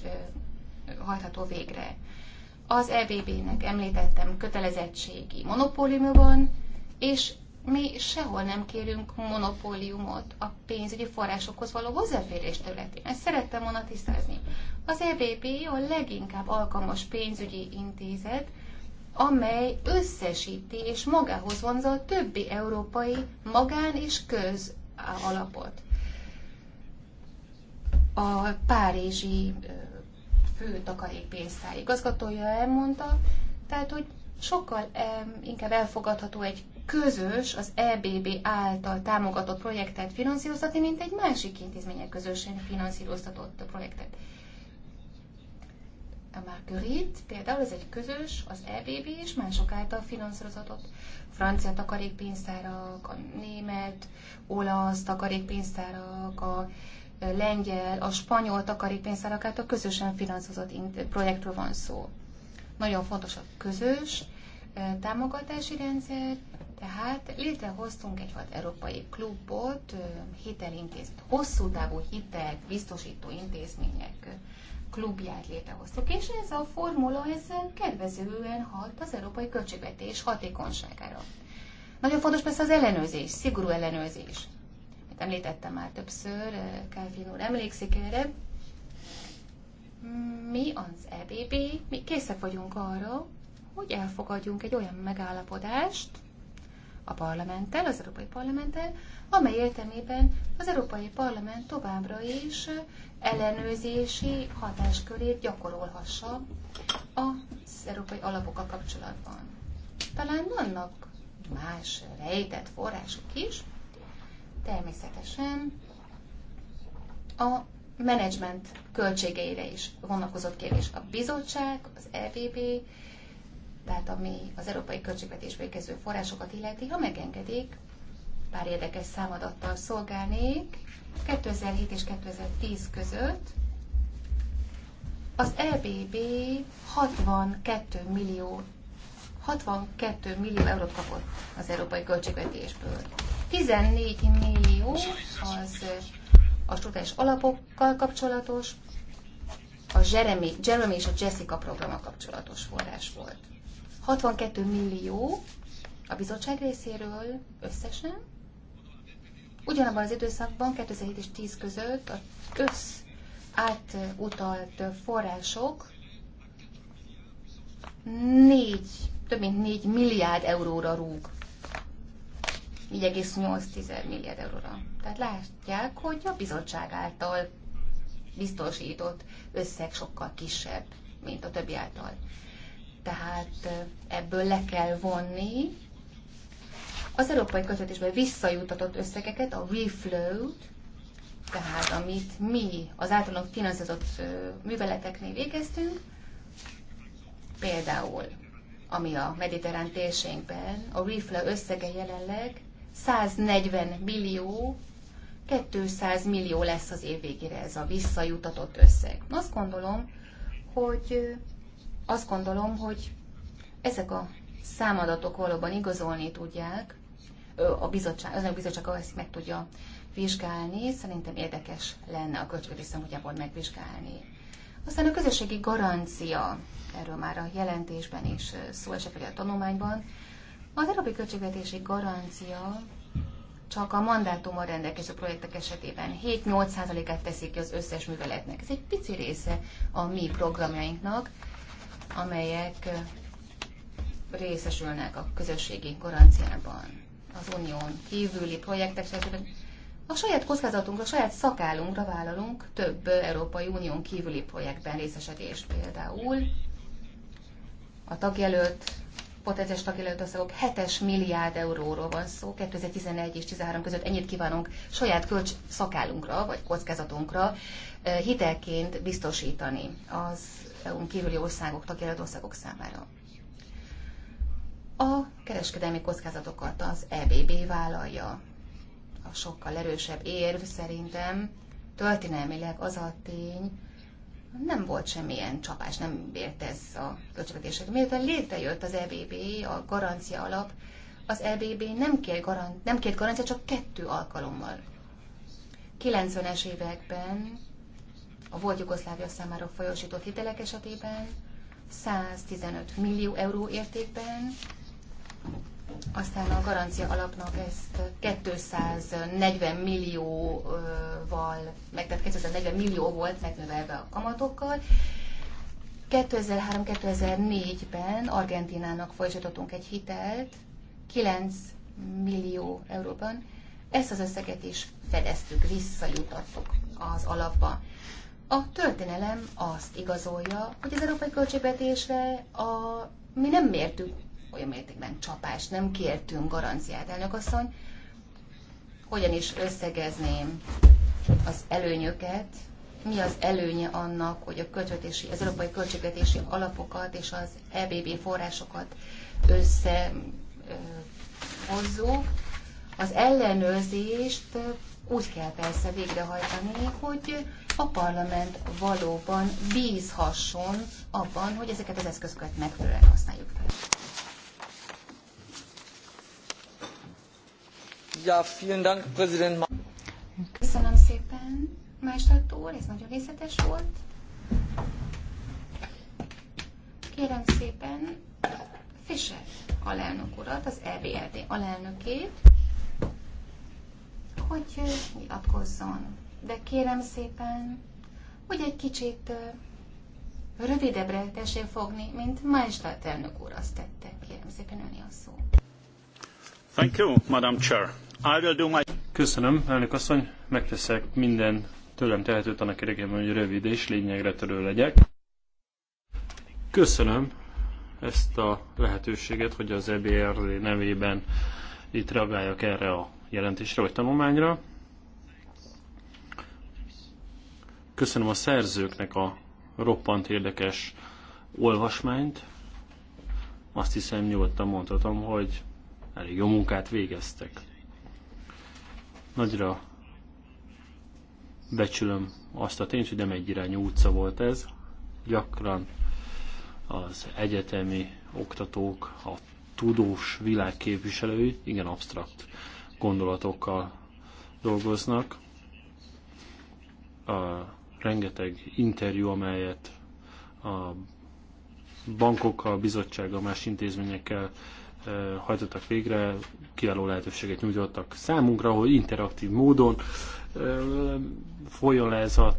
hajtható végre. Az EBB-nek említettem kötelezettségi monopóliuma van, és mi sehol nem kérünk monopóliumot a pénzügyi forrásokhoz való hozzáférés területén. Ezt szerettem volna tisztázni. Az EBP a leginkább alkalmas pénzügyi intézet, amely összesíti és magához vonza a többi európai magán és köz alapot. A párizsi fő takarékpénztár igazgatója elmondta, tehát, hogy sokkal inkább elfogadható egy közös, az EBB által támogatott projektet finanszíroztatni, mint egy másik intézmények közösen finanszíroztatott projektet. A Marguerite például ez egy közös, az EBB és mások által finanszírozatott francia takarékpénztárak, a német, olasz takarékpénztárak, a lengyel, a spanyol takarékpénztárak által közösen finanszírozott projektről van szó. Nagyon fontos a közös támogatási rendszer, tehát létrehoztunk egyfajta európai klubot, hitelintézmény, hosszú távú hitelt biztosító intézmények klubját létrehoztuk, és ez a formula ez kedvezően hat az európai költségvetés hatékonyságára. Nagyon fontos persze az ellenőrzés, szigorú ellenőrzés. Mint említettem már többször, Kálfin úr emlékszik erre. Mi az EBB, mi készek vagyunk arra, hogy elfogadjunk egy olyan megállapodást, a parlamenttel, az Európai Parlamenttel, amely értelmében az Európai Parlament továbbra is ellenőrzési hatáskörét gyakorolhassa az európai alapokkal kapcsolatban. Talán vannak más rejtett források is, természetesen a menedzsment költségeire is vonatkozott kérdés. A bizottság, az EVB tehát ami az európai költségvetésbe érkező forrásokat illeti, ha megengedik, pár érdekes számadattal szolgálnék, 2007 és 2010 között az EBB 62 millió 62 millió eurót kapott az európai költségvetésből. 14 millió az a tudás alapokkal kapcsolatos, a Jeremy, Jeremy és a Jessica programa kapcsolatos forrás volt. 62 millió a bizottság részéről összesen, ugyanabban az időszakban, 2007 és 10 között a össz átutalt források 4, több mint 4 milliárd euróra rúg. 4,8 milliárd euróra. Tehát látják, hogy a bizottság által biztosított összeg sokkal kisebb, mint a többi által tehát ebből le kell vonni az európai költségvetésből visszajutatott összegeket, a reflow tehát amit mi az általunk finanszírozott műveleteknél végeztünk, például ami a mediterrán térségben, a reflow összege jelenleg 140 millió 200 millió lesz az év végére ez a visszajutatott összeg. Azt gondolom, hogy azt gondolom, hogy ezek a számadatok valóban igazolni tudják, a bizottság, az a bizottság ezt meg tudja vizsgálni, szerintem érdekes lenne a költségvetés szempontjából megvizsgálni. Aztán a közösségi garancia, erről már a jelentésben is szó esett, vagy a tanulmányban, az európai költségvetési garancia csak a mandátummal rendelkező projektek esetében 7-8%-át teszik ki az összes műveletnek. Ez egy pici része a mi programjainknak, amelyek részesülnek a közösségi garanciában az unión kívüli projektek, stb. A saját kockázatunkra, a saját szakállunkra vállalunk több Európai Unión kívüli projektben részesedést például. A tagjelölt, potenciális tagjelölt országok 7 milliárd euróról van szó, 2011 és 2013 között ennyit kívánunk saját kölcs szakállunkra, vagy kockázatunkra eh, hitelként biztosítani az EU-n kívüli országok, tagjelölt országok számára. A kereskedelmi kockázatokat az EBB vállalja. A sokkal erősebb érv szerintem történelmileg az a tény, nem volt semmilyen csapás, nem ért ez a költségvetések. Miután létrejött az EBB, a garancia alap, az EBB nem két garancia, nem két garancia, csak kettő alkalommal. 90-es években a volt Jugoszlávia számára folyosított hitelek esetében 115 millió euró értékben, aztán a garancia alapnak ezt 240 millióval, meg tehát 240 millió volt megnövelve a kamatokkal. 2003-2004-ben Argentinának folyosítottunk egy hitelt, 9 millió euróban. Ezt az összeget is fedeztük, visszajutattuk az alapba. A történelem azt igazolja, hogy az európai költségvetésre a, mi nem mértük olyan mértékben csapást, nem kértünk garanciát, elnök asszony. Hogyan is összegezném az előnyöket, mi az előnye annak, hogy a költségvetési, az európai költségvetési alapokat és az EBB forrásokat összehozzuk. Az ellenőrzést úgy kell persze végrehajtani, hogy a parlament valóban bízhasson abban, hogy ezeket az eszközöket megfelelően használjuk fel. Ja, vielen Dank, Präsident. Köszönöm szépen, Mestert úr, ez nagyon részletes volt. Kérem szépen Fischer alelnök urat, az EBRD alelnökét, hogy nyilatkozzon. De kérem szépen, hogy egy kicsit rövidebbre tessék fogni, mint Maestrat elnök úr azt tette. Kérem szépen, ön a szó. Thank you, Madam Chair. I will do my... Köszönöm, elnök asszony. Megteszek minden tőlem tehetőt annak érdekében, hogy rövid és lényegre törő legyek. Köszönöm ezt a lehetőséget, hogy az EBRD e nevében itt reagáljak erre a jelentésre vagy tanulmányra. Köszönöm a szerzőknek a roppant érdekes olvasmányt. Azt hiszem nyugodtan mondhatom, hogy elég jó munkát végeztek. Nagyra becsülöm azt a tényt, hogy nem egy irányú utca volt ez. Gyakran az egyetemi oktatók, a tudós világképviselői, képviselői igen absztrakt gondolatokkal dolgoznak. A rengeteg interjú, amelyet a bankokkal, bizottsággal, más intézményekkel eh, hajtottak végre, kiváló lehetőséget nyújtottak számunkra, hogy interaktív módon eh, folyjon le ez a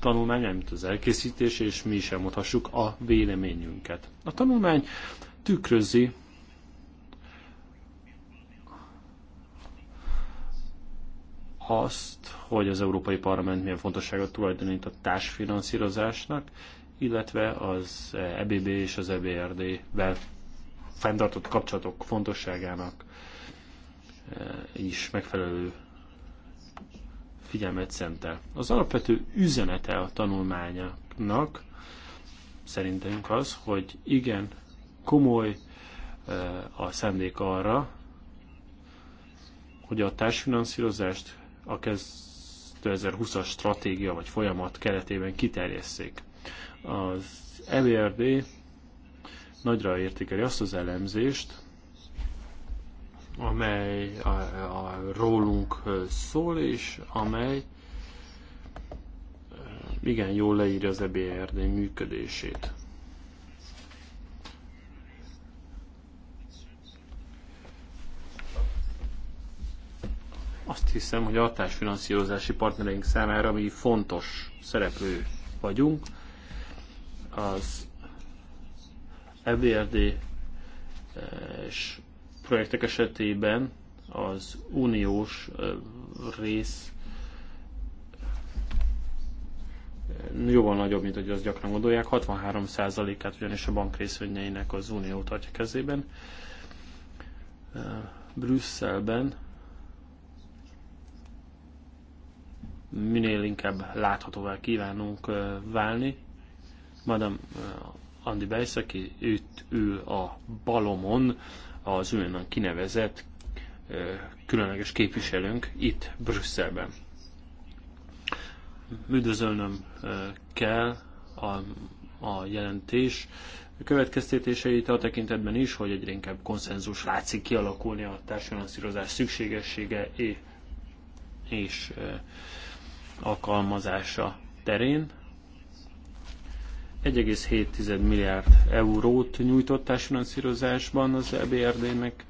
tanulmány, mint az elkészítés, és mi is elmondhassuk a véleményünket. A tanulmány tükrözi azt, hogy az Európai Parlament milyen fontosságot tulajdonít a társfinanszírozásnak, illetve az EBB és az EBRD-vel fenntartott kapcsolatok fontosságának eh, is megfelelő figyelmet szentel. Az alapvető üzenete a tanulmánynak szerintünk az, hogy igen, komoly eh, a szándék arra, hogy a társfinanszírozást a 2020-as stratégia vagy folyamat keretében kiterjesszék. Az EBRD nagyra értékeli azt az elemzést, amely a, a rólunk szól, és amely igen jól leírja az EBRD működését. Azt hiszem, hogy a hatásfinanszírozási partnereink számára mi fontos szereplő vagyunk. Az EBRD és eh, projektek esetében az uniós eh, rész eh, jóval nagyobb, mint hogy azt gyakran gondolják. 63%-át ugyanis a bank részvényeinek az unió tartja kezében. Brüsszelben minél inkább láthatóvá kívánunk válni. madam Andi Bejsz, aki itt ül a balomon, az újonnan kinevezett különleges képviselőnk itt Brüsszelben. Üdvözölnöm kell a, a jelentés következtetéseit a tekintetben is, hogy egyre inkább konszenzus látszik kialakulni a társadalmi szükségessége és, és alkalmazása terén. 1,7 milliárd eurót nyújtott finanszírozásban az EBRD-nek,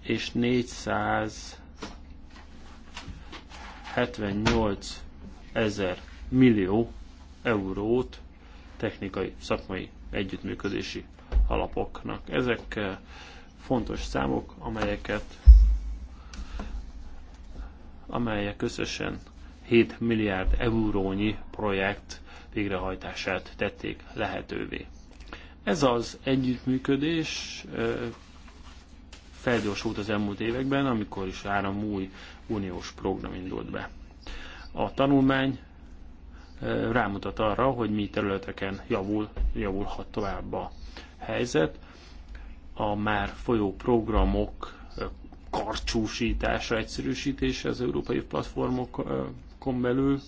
és 478 ezer millió eurót technikai, szakmai együttműködési alapoknak. Ezek eh, fontos számok, amelyeket amelyek összesen 7 milliárd eurónyi projekt végrehajtását tették lehetővé. Ez az együttműködés felgyorsult az elmúlt években, amikor is három új uniós program indult be. A tanulmány rámutat arra, hogy mi területeken javul, javulhat tovább a helyzet. A már folyó programok karcsúsítása, egyszerűsítése az európai platformok bankokon belül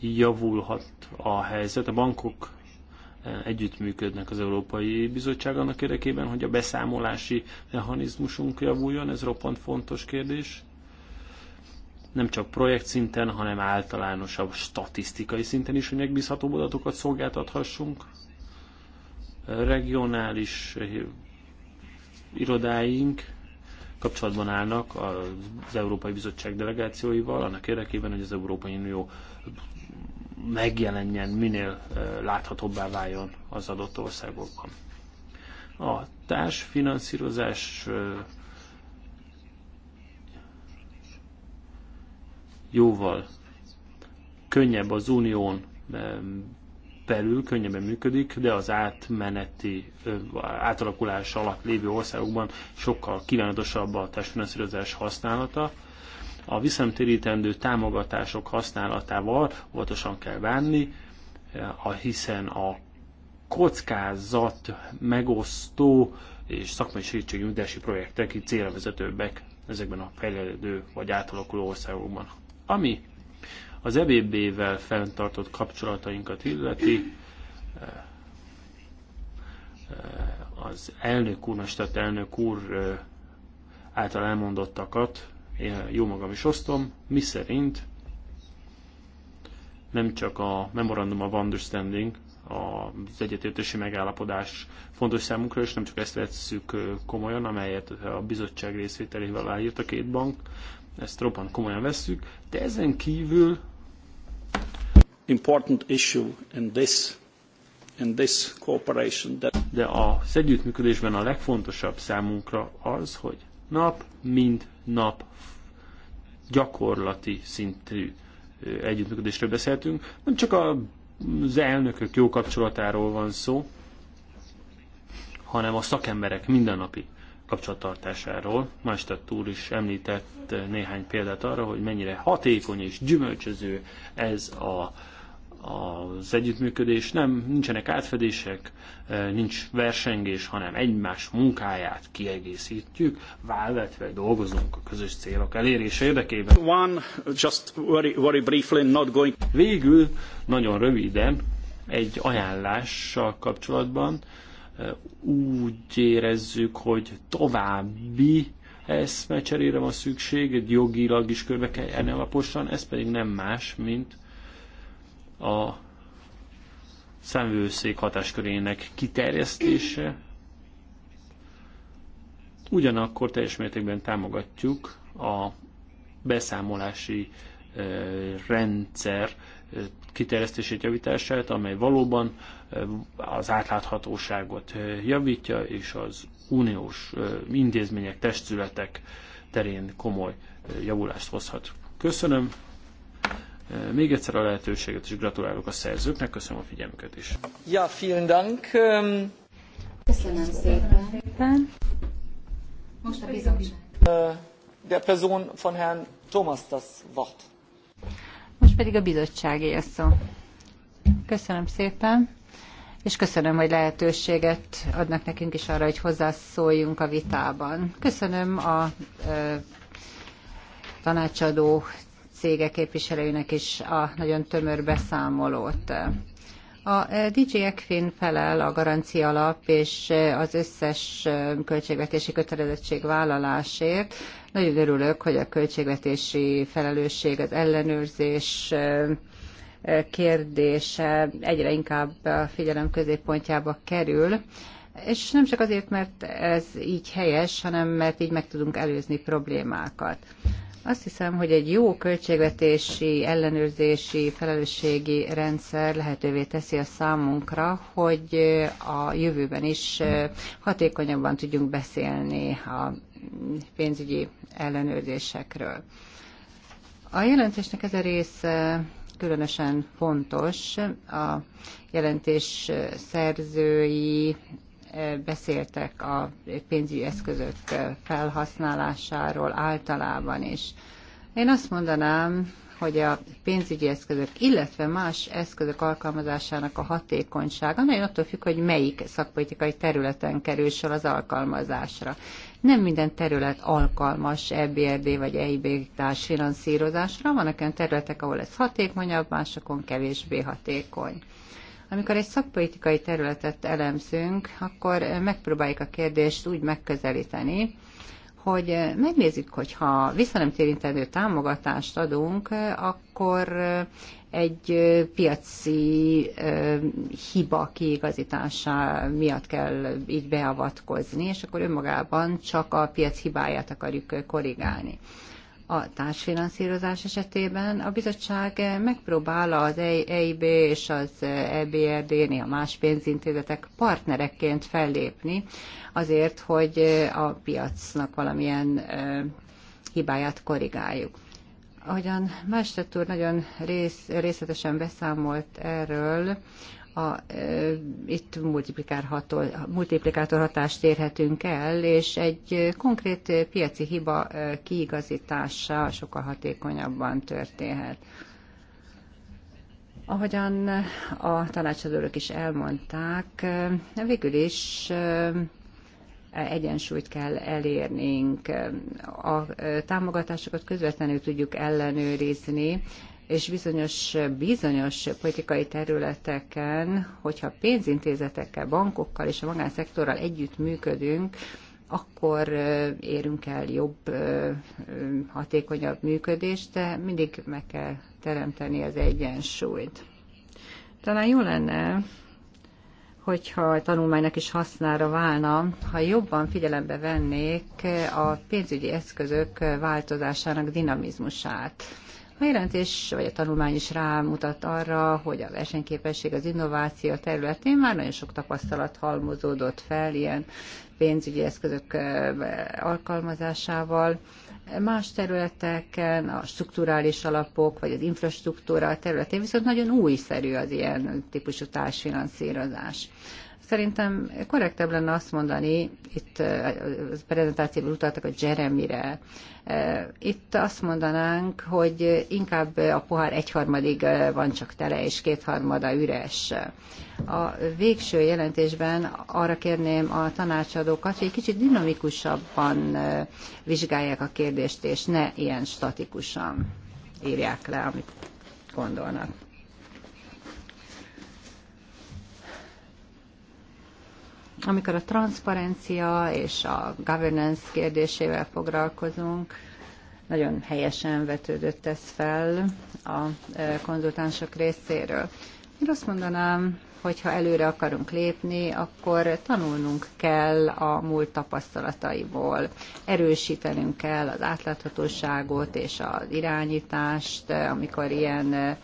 javulhat a helyzet. A bankok eh, együttműködnek az Európai Bizottság annak érdekében, hogy a beszámolási mechanizmusunk javuljon, ez roppant fontos kérdés. Nem csak projekt szinten, hanem általánosabb statisztikai szinten is, hogy megbízható adatokat szolgáltathassunk. Regionális eh, irodáink kapcsolatban állnak az Európai Bizottság delegációival, annak érdekében, hogy az Európai Unió megjelenjen, minél láthatóbbá váljon az adott országokban. A társfinanszírozás jóval könnyebb az unión belül könnyebben működik, de az átmeneti átalakulás alatt lévő országokban sokkal kívánatosabb a testfinanszírozás használata. A visszamtérítendő támogatások használatával óvatosan kell bánni, hiszen a kockázat megosztó és szakmai segítségnyújtási projektek itt célra vezetőbbek ezekben a fejlődő vagy átalakuló országokban. Ami az EBB-vel fenntartott kapcsolatainkat illeti, eh, az elnök úr, tehát elnök úr eh, által elmondottakat, én jó magam is osztom, mi szerint nem csak a Memorandum of Understanding, az egyetértési megállapodás fontos számunkra, és nem csak ezt vesszük eh, komolyan, amelyet a bizottság részvételével aláírt a két bank, ezt roppant komolyan vesszük, de ezen kívül Important issue in this, in this cooperation that... De az együttműködésben a legfontosabb számunkra az, hogy nap mint nap gyakorlati szintű együttműködésről beszéltünk. Nem csak az elnökök jó kapcsolatáról van szó, hanem a szakemberek mindennapi kapcsolattartásáról. Maestett úr is említett néhány példát arra, hogy mennyire hatékony és gyümölcsöző ez a, az együttműködés. Nem, nincsenek átfedések, e, nincs versengés, hanem egymás munkáját kiegészítjük, válvetve dolgozunk a közös célok elérése érdekében. One, just very, very briefly, not going... Végül, nagyon röviden, egy ajánlással kapcsolatban, úgy érezzük, hogy további eszmecserére van szükség, jogilag is körbe kell járni alaposan, ez pedig nem más, mint a szemvőszék hatáskörének kiterjesztése. Ugyanakkor teljes mértékben támogatjuk a beszámolási rendszer kiterjesztését, javítását, amely valóban az átláthatóságot javítja, és az uniós intézmények, testületek terén komoly javulást hozhat. Köszönöm még egyszer a lehetőséget, és gratulálok a szerzőknek, köszönöm a figyelmüket is. Ja, vielen Dank. Ähm, köszönöm szépen. Most a bizottság. Äh, der Person von Herrn Thomas das Wort. Most pedig a bizottságé szó. Köszönöm szépen és köszönöm, hogy lehetőséget adnak nekünk is arra, hogy hozzászóljunk a vitában. Köszönöm a ö, tanácsadó cége képviselőinek is a nagyon tömör beszámolót. A DJ Ekfin felel a garancia alap és az összes költségvetési kötelezettség vállalásért. Nagyon örülök, hogy a költségvetési felelősség, az ellenőrzés kérdése egyre inkább a figyelem középpontjába kerül, és nem csak azért, mert ez így helyes, hanem mert így meg tudunk előzni problémákat. Azt hiszem, hogy egy jó költségvetési, ellenőrzési, felelősségi rendszer lehetővé teszi a számunkra, hogy a jövőben is hatékonyabban tudjunk beszélni a pénzügyi ellenőrzésekről. A jelentésnek ez a része különösen fontos. A jelentés szerzői eh, beszéltek a pénzügyi eszközök felhasználásáról általában is. Én azt mondanám, hogy a pénzügyi eszközök, illetve más eszközök alkalmazásának a hatékonysága nagyon attól függ, hogy melyik szakpolitikai területen kerül sor az alkalmazásra. Nem minden terület alkalmas EBRD vagy EIB társfinanszírozásra, vannak olyan területek, ahol ez hatékonyabb, másokon kevésbé hatékony. Amikor egy szakpolitikai területet elemzünk, akkor megpróbáljuk a kérdést úgy megközelíteni, hogy megnézzük, hogyha visszanemtérintendő támogatást adunk, akkor egy piaci hiba kiigazítása miatt kell így beavatkozni, és akkor önmagában csak a piac hibáját akarjuk korrigálni. A társfinanszírozás esetében a bizottság megpróbál az EIB e és az EBRD-nél a más pénzintézetek partnerekként fellépni azért, hogy a piacnak valamilyen hibáját korrigáljuk. Ahogyan Mástet úr nagyon rész, részletesen beszámolt erről, a, e, itt multiplikátor hatást érhetünk el, és egy konkrét piaci hiba kiigazítása sokkal hatékonyabban történhet. Ahogyan a tanácsadók is elmondták, végül is egyensúlyt kell elérnünk. A támogatásokat közvetlenül tudjuk ellenőrizni, és bizonyos, bizonyos politikai területeken, hogyha pénzintézetekkel, bankokkal és a magánszektorral együtt működünk, akkor érünk el jobb, hatékonyabb működést, de mindig meg kell teremteni az egyensúlyt. Talán jó lenne, hogyha a tanulmánynak is hasznára válna, ha jobban figyelembe vennék a pénzügyi eszközök változásának dinamizmusát. A jelentés vagy a tanulmány is rámutat arra, hogy a versenyképesség az innováció területén már nagyon sok tapasztalat halmozódott fel ilyen pénzügyi eszközök eh, alkalmazásával. Más területeken, a strukturális alapok vagy az infrastruktúra területén viszont nagyon újszerű az ilyen típusú társfinanszírozás. Szerintem korrektebb lenne azt mondani, itt a prezentációban utaltak a Jeremire, itt azt mondanánk, hogy inkább a pohár egyharmadig van csak tele, és kétharmada üres. A végső jelentésben arra kérném a tanácsadókat, hogy egy kicsit dinamikusabban vizsgálják a kérdést, és ne ilyen statikusan írják le, amit gondolnak. amikor a transzparencia és a governance kérdésével foglalkozunk, nagyon helyesen vetődött ez fel a e, konzultánsok részéről. Én azt mondanám, hogyha előre akarunk lépni, akkor tanulnunk kell a múlt tapasztalataiból, erősítenünk kell az átláthatóságot és az irányítást, amikor ilyen e,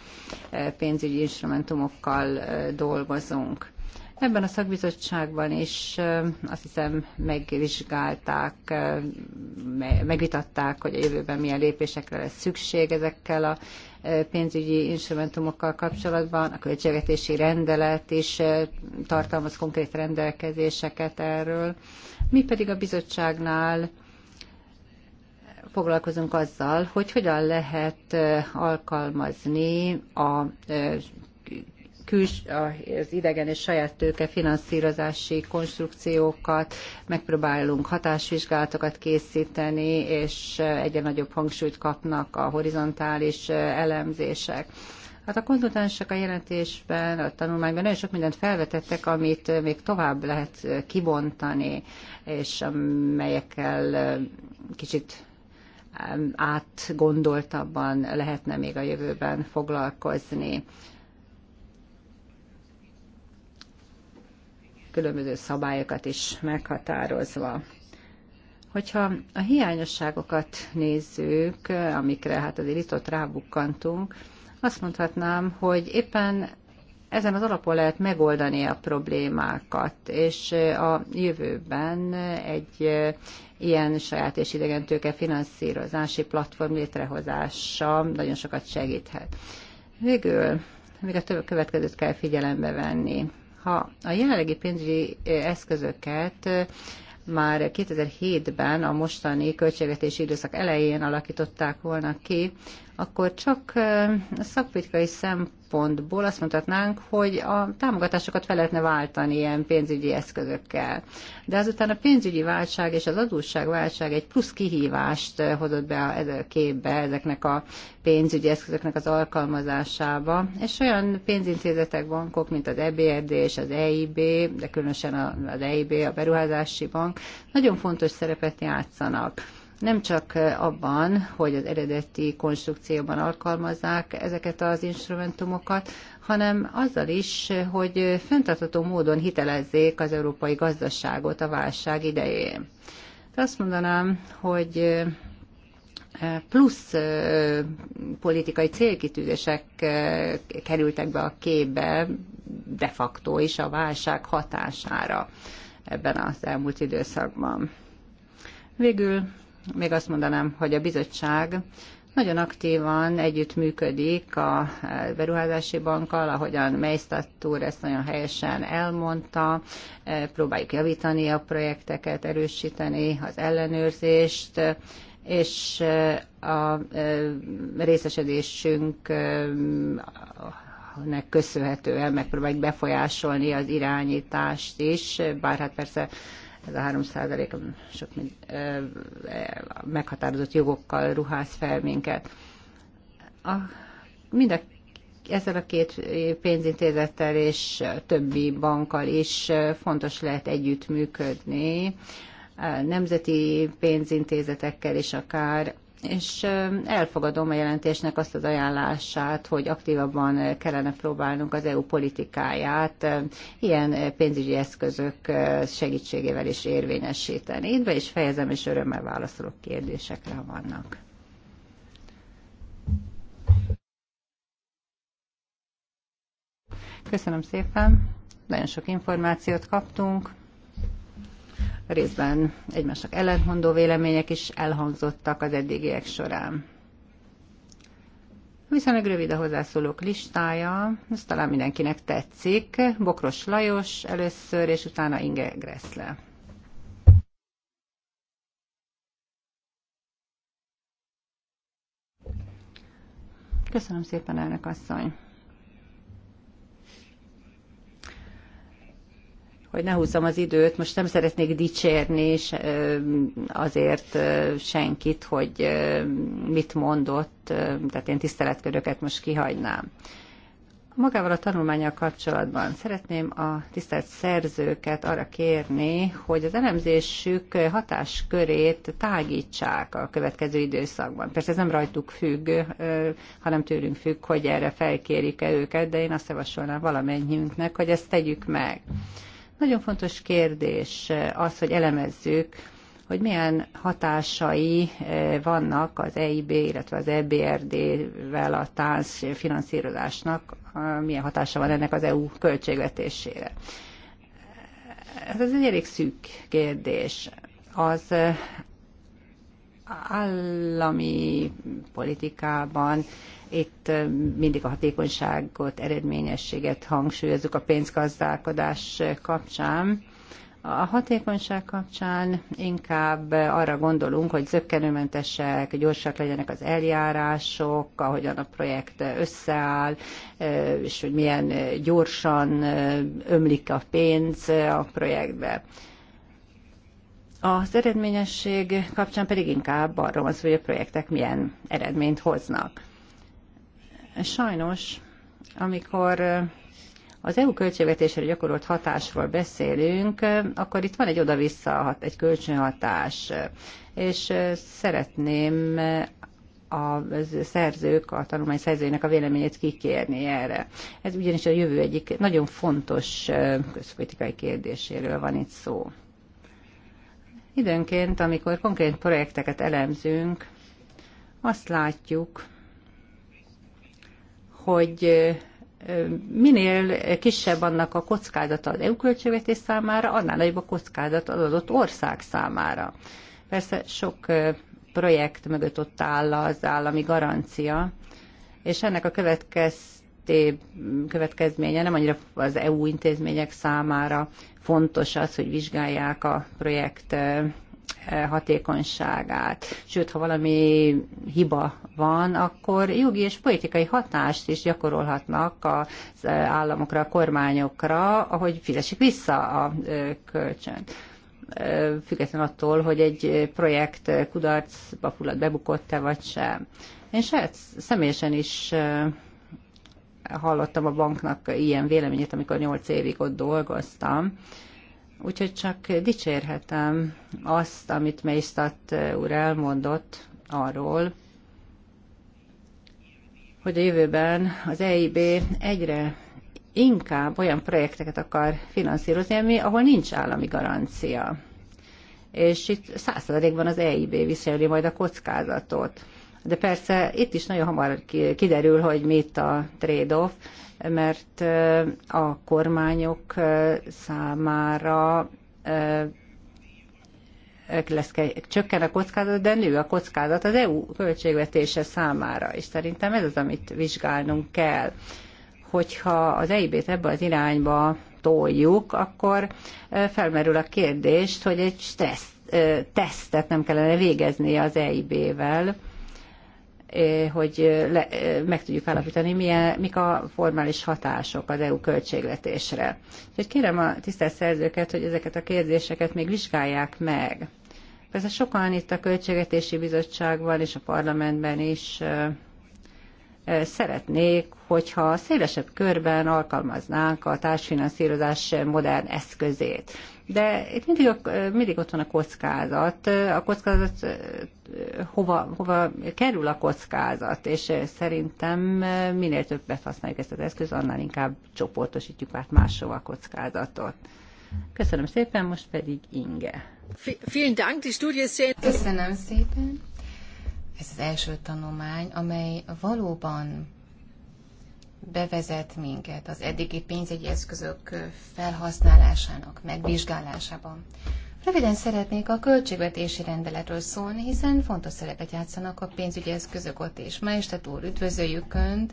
e, pénzügyi instrumentumokkal dolgozunk. Ebben a szakbizottságban is azt hiszem megvizsgálták, megvitatták, hogy a jövőben milyen lépésekre lesz szükség ezekkel a pénzügyi instrumentumokkal kapcsolatban. A költségvetési rendelet is tartalmaz konkrét rendelkezéseket erről. Mi pedig a bizottságnál foglalkozunk azzal, hogy hogyan lehet alkalmazni a küls, az idegen és saját tőke finanszírozási konstrukciókat, megpróbálunk hatásvizsgálatokat készíteni, és egyre nagyobb hangsúlyt kapnak a horizontális elemzések. Hát a konzultánsok a jelentésben, a tanulmányban nagyon sok mindent felvetettek, amit még tovább lehet kibontani, és amelyekkel kicsit átgondoltabban lehetne még a jövőben foglalkozni. különböző szabályokat is meghatározva. Hogyha a hiányosságokat nézzük, amikre hát azért itt ott rábukkantunk, azt mondhatnám, hogy éppen ezen az alapon lehet megoldani a problémákat, és a jövőben egy ilyen saját és idegen tőke finanszírozási platform létrehozása nagyon sokat segíthet. Végül még a következőt kell figyelembe venni. Ha a jelenlegi pénzügyi eszközöket már 2007-ben a mostani költségvetési időszak elején alakították volna ki, akkor csak szakpolitikai szempontból szempontból azt mondhatnánk, hogy a támogatásokat fel lehetne váltani ilyen pénzügyi eszközökkel. De azután a pénzügyi válság és az adósságválság egy plusz kihívást eh, hozott be a képbe ezeknek a pénzügyi eszközöknek az alkalmazásába, és olyan pénzintézetek, bankok, mint az EBRD és az EIB, de különösen az EIB, a beruházási bank, nagyon fontos szerepet játszanak nem csak eh, abban, hogy az eredeti konstrukcióban alkalmazzák ezeket az instrumentumokat, hanem azzal is, eh, hogy eh, fenntartható módon hitelezzék az európai gazdaságot a válság idején. De azt mondanám, hogy plusz politikai célkitűzések kerültek be a képbe de facto is a válság hatására ebben az elmúlt időszakban. Végül még azt mondanám, hogy a bizottság nagyon aktívan együttműködik a beruházási bankkal, ahogyan Meisztatt úr ezt nagyon helyesen elmondta, e, próbáljuk javítani a projekteket, erősíteni az ellenőrzést, és e, a e, részesedésünk nek köszönhetően megpróbáljuk befolyásolni az irányítást is, bár hát persze ez a 3 százalék sok mind, ö, meghatározott jogokkal ruház fel minket. A, mind a ezzel a két pénzintézettel és többi bankkal is fontos lehet együttműködni, nemzeti pénzintézetekkel is akár és elfogadom a jelentésnek azt az ajánlását, hogy aktívabban kellene próbálnunk az EU politikáját ilyen pénzügyi eszközök segítségével is érvényesíteni. Itt be is fejezem, és örömmel válaszolok kérdésekre, ha vannak. Köszönöm szépen, nagyon sok információt kaptunk részben egymásnak ellentmondó vélemények is elhangzottak az eddigiek során. Viszonylag rövid a hozzászólók listája, ez talán mindenkinek tetszik. Bokros Lajos először, és utána Inge Gressle. Köszönöm szépen, elnök asszony! hogy ne húzzam az időt, most nem szeretnék dicsérni azért senkit, hogy mit mondott, tehát én tiszteletköröket most kihagynám. Magával a tanulmányal kapcsolatban szeretném a tisztelt szerzőket arra kérni, hogy az elemzésük hatáskörét tágítsák a következő időszakban. Persze ez nem rajtuk függ, hanem tőlünk függ, hogy erre felkérik-e őket, de én azt javasolnám valamennyiünknek, hogy ezt tegyük meg. Nagyon fontos kérdés eh, az, hogy elemezzük, hogy milyen hatásai eh, vannak az EIB, illetve az EBRD-vel a TÁNZ finanszírozásnak, milyen hatása van ennek az EU költségvetésére. Ez egy elég szűk kérdés. Az eh, állami politikában itt mindig a hatékonyságot, eredményességet hangsúlyozzuk a pénzgazdálkodás kapcsán. A hatékonyság kapcsán inkább arra gondolunk, hogy zöggenőmentesek, gyorsak legyenek az eljárások, ahogyan a projekt összeáll, és hogy milyen gyorsan ömlik a pénz a projektbe. Az eredményesség kapcsán pedig inkább arról van szó, hogy a projektek milyen eredményt hoznak. Sajnos, amikor az EU költségvetésre gyakorolt hatásról beszélünk, akkor itt van egy oda-vissza, egy kölcsönhatás, és szeretném a szerzők, a tanulmány szerzőinek a véleményét kikérni erre. Ez ugyanis a jövő egyik nagyon fontos közpolitikai kérdéséről van itt szó. Időnként, amikor konkrét projekteket elemzünk, azt látjuk, hogy minél kisebb annak a kockázata az EU költségvetés számára, annál nagyobb a kockázat az adott ország számára. Persze sok projekt mögött ott áll az állami garancia, és ennek a következtében következménye nem annyira az EU intézmények számára fontos az, hogy vizsgálják a projekt hatékonyságát. Sőt, ha valami hiba van, akkor jogi és politikai hatást is gyakorolhatnak az államokra, a kormányokra, ahogy fizessék vissza a kölcsönt független attól, hogy egy projekt kudarcba fulladt, bebukott-e vagy sem. Én saját személyesen is hallottam a banknak ilyen véleményét, amikor nyolc évig ott dolgoztam. Úgyhogy csak dicsérhetem azt, amit Meistat úr elmondott arról, hogy a jövőben az EIB egyre inkább olyan projekteket akar finanszírozni, ami, ahol nincs állami garancia. És itt százszerzadékban az EIB viseli majd a kockázatot de persze itt is nagyon hamar kiderül, hogy mit a trade-off, mert a kormányok számára lesz, csökken a kockázat, de nő a kockázat az EU költségvetése számára, és szerintem ez az, amit vizsgálnunk kell. Hogyha az EIB-t ebbe az irányba toljuk, akkor felmerül a kérdés, hogy egy stressz tesztet nem kellene végezni az EIB-vel, Eh, hogy eh, le, eh, meg tudjuk állapítani, milyen, mik a formális hatások az EU költségvetésre. Úgyhogy kérem a tisztelt szerzőket, hogy ezeket a kérdéseket még vizsgálják meg. Persze sokan itt a Költségvetési Bizottságban és a parlamentben is szeretnék, hogyha szélesebb körben alkalmaznánk a társfinanszírozás modern eszközét de itt mindig, mindig ott van a kockázat. A kockázat, hova, hova kerül a kockázat, és szerintem minél többet használjuk ezt az eszköz, annál inkább csoportosítjuk át máshova a kockázatot. Köszönöm szépen, most pedig Inge. Vielen Dank, die Studie Köszönöm szépen. Ez az első tanulmány, amely valóban bevezet minket az eddigi pénzügyi eszközök felhasználásának megvizsgálásában. Röviden szeretnék a költségvetési rendeletről szólni, hiszen fontos szerepet játszanak a pénzügyi eszközök ott is. Maestet úr, üdvözöljük Önt!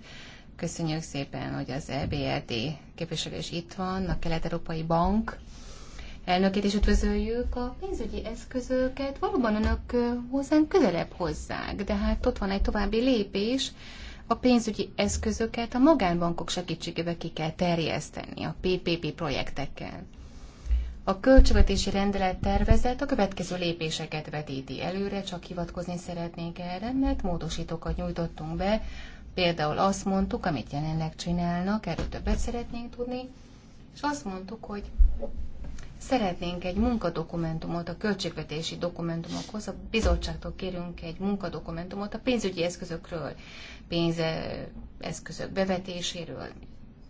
Köszönjük szépen, hogy az EBRD képviselő is itt van, a Kelet-Európai Bank elnökét is üdvözöljük. A pénzügyi eszközöket valóban önök hozzánk közelebb hozzák, de hát ott van egy további lépés, a pénzügyi eszközöket a magánbankok segítségével ki kell terjeszteni a PPP projektekkel. A költségvetési rendelet tervezet a következő lépéseket vetíti előre, csak hivatkozni szeretnék erre, mert módosítókat nyújtottunk be, például azt mondtuk, amit jelenleg csinálnak, erről többet szeretnénk tudni, és azt mondtuk, hogy szeretnénk egy munkadokumentumot, a költségvetési dokumentumokhoz, a bizottságtól kérünk egy munkadokumentumot a pénzügyi eszközökről pénzeszközök bevetéséről,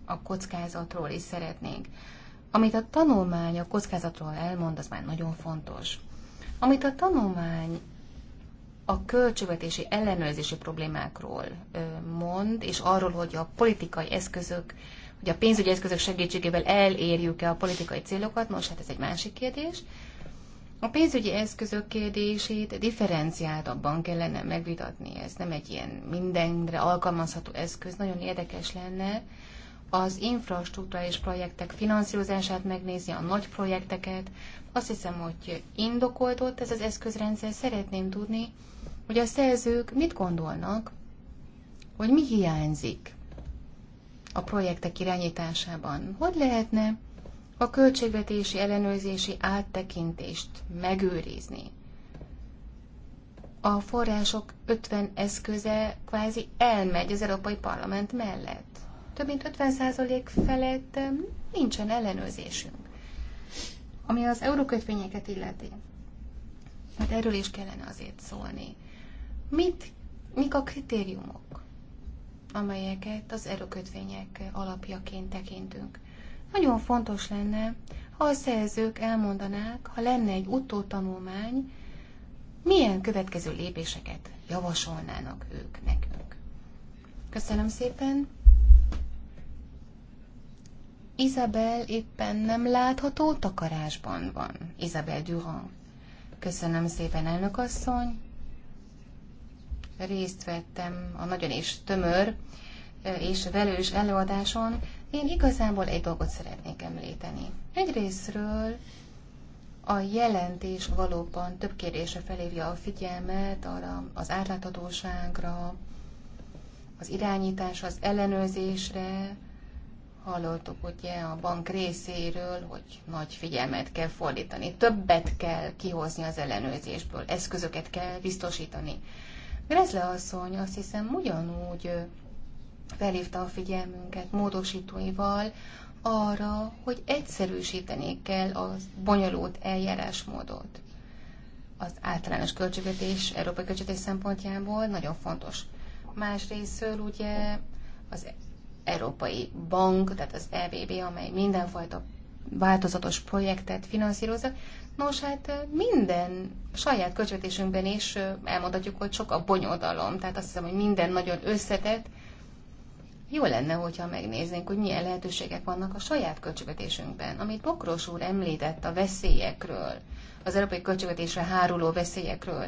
a kockázatról is szeretnénk. Amit a tanulmány a kockázatról elmond, az már nagyon fontos. Amit a tanulmány a költségvetési ellenőrzési problémákról mond, és arról, hogy a politikai eszközök, hogy a pénzügyi eszközök segítségével elérjük-e a politikai célokat, nos, hát ez egy másik kérdés. A pénzügyi eszközök kérdését differenciáltabban kellene megvitatni. Ez nem egy ilyen mindenre alkalmazható eszköz, nagyon érdekes lenne az infrastruktúrális projektek finanszírozását megnézni, a nagy projekteket. Azt hiszem, hogy indokolt ott ez az eszközrendszer. Szeretném tudni, hogy a szerzők mit gondolnak, hogy mi hiányzik a projektek irányításában. Hogy lehetne a költségvetési ellenőrzési áttekintést megőrizni. A források 50 eszköze kvázi elmegy az Európai Parlament mellett. Több mint 50% felett nincsen ellenőrzésünk. Ami az eurókötvényeket illeti, hát erről is kellene azért szólni. Mit, mik a kritériumok, amelyeket az erőkötvények alapjaként tekintünk? Nagyon fontos lenne, ha a szerzők elmondanák, ha lenne egy utótanulmány, milyen következő lépéseket javasolnának ők nekünk. Köszönöm szépen! Isabel éppen nem látható takarásban van. Isabel Durand. Köszönöm szépen, elnök asszony. Részt vettem a nagyon és tömör és velős előadáson, én igazából egy dolgot szeretnék említeni. Egyrésztről a jelentés valóban több kérdése felévi a figyelmet, arra az átláthatóságra, az irányítás, az ellenőrzésre. Hallottuk ugye a bank részéről, hogy nagy figyelmet kell fordítani, többet kell kihozni az ellenőrzésből, eszközöket kell biztosítani. Grezle asszony azt hiszem ugyanúgy felhívta a figyelmünket módosítóival arra, hogy egyszerűsíteni kell a bonyolult eljárásmódot. Az általános költségvetés, európai költségvetés szempontjából nagyon fontos. Másrésztről ugye az Európai Bank, tehát az EBB, amely mindenfajta változatos projektet finanszírozza. Nos, hát minden saját költségvetésünkben is elmondhatjuk, hogy sok a bonyodalom, tehát azt hiszem, hogy minden nagyon összetett, jó lenne, hogyha megnéznénk, hogy milyen lehetőségek vannak a saját költségvetésünkben, amit Bokros úr említett a veszélyekről, az európai költségvetésre háruló veszélyekről.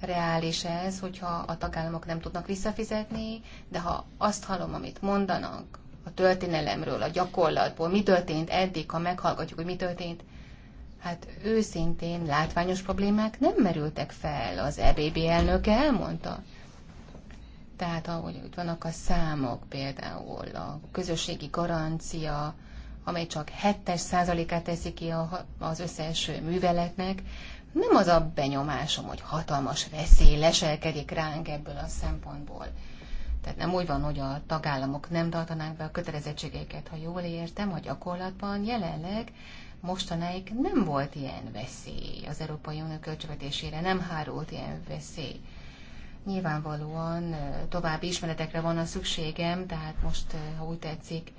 Reális ez, hogyha a tagállamok nem tudnak visszafizetni, de ha azt hallom, amit mondanak a történelemről, a gyakorlatból, mi történt eddig, ha meghallgatjuk, hogy mi történt, hát őszintén látványos problémák nem merültek fel, az EBB elnöke elmondta. Tehát ahogy itt vannak a számok, például a közösségi garancia, amely csak 7 százalékát teszi ki a, az összes műveletnek, nem az a benyomásom, hogy hatalmas veszély leselkedik ránk ebből a szempontból. Tehát nem úgy van, hogy a tagállamok nem tartanák be a kötelezettségeiket, ha jól értem, hogy gyakorlatban jelenleg mostanáig nem volt ilyen veszély az Európai Unió költségvetésére, nem hárult ilyen veszély. Nyilvánvalóan további ismeretekre van a szükségem, tehát most, ha úgy tetszik,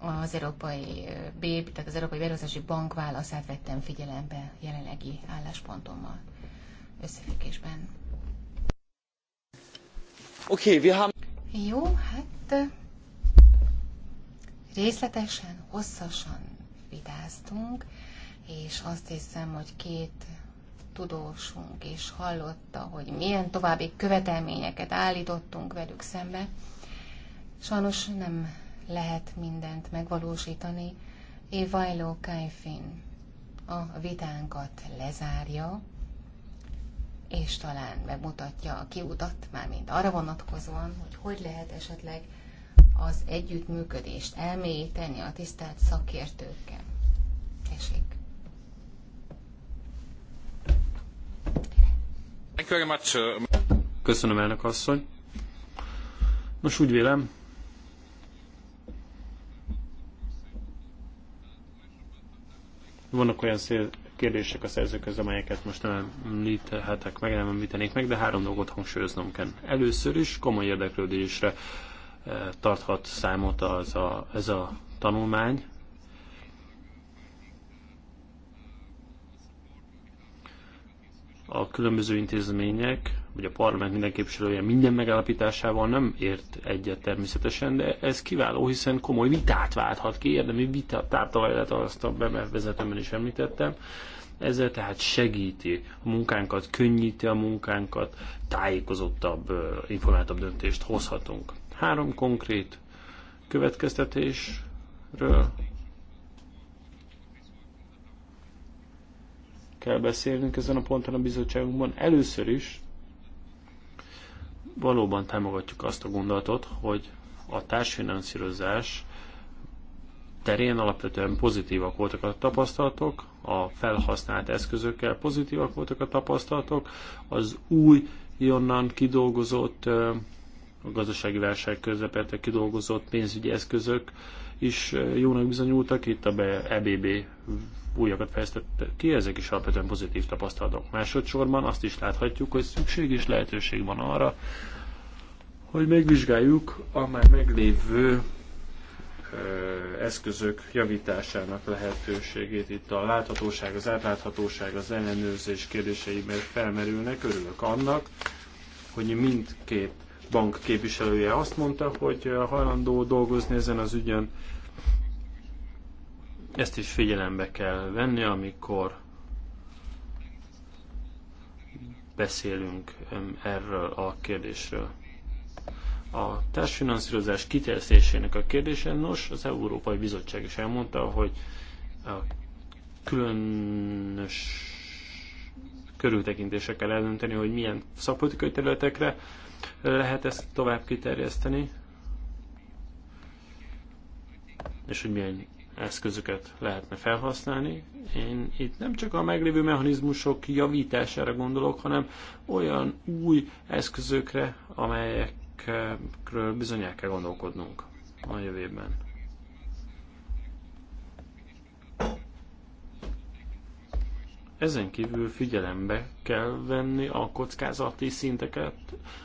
az Európai BÉB, tehát az Európai Beruházási Bank válaszát vettem figyelembe jelenlegi álláspontommal összefüggésben. Oké, okay, have... Jó, hát részletesen, hosszasan vitáztunk, és azt hiszem, hogy két tudósunk és hallotta, hogy milyen további követelményeket állítottunk velük szembe. Sajnos nem lehet mindent megvalósítani. Évajló Kajfin a vitánkat lezárja, és talán megmutatja a kiutat, mármint arra vonatkozóan, hogy hogy lehet esetleg az együttműködést elmélyíteni a tisztelt szakértőkkel. Tessék. Uh, um, Köszönöm, elnök asszony. Nos, úgy vélem, vannak olyan szél kérdések a szerzőköz, amelyeket most nem említhetek meg, nem említenék meg, de három dolgot hangsúlyoznom kell. Először is komoly érdeklődésre eh, tarthat számot az a, ez a tanulmány, a különböző intézmények, vagy a parlament minden képviselője minden megállapításával nem ért egyet természetesen, de ez kiváló, hiszen komoly vitát válthat ki, érdemi vita tártalaját, azt a bevezetőmben is említettem. Ezzel tehát segíti a munkánkat, könnyíti a munkánkat, tájékozottabb, informáltabb döntést hozhatunk. Három konkrét következtetésről kell beszélnünk ezen a ponton a bizottságunkban. Először is valóban támogatjuk azt a gondolatot, hogy a társfinanszírozás terén alapvetően pozitívak voltak a tapasztalatok, a felhasznált eszközökkel pozitívak voltak a tapasztalatok, az új, jonnan kidolgozott, a gazdasági válság közepette kidolgozott pénzügyi eszközök is jónak bizonyultak, itt a EBB e újakat fejlesztett ki, ezek is alapvetően pozitív tapasztalatok. Másodszorban azt is láthatjuk, hogy szükség és lehetőség van arra, hogy megvizsgáljuk a már meglévő eszközök javításának lehetőségét. Itt a láthatóság, az átláthatóság, az ellenőrzés kérdései felmerülnek. Örülök annak, hogy mindkét bank képviselője azt mondta, hogy hajlandó dolgozni ezen az ügyen, ezt is figyelembe kell venni, amikor beszélünk erről a kérdésről. A társfinanszírozás kiterjesztésének a kérdése, nos, az Európai Bizottság is elmondta, hogy a különös körültekintése kell eldönteni, hogy milyen szakpolitikai területekre lehet ezt tovább kiterjeszteni, és hogy milyen eszközöket lehetne felhasználni. Én itt nem csak a meglévő mechanizmusok javítására gondolok, hanem olyan új eszközökre, amelyekről bizony el kell gondolkodnunk a jövőben. Ezen kívül figyelembe kell venni a kockázati szinteket,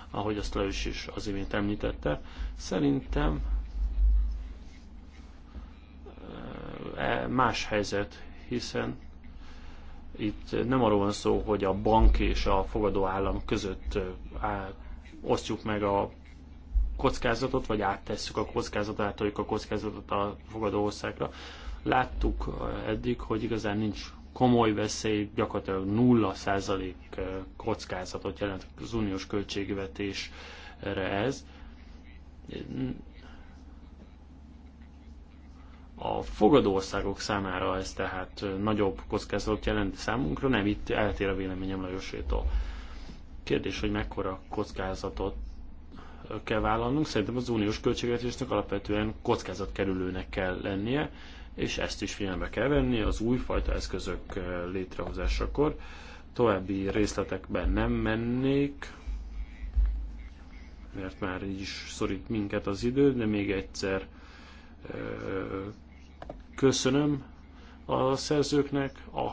ahogy azt Lajos is az imént említette. Szerintem E, más helyzet, hiszen itt nem arról van szó, hogy a bank és a fogadó állam között e, osztjuk meg a kockázatot, vagy áttesszük a kockázatot, átoljuk a kockázatot a fogadó országra. Láttuk e, eddig, hogy igazán nincs komoly veszély, gyakorlatilag 0% kockázatot jelent az uniós költségvetésre ez. A fogadó országok számára ez tehát nagyobb kockázatot jelent számunkra, nem itt eltér a véleményem Lajosétól. Kérdés, hogy mekkora kockázatot kell vállalnunk. Szerintem az uniós költségvetésnek alapvetően kockázatkerülőnek kell lennie, és ezt is figyelembe kell venni az újfajta eszközök létrehozásakor. További részletekben nem mennék, mert már így is szorít minket az idő, de még egyszer Köszönöm a szerzőknek a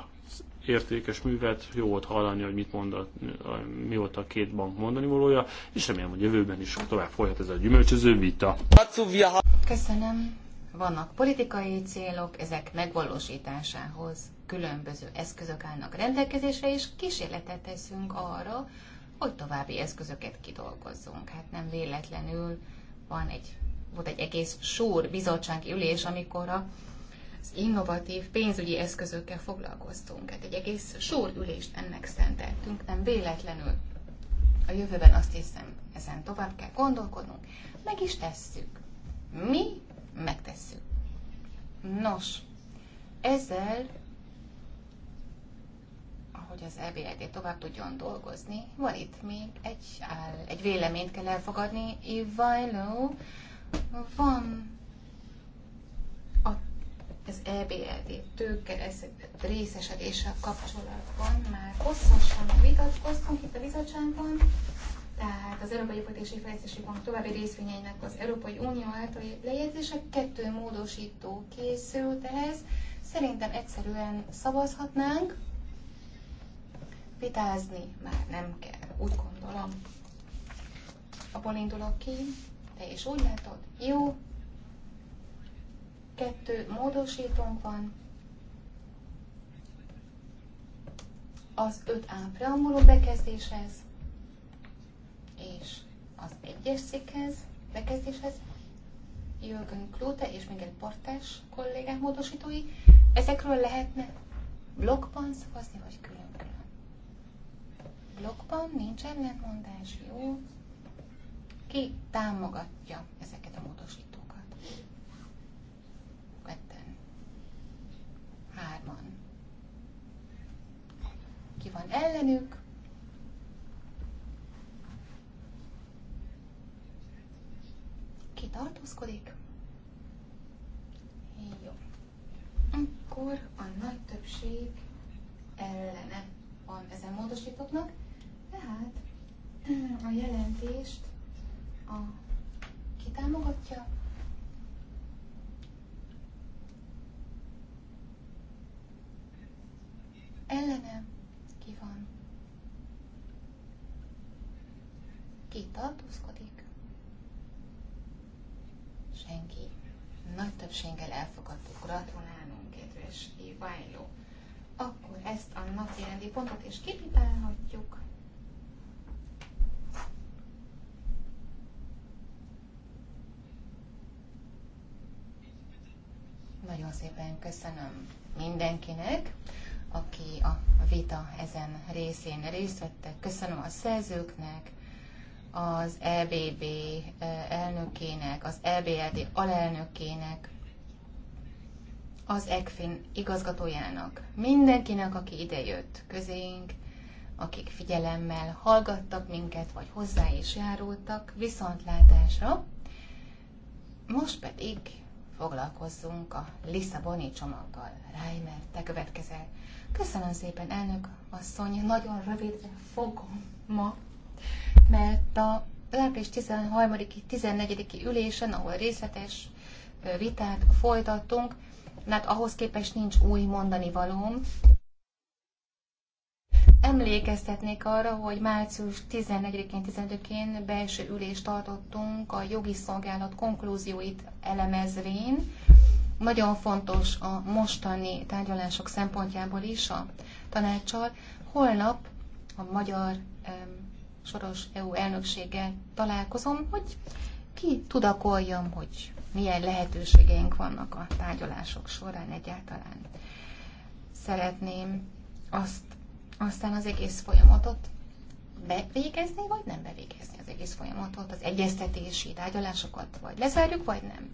értékes művet, jó volt hallani, hogy mit mondott, mi volt a két bank mondani valója, és remélem, hogy jövőben is tovább folyhat ez a gyümölcsöző vita. Köszönöm. Vannak politikai célok, ezek megvalósításához különböző eszközök állnak rendelkezésre, és kísérletet teszünk arra, hogy további eszközöket kidolgozzunk. Hát nem véletlenül van egy, volt egy egész sor bizottsági ülés, amikor a az innovatív pénzügyi eszközökkel foglalkoztunk. Hát egy egész sor ülést ennek szenteltünk, nem véletlenül. A jövőben azt hiszem, ezen tovább kell gondolkodnunk, meg is tesszük. Mi megtesszük. Nos, ezzel, ahogy az EBRD tovább tudjon dolgozni, van itt még egy, áll, egy véleményt kell elfogadni. Ivajló, van az EBLD tőke részesedéssel kapcsolatban már hosszasan vitatkoztunk itt a bizottságban, tehát az Európai Építési Fejlesztési Bank további részvényeinek az Európai Unió által lejegyzése kettő módosító készült ehhez. Szerintem egyszerűen szavazhatnánk, vitázni már nem kell, úgy gondolom. Abból indulok ki, te is úgy látod, jó, Kettő módosítónk van. Az 5A preambuló bekezdéshez és az egyes cikkhez, bekezdéshez Jürgen Klute és még egy Portás kollégák módosítói. Ezekről lehetne blokkban szavazni, vagy külön blogban Blokkban nincs ellentmondás, jó? Ki támogatja ezeket a módosítókat? hárman. Ki van ellenük? Ki tartózkodik? Jó. Akkor a nagy többség ellene van ezen módosítóknak, tehát a jelentést a, ki támogatja, Ellenem ki van. Ki tartózkodik? Senki. Nagy többséggel elfogadtuk. Gratulálunk, kedves Iványló. Akkor ezt a napi rendi pontot is kipipálhatjuk. Nagyon szépen köszönöm mindenkinek aki a vita ezen részén részt vette. Köszönöm a szerzőknek, az EBB eh, elnökének, az EBRD alelnökének, az ECFIN igazgatójának, mindenkinek, aki idejött közénk, akik figyelemmel hallgattak minket, vagy hozzá is járultak, viszontlátásra. Most pedig foglalkozzunk a Lisszaboni csomaggal. Reimer, te következel. Köszönöm szépen, elnök asszony, nagyon rövidre fogom ma, mert a április 13 14 ülésen, ahol részletes vitát folytattunk, mert ahhoz képest nincs új mondani valóm. Emlékeztetnék arra, hogy március 14-én, 15-én belső ülést tartottunk a jogi szolgálat konklúzióit elemezvén, nagyon fontos a mostani tárgyalások szempontjából is a tanácssal. Holnap a magyar soros EU elnökséggel találkozom, hogy ki tudakoljam, hogy milyen lehetőségeink vannak a tárgyalások során egyáltalán. Szeretném azt, aztán az egész folyamatot bevégezni, vagy nem bevégezni az egész folyamatot, az egyeztetési tárgyalásokat, vagy lezárjuk, vagy nem.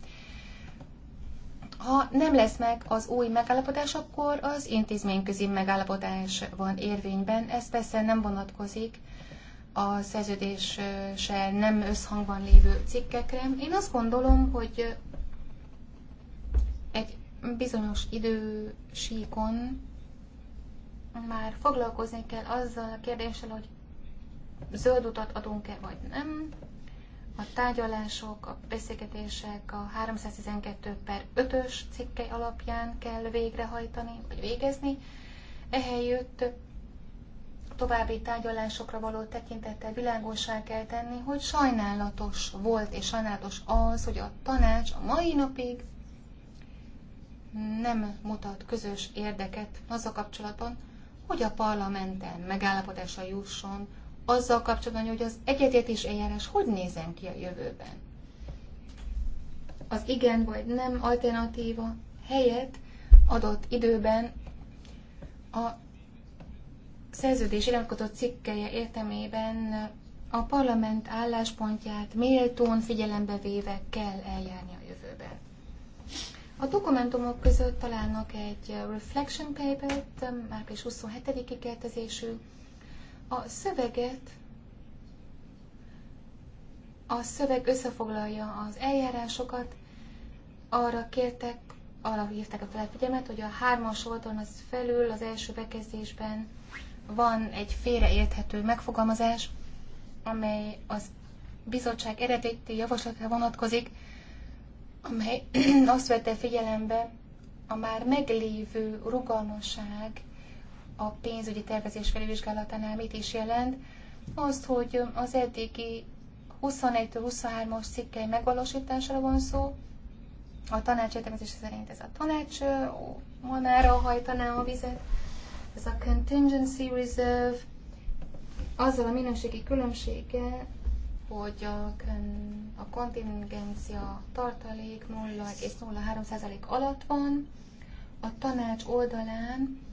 Ha nem lesz meg az új megállapodás, akkor az intézményközi megállapodás van érvényben. Ez persze nem vonatkozik a szerződéssel nem összhangban lévő cikkekre. Én azt gondolom, hogy egy bizonyos idősíkon már foglalkozni kell azzal a kérdéssel, hogy zöld utat adunk-e vagy nem a tárgyalások, a beszélgetések a 312 per 5-ös cikke alapján kell végrehajtani, vagy végezni. Ehelyütt további tárgyalásokra való tekintettel világosá kell tenni, hogy sajnálatos volt és sajnálatos az, hogy a tanács a mai napig nem mutat közös érdeket az a kapcsolatban, hogy a parlamenten megállapodásra jusson azzal kapcsolatban, hogy az egyetértés eljárás hogy nézen ki a jövőben. Az igen vagy nem alternatíva helyett adott időben a szerződés iratkozott cikkeje értelmében a parlament álláspontját méltón figyelembe véve kell eljárni a jövőben. A dokumentumok között találnak egy reflection paper-t, március 27-i kertezésű, a szöveget a szöveg összefoglalja az eljárásokat, arra kértek, arra hívták a felfigyelmet, hogy a hármas oldalon az felül, az első bekezdésben van egy félreérthető megfogalmazás, amely az bizottság eredeti javaslatra vonatkozik, amely azt vette figyelembe a már meglévő rugalmasság a pénzügyi tervezés felülvizsgálatánál mit is jelent, azt, hogy az eddigi 21-23-as cikkei megvalósítására van szó, a tanács értelmezése szerint ez a tanács mamára hajtaná a vizet, ez a contingency reserve, azzal a minőségi különbsége hogy a, a kontingencia tartalék 0,03% alatt van, a tanács oldalán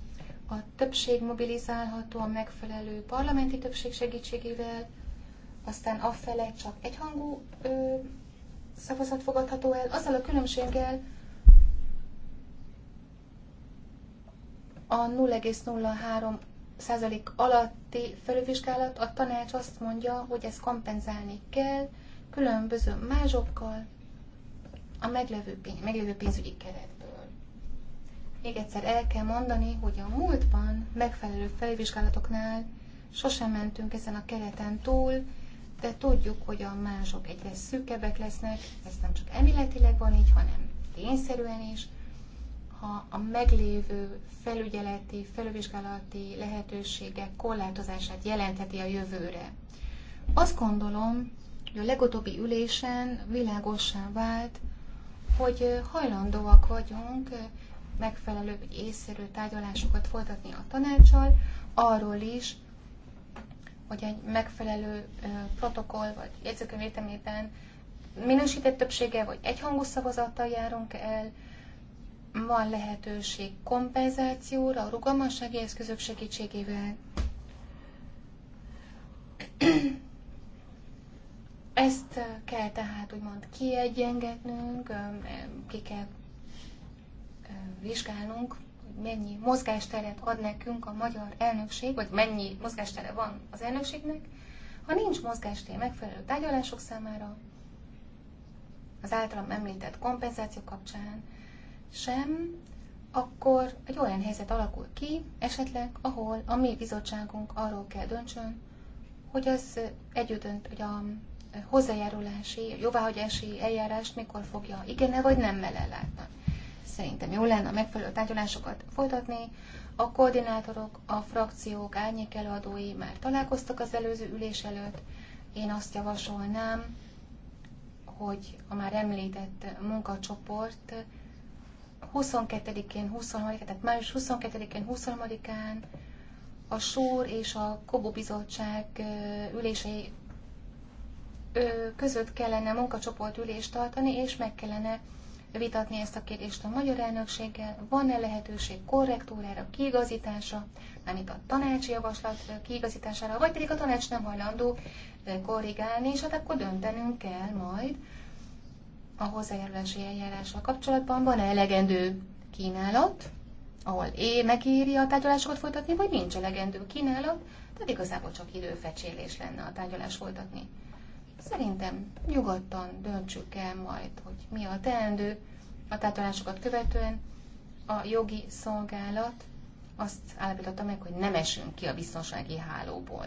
a többség mobilizálható a megfelelő parlamenti többség segítségével, aztán afele csak egyhangú ö, szavazat fogadható el, azzal a különbséggel a 0,03 százalék alatti felülvizsgálat a tanács azt mondja, hogy ezt kompenzálni kell különböző mázsokkal a meglevő, pénz, meglevő pénzügyi keret. Még egyszer el kell mondani, hogy a múltban megfelelő felvizsgálatoknál sosem mentünk ezen a kereten túl, de tudjuk, hogy a mások egyre szűkebbek lesznek, ez nem csak emiletileg van így, hanem tényszerűen is. Ha a meglévő felügyeleti, felülvizsgálati lehetőségek korlátozását jelentheti a jövőre. Azt gondolom, hogy a legutóbbi ülésen világosan vált, hogy hajlandóak vagyunk megfelelő vagy észszerű tárgyalásokat folytatni a tanácssal, arról is, hogy egy megfelelő protokoll vagy jegyzőkönyv értelmében minősített többsége vagy egyhangú szavazattal járunk el, van lehetőség kompenzációra, a rugalmassági eszközök segítségével. Ezt kell tehát úgymond kiegyengednünk, ki kell vizsgálnunk, hogy mennyi mozgásteret ad nekünk a magyar elnökség, vagy mennyi mozgástere van az elnökségnek. Ha nincs mozgástér megfelelő tárgyalások számára, az általam említett kompenzáció kapcsán sem, akkor egy olyan helyzet alakul ki, esetleg, ahol a mi bizottságunk arról kell döntsön, hogy az együtt hogy a hozzájárulási, jóváhagyási eljárást mikor fogja igen-e vagy nem látni. Szerintem jó lenne a megfelelő tárgyalásokat folytatni. A koordinátorok, a frakciók, árnyék előadói már találkoztak az előző ülés előtt. Én azt javasolnám, hogy a már említett munkacsoport 22-én, 23-án, tehát május 22-én, 23-án a SOR és a Kobo Bizottság ülései között kellene munkacsoport ülést tartani, és meg kellene vitatni ezt a kérdést a magyar elnökséggel, van-e lehetőség korrektúrára, kiigazítása, mármint a tanácsi javaslat kiigazítására, vagy pedig a tanács nem hajlandó korrigálni, és hát akkor döntenünk kell majd a hozzájárulási eljárással kapcsolatban, van-e elegendő kínálat, ahol é megéri a tárgyalásokat folytatni, vagy nincs elegendő kínálat, tehát igazából csak időfecsélés lenne a tárgyalás folytatni. Szerintem nyugodtan döntsük el majd, hogy mi a teendő a tárgyalásokat követően. A jogi szolgálat azt állapította meg, hogy nem esünk ki a biztonsági hálóból.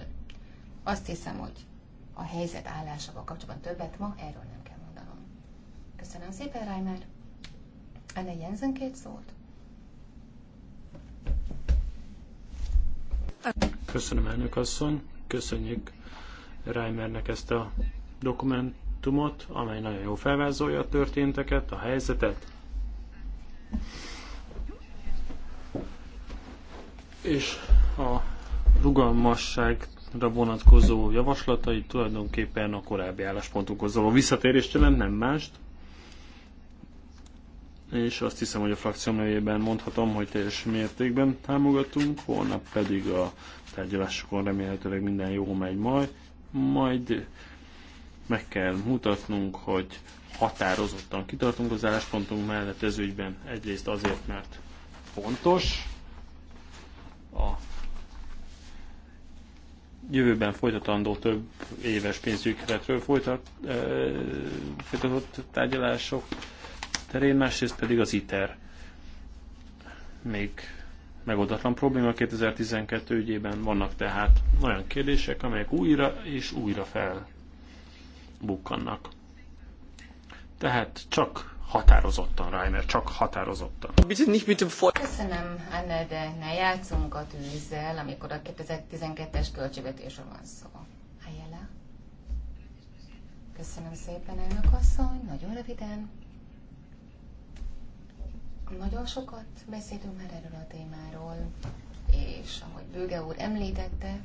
Azt hiszem, hogy a helyzet állásával kapcsolatban többet ma erről nem kell mondanom. Köszönöm szépen, Reimer. Anne Jensen két szót. Köszönöm, elnök asszony. Köszönjük Reimernek ezt a dokumentumot, amely nagyon jó felvázolja a történteket, a helyzetet. És a rugalmasságra vonatkozó javaslatai tulajdonképpen a korábbi álláspontunkhoz való visszatérést jelent, nem mást. És azt hiszem, hogy a frakcióm nevében mondhatom, hogy teljes mértékben támogatunk, holnap pedig a tárgyalásokon remélhetőleg minden jó megy majd, majd meg kell mutatnunk, hogy határozottan kitartunk az álláspontunk mellett ez ügyben. Egyrészt azért, mert fontos a jövőben folytatandó több éves pénzügyi keretről folytat, e, folytatott tárgyalások terén, másrészt pedig az ITER még megoldatlan probléma 2012 ügyében. Vannak tehát olyan kérdések, amelyek újra és újra fel bukkannak. Tehát csak határozottan, Rainer, csak határozottan. Köszönöm, Anne, de ne játszunk a tűzzel, amikor a 2012-es költségvetésről van szó. Ajala. Köszönöm szépen, elnök asszony, nagyon röviden. Nagyon sokat beszéltünk már erről a témáról, és ahogy Bőge úr említette,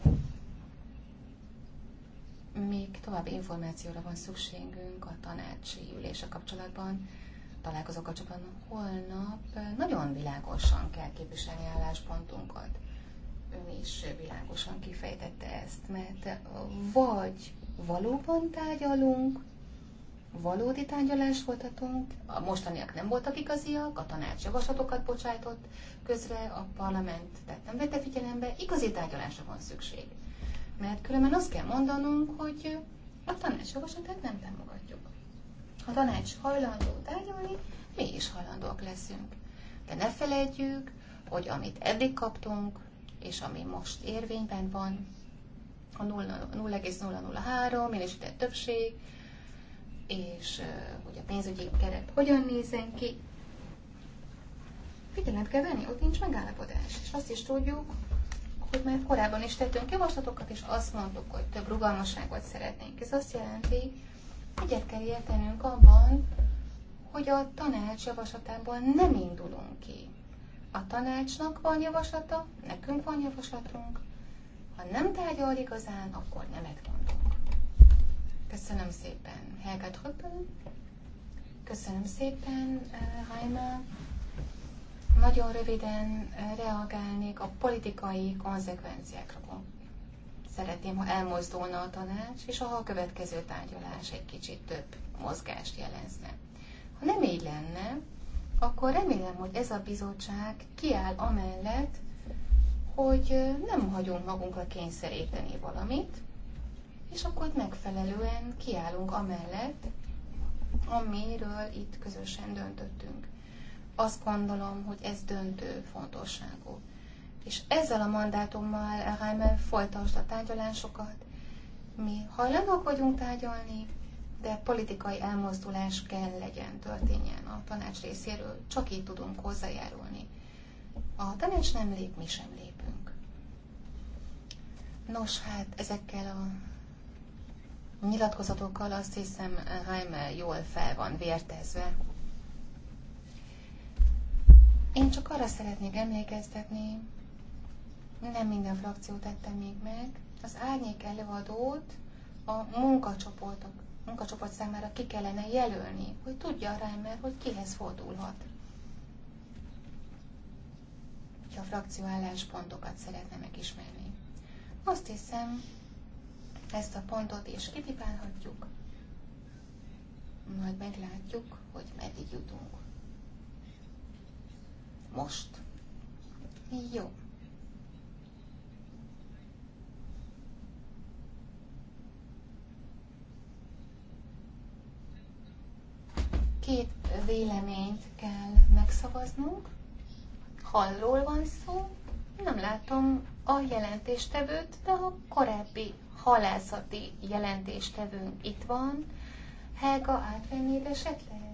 még további információra van szükségünk a tanácsi ülése kapcsolatban, találkozó kapcsolatban holnap. Nagyon világosan kell képviselni álláspontunkat. Ön is világosan kifejtette ezt, mert vagy valóban tárgyalunk, valódi tárgyalást folytatunk, a mostaniak nem voltak igaziak, a tanács javaslatokat bocsájtott közre, a parlament tehát nem vette figyelembe, igazi tárgyalásra van szükség mert különben azt kell mondanunk, hogy a tanács javaslatát nem támogatjuk. Ha tanács hajlandó tárgyalni, mi is hajlandóak leszünk. De ne felejtjük, hogy amit eddig kaptunk, és ami most érvényben van, a 0,003 minősített többség, és hogy a pénzügyi keret hogyan nézen ki, figyelmet kell venni, ott nincs megállapodás. És azt is tudjuk, hogy már korábban is tettünk javaslatokat, és azt mondtuk, hogy több rugalmasságot szeretnénk. Ez azt jelenti, egyet kell értenünk abban, hogy a tanács javaslatából nem indulunk ki. A tanácsnak van javaslata, nekünk van javaslatunk. Ha nem tárgyal igazán, akkor nemet mondunk. Köszönöm szépen, Helga Tröppel. Köszönöm szépen, Heimer. Eh, nagyon röviden eh, reagálnék a politikai konzekvenciákra. Szeretném, ha elmozdulna a tanács, és ha a következő tárgyalás egy kicsit több mozgást jelezne. Ha nem így lenne, akkor remélem, hogy ez a bizottság kiáll amellett, hogy eh, nem hagyunk magunkra kényszeríteni valamit, és akkor megfelelően kiállunk amellett, amiről itt közösen döntöttünk azt gondolom, hogy ez döntő fontosságú. És ezzel a mandátummal, Reimer, folytasd a tárgyalásokat. Mi hajlandók vagyunk tárgyalni, de politikai elmozdulás kell legyen, történjen a tanács részéről, csak így tudunk hozzájárulni. A tanács nem lép, mi sem lépünk. Nos, hát ezekkel a nyilatkozatokkal azt hiszem Heimel jól fel van vértezve, én csak arra szeretnék emlékeztetni, nem minden frakció tette még meg, az árnyék előadót a munkacsoportok, munkacsoport számára ki kellene jelölni, hogy tudja rá, mert hogy kihez fordulhat. Hogyha a frakció álláspontokat szeretne megismerni. Azt hiszem, ezt a pontot is kipipálhatjuk, majd meglátjuk, hogy meddig jutunk most. Jó. Két véleményt kell megszavaznunk. Hallról van szó. Nem látom a jelentéstevőt, de a korábbi halászati jelentéstevőnk itt van. Helga átvennéd esetleg?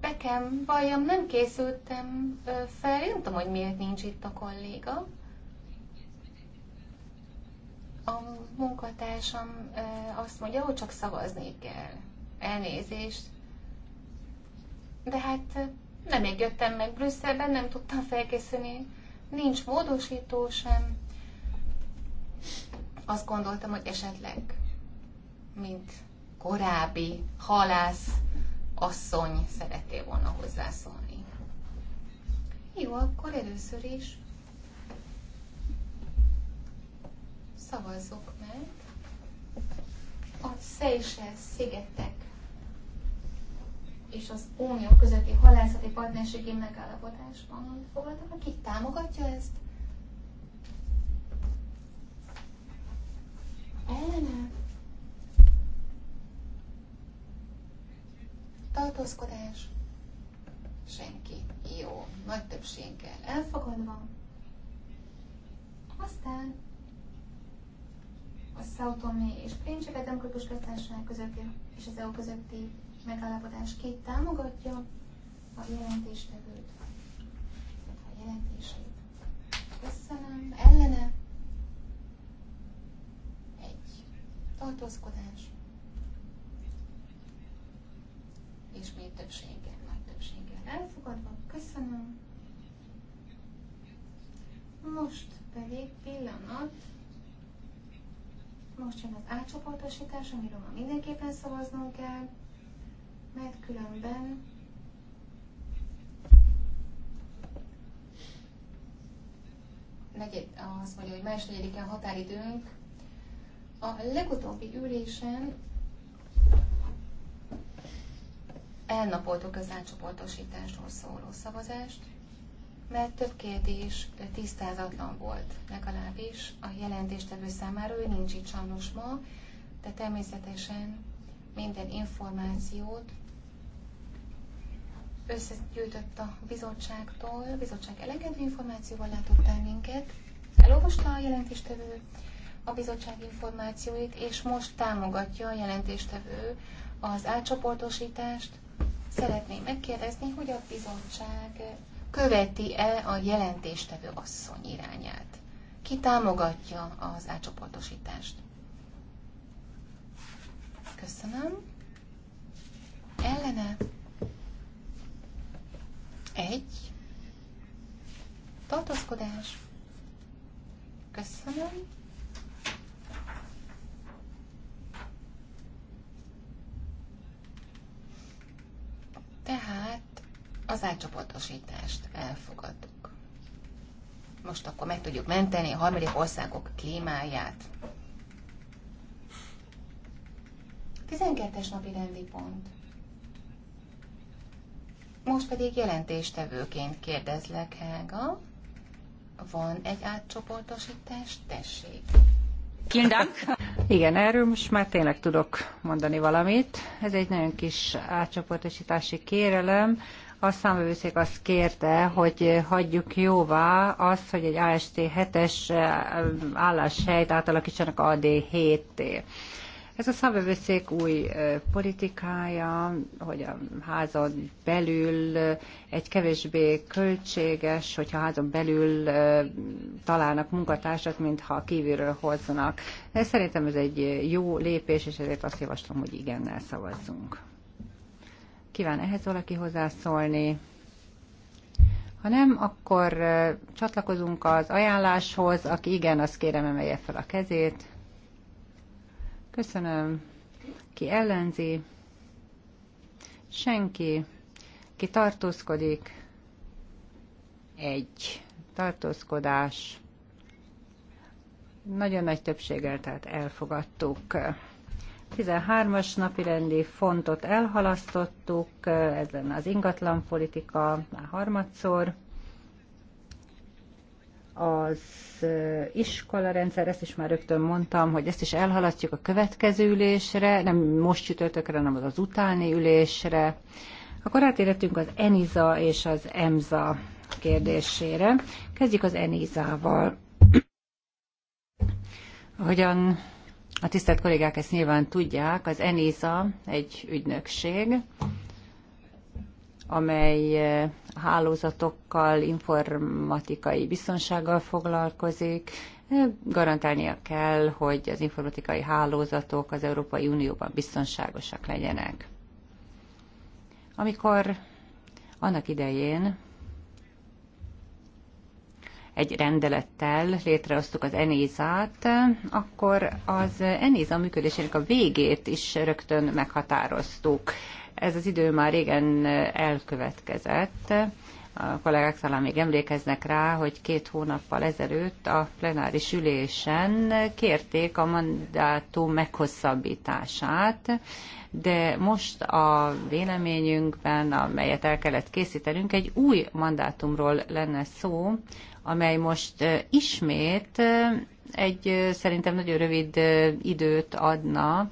Bekem, bajom, nem készültem fel, én nem tudom, hogy miért nincs itt a kolléga. A munkatársam azt mondja, hogy csak szavazni kell. Elnézést. De hát nem még jöttem meg Brüsszelben, nem tudtam felkészülni. Nincs módosító sem. Azt gondoltam, hogy esetleg, mint korábbi halász asszony szeretné volna hozzászólni. Jó, akkor először is szavazzok meg a Seychelles szigetek és az Unió közötti halászati partnerségi megállapodásban fogadom. Ki támogatja ezt? Ellene? tartózkodás, senki. Jó, nagy többséggel elfogadva. Aztán a Szautomi és Príncsepe Demokratikus Köztársaság közötti és az EU közötti megállapodás két támogatja a jelentéstevőt, a jelentését. Köszönöm. Ellene egy tartózkodás. ismét többséggel, nagy többséggel elfogadva. Köszönöm. Most pedig pillanat, most jön az átcsoportosítás, amiről ma mindenképpen szavaznunk kell, mert különben negyed, azt mondja, hogy negyediken határidőnk. A legutóbbi ülésen elnapoltuk az átcsoportosításról szóló szavazást, mert több kérdés tisztázatlan volt, legalábbis a jelentéstevő számára, ő nincs itt sajnos ma, de természetesen minden információt összegyűjtött a bizottságtól, a bizottság elegendő információval látott el minket, elolvasta a jelentéstevő a bizottság információit, és most támogatja a jelentéstevő az átcsoportosítást, Szeretném megkérdezni, hogy a bizottság követi-e a jelentéstevő asszony irányát? Ki támogatja az átcsoportosítást? Köszönöm. Ellene? Egy. Tartózkodás? Köszönöm. Tehát az átcsoportosítást elfogadtuk. Most akkor meg tudjuk menteni a harmadik országok klímáját. 12-es napi rendi pont. Most pedig jelentéstevőként kérdezlek, Helga. Van egy átcsoportosítás? Tessék. Vielen Dank. Igen, erről most már tényleg tudok mondani valamit. Ez egy nagyon kis átcsoportosítási kérelem. A számbevőszék azt kérte, hogy hagyjuk jóvá azt, hogy egy AST 7-es eh, álláshelyt átalakítsanak AD 7-té. Ez a szabvevőszék új politikája, hogy a házon belül egy kevésbé költséges, hogyha házon belül találnak munkatársat, mintha kívülről hozzanak. De szerintem ez egy jó lépés, és ezért azt javaslom, hogy igennel szavazzunk. Kíván ehhez valaki hozzászólni? Ha nem, akkor csatlakozunk az ajánláshoz. Aki igen, azt kérem emelje fel a kezét. Köszönöm. Ki ellenzi? Senki. Ki tartózkodik? Egy. Tartózkodás. Nagyon nagy többséggel, tehát elfogadtuk. 13-as napi rendi fontot elhalasztottuk, ez lenne az ingatlan politika már harmadszor az iskolarendszer, ezt is már rögtön mondtam, hogy ezt is elhaladjuk a következő ülésre, nem most csütörtökre, hanem az, az utáni ülésre. Akkor átérhetünk az ENISA és az EMSA kérdésére. Kezdjük az ENISA-val. Ahogyan a tisztelt kollégák ezt nyilván tudják, az ENISA egy ügynökség, amely hálózatokkal, informatikai biztonsággal foglalkozik. Garantálnia kell, hogy az informatikai hálózatok az Európai Unióban biztonságosak legyenek. Amikor annak idején egy rendelettel létrehoztuk az Enézát, akkor az Enéza működésének a végét is rögtön meghatároztuk ez az idő már régen elkövetkezett. A kollégák talán még emlékeznek rá, hogy két hónappal ezelőtt a plenáris ülésen kérték a mandátum meghosszabbítását, de most a véleményünkben, amelyet el kellett készítenünk, egy új mandátumról lenne szó, amely most ismét egy szerintem nagyon rövid időt adna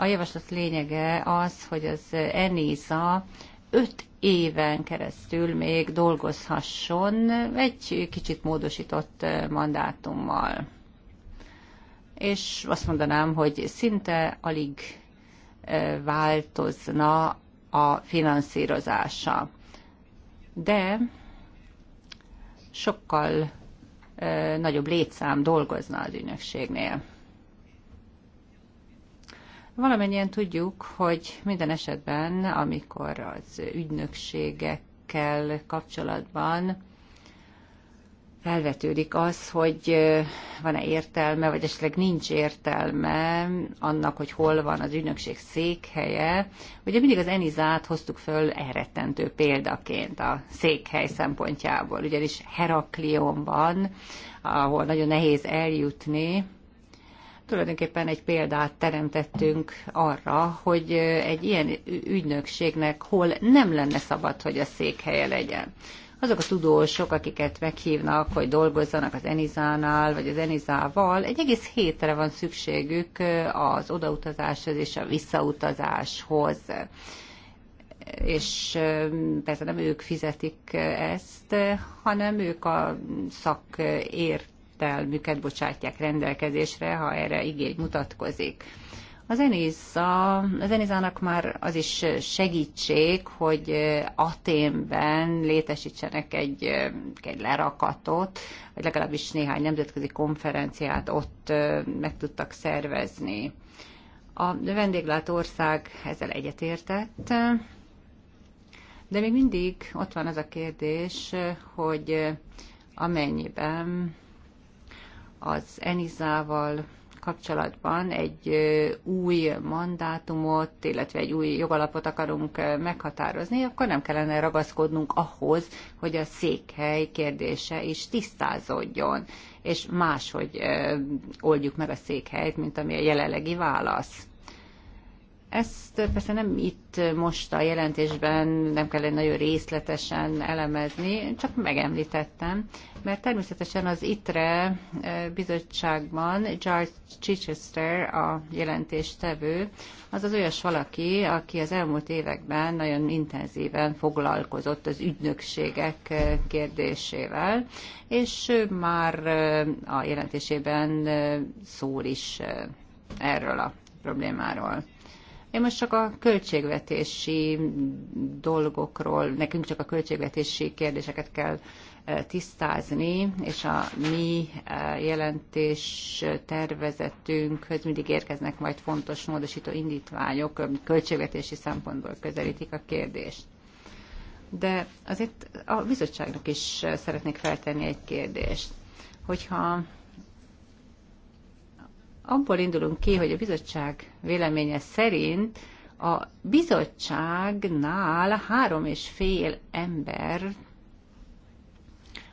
a javaslat lényege az, hogy az ENISA öt éven keresztül még dolgozhasson egy kicsit módosított mandátummal. És azt mondanám, hogy szinte alig e, változna a finanszírozása. De sokkal e, nagyobb létszám dolgozna az ügynökségnél. Valamennyien tudjuk, hogy minden esetben, amikor az ügynökségekkel kapcsolatban felvetődik az, hogy van-e értelme, vagy esetleg nincs értelme annak, hogy hol van az ügynökség székhelye. Ugye mindig az Enizát hoztuk föl elrettentő példaként a székhely szempontjából, ugyanis Heraklionban, ahol nagyon nehéz eljutni, tulajdonképpen egy példát teremtettünk arra, hogy egy ilyen ügynökségnek hol nem lenne szabad, hogy a székhelye legyen. Azok a tudósok, akiket meghívnak, hogy dolgozzanak az Enizánál, vagy az Enizával, egy egész hétre van szükségük az odautazáshoz és a visszautazáshoz és persze nem ők fizetik ezt, hanem ők a szakért szakértelmüket bocsátják rendelkezésre, ha erre igény mutatkozik. Az Eniza, az Enizának már az is segítség, hogy Aténben létesítsenek egy, egy lerakatot, vagy legalábbis néhány nemzetközi konferenciát ott meg tudtak szervezni. A vendéglátó ország ezzel egyetértett, de még mindig ott van az a kérdés, hogy amennyiben az Enizával kapcsolatban egy új mandátumot, illetve egy új jogalapot akarunk meghatározni, akkor nem kellene ragaszkodnunk ahhoz, hogy a székhely kérdése is tisztázódjon, és máshogy oldjuk meg a székhelyt, mint ami a jelenlegi válasz. Ezt persze nem itt most a jelentésben nem kellene nagyon részletesen elemezni, csak megemlítettem, mert természetesen az ITRE eh, bizottságban George Chichester a jelentéstevő, az az olyas valaki, aki az elmúlt években nagyon intenzíven foglalkozott az ügynökségek eh, kérdésével, és már eh, a jelentésében szól is erről a problémáról. Én most csak a költségvetési dolgokról, nekünk csak a költségvetési kérdéseket kell e, tisztázni, és a mi e, jelentés tervezetünkhöz mindig érkeznek majd fontos módosító indítványok, költségvetési szempontból közelítik a kérdést. De azért a bizottságnak is e, szeretnék feltenni egy kérdést. Hogyha abból indulunk ki, hogy a bizottság véleménye szerint a bizottságnál három és fél ember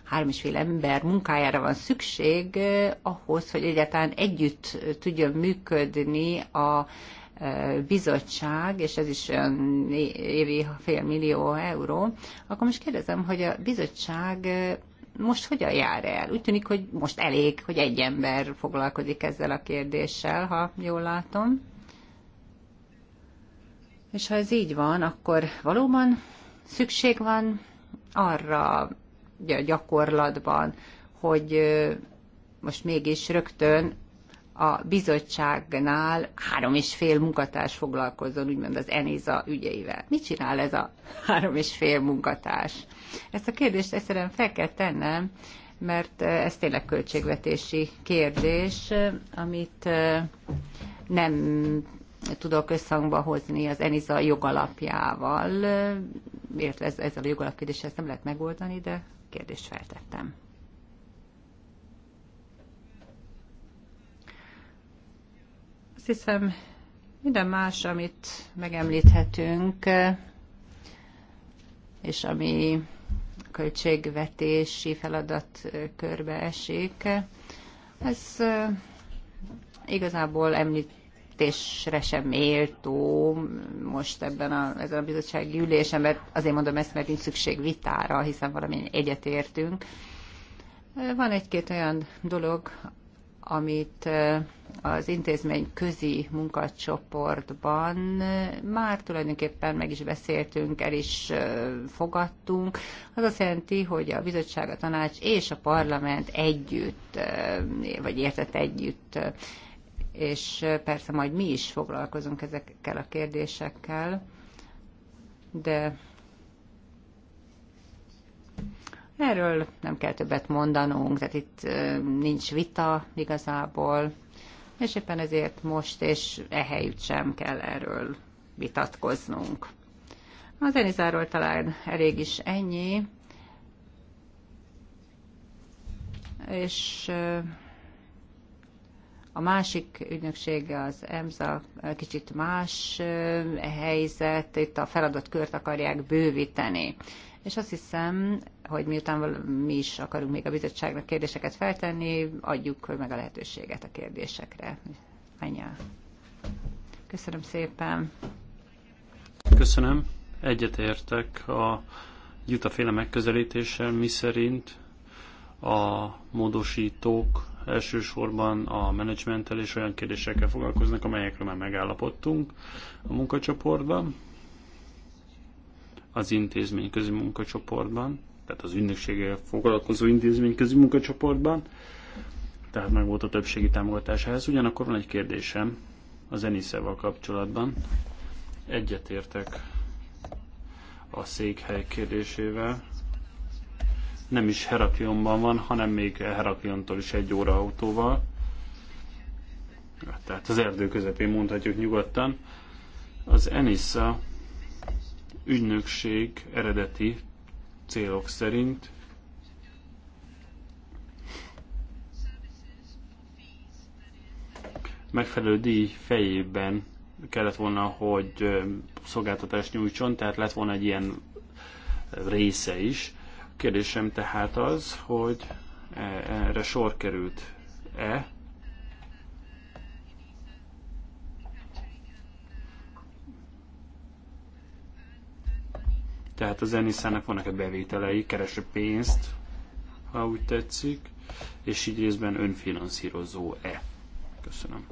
három és fél ember munkájára van szükség eh, ahhoz, hogy egyáltalán együtt tudjon működni a eh, bizottság, és ez is olyan évi fél millió euró, akkor most kérdezem, hogy a bizottság eh, most hogyan jár el? Úgy tűnik, hogy most elég, hogy egy ember foglalkozik ezzel a kérdéssel, ha jól látom. És ha ez így van, akkor valóban szükség van arra gyakorlatban, hogy most mégis rögtön a bizottságnál három és fél munkatárs foglalkozzon, úgymond az ENISA ügyeivel. Mit csinál ez a három és fél munkatárs? Ezt a kérdést egyszerűen fel kell tennem, mert eh, ez tényleg költségvetési kérdés, eh, amit eh, nem tudok összhangba hozni az ENISA jogalapjával. Értve ez, ez a jogalapkérdés, ezt nem lehet megoldani, de kérdést feltettem. hiszem minden más, amit megemlíthetünk, és ami költségvetési körbe esik, ez igazából említésre sem méltó most ebben a, ezen a bizottsági ülésen, mert azért mondom ezt, mert nincs szükség vitára, hiszen valamilyen egyetértünk. Van egy-két olyan dolog, amit az intézmény közi munkacsoportban már tulajdonképpen meg is beszéltünk, el is fogadtunk. Az azt jelenti, hogy a bizottság, a tanács és a parlament együtt, vagy értett együtt, és persze majd mi is foglalkozunk ezekkel a kérdésekkel, de Erről nem kell többet mondanunk, tehát itt nincs vita igazából, és éppen ezért most és ehelyütt sem kell erről vitatkoznunk. Az Enizáról talán elég is ennyi, és a másik ügynöksége az EMSA kicsit más helyzet, itt a feladatkört akarják bővíteni. És azt hiszem, hogy miután mi is akarunk még a bizottságnak kérdéseket feltenni, adjuk meg a lehetőséget a kérdésekre. Anya. Köszönöm szépen. Köszönöm. Egyetértek a jutaféle megközelítéssel, mi szerint a módosítók elsősorban a menedzsmenttel és olyan kérdésekkel foglalkoznak, amelyekről már megállapodtunk a munkacsoportban, az intézmény közi munkacsoportban tehát az ügynökséggel foglalkozó intézményközi munkacsoportban, tehát meg volt a többségi támogatásához. Ugyanakkor van egy kérdésem az Eniszeval kapcsolatban. Egyetértek a székhely kérdésével. Nem is Heraklionban van, hanem még Herakliontól is egy óra autóval. Tehát az erdő közepén mondhatjuk nyugodtan. Az Enisza ügynökség eredeti célok szerint. Megfelelő díj fejében kellett volna, hogy szolgáltatást nyújtson, tehát lett volna egy ilyen része is. Kérdésem tehát az, hogy e, erre sor került-e, tehát a zenészának vannak-e bevételei, kereső pénzt, ha úgy tetszik, és így részben önfinanszírozó-e. Köszönöm.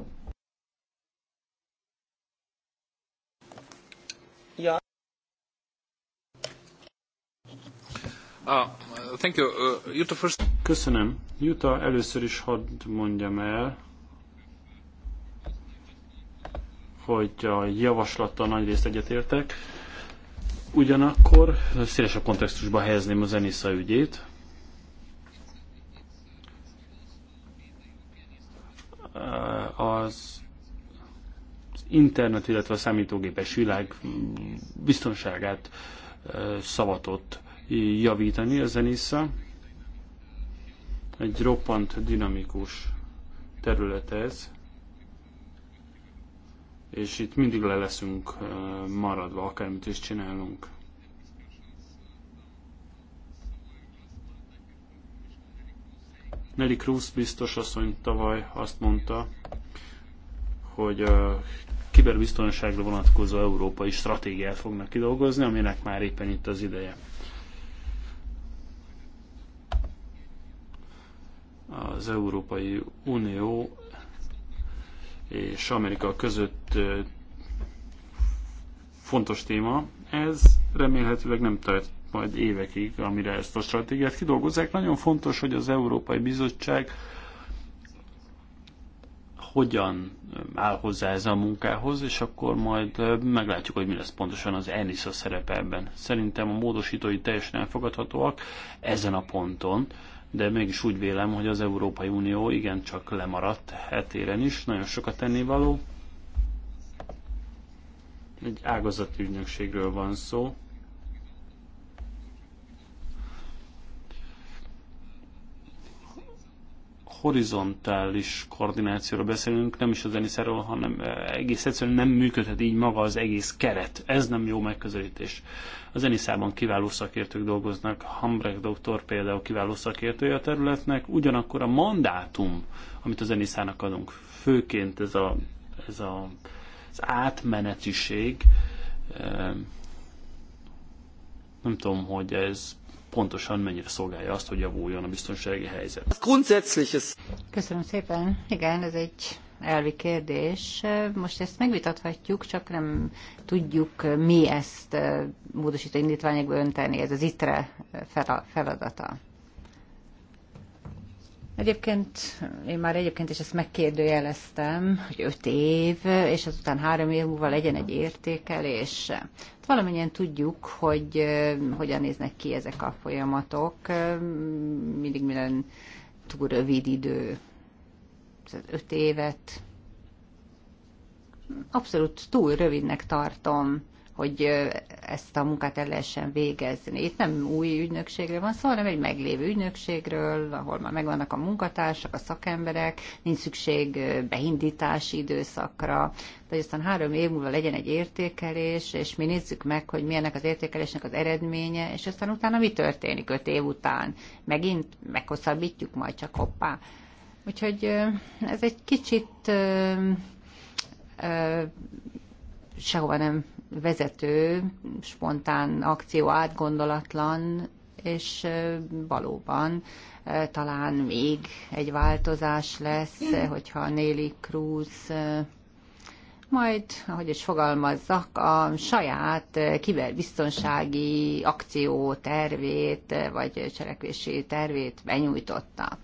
Ja. Ah, thank you. Uh, Jutta first... Köszönöm. Jutta, először is hadd mondjam el, hogy a javaslattal részt egyetértek Ugyanakkor szélesebb kontextusba helyezném a Zenisza ügyét. Az internet, illetve a számítógépes világ biztonságát szavatott javítani a Zenisza. Egy roppant dinamikus terület ez és itt mindig le leszünk maradva, akármit is csinálunk. Nelly Cruz biztos asszony tavaly azt mondta, hogy a kiberbiztonságra vonatkozó európai stratégiát fognak kidolgozni, aminek már éppen itt az ideje. Az Európai Unió és Amerika között fontos téma. Ez remélhetőleg nem tart majd évekig, amire ezt a stratégiát kidolgozzák. Nagyon fontos, hogy az Európai Bizottság hogyan áll hozzá ez a munkához, és akkor majd meglátjuk, hogy mi lesz pontosan az ENISA szerepe ebben. Szerintem a módosítói teljesen elfogadhatóak ezen a ponton, de mégis úgy vélem, hogy az Európai Unió igencsak lemaradt hetéren is, nagyon sokat tennivaló. Egy ágazati ügynökségről van szó, horizontális koordinációra beszélünk, nem is a zeniszáról, hanem e, egész egyszerűen nem működhet így maga az egész keret. Ez nem jó megközelítés. A zeniszában kiváló szakértők dolgoznak, Hambrecht doktor például kiváló szakértője a területnek, ugyanakkor a mandátum, amit a zeniszának adunk, főként ez a, ez a az átmenetiség, e, nem tudom, hogy ez pontosan mennyire szolgálja azt, hogy javuljon a biztonsági helyzet. Köszönöm szépen. Igen, ez egy elvi kérdés. Most ezt megvitathatjuk, csak nem tudjuk mi ezt eh, módosító indítványokba önteni. Ez az ITRE feladata. Egyébként én már egyébként is ezt megkérdőjeleztem, hogy öt év, és azután három év múlva legyen egy értékelés. Hát valamennyien tudjuk, hogy hogyan néznek ki ezek a folyamatok, mindig minden túl rövid idő, öt évet, abszolút túl rövidnek tartom hogy ezt a munkát el lehessen végezni. Itt nem új ügynökségről van szó, hanem egy meglévő ügynökségről, ahol már megvannak a munkatársak, a szakemberek, nincs szükség beindítási időszakra, de hogy aztán három év múlva legyen egy értékelés, és mi nézzük meg, hogy milyennek az értékelésnek az eredménye, és aztán utána mi történik öt év után. Megint meghosszabbítjuk majd csak hoppá. Úgyhogy ez egy kicsit sehova nem vezető spontán akció átgondolatlan, és valóban talán még egy változás lesz, hogyha Néli Cruz majd, ahogy is fogalmazzak, a saját kiberbiztonsági akció tervét, vagy cselekvési tervét benyújtotta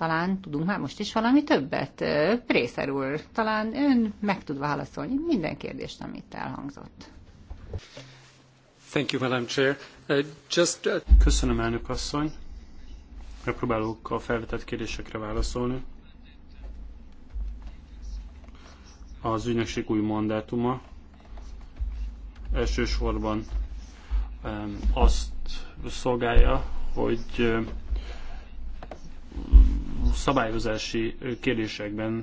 talán tudunk már most is valami többet. Prészer úr, talán ön meg tud válaszolni minden kérdést, amit elhangzott. Thank you, Madam Chair. Uh, just, uh... Köszönöm, elnök asszony. Megpróbálok a felvetett kérdésekre válaszolni. Az ügynökség új mandátuma elsősorban um, azt szolgálja, hogy um, szabályozási kérdésekben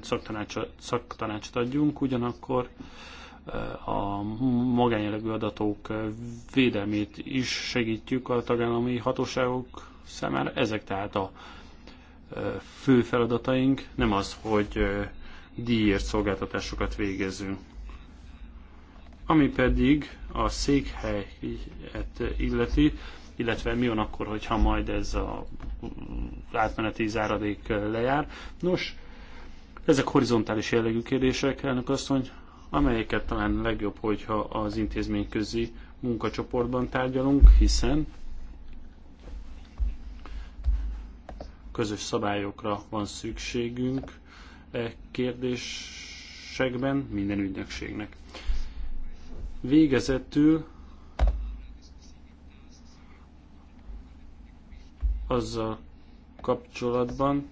szaktanácsot, adjunk, ugyanakkor a magánjellegű adatok védelmét is segítjük a tagállami hatóságok számára. Ezek tehát a fő feladataink, nem az, hogy díjért szolgáltatásokat végezzünk. Ami pedig a székhelyet illeti, illetve mi van akkor, hogyha majd ez a átmeneti záradék lejár. Nos, ezek horizontális jellegű kérdések, elnök asszony, amelyeket talán legjobb, hogyha az intézményközi munkacsoportban tárgyalunk, hiszen közös szabályokra van szükségünk e kérdésekben minden ügynökségnek. Végezetül azzal kapcsolatban,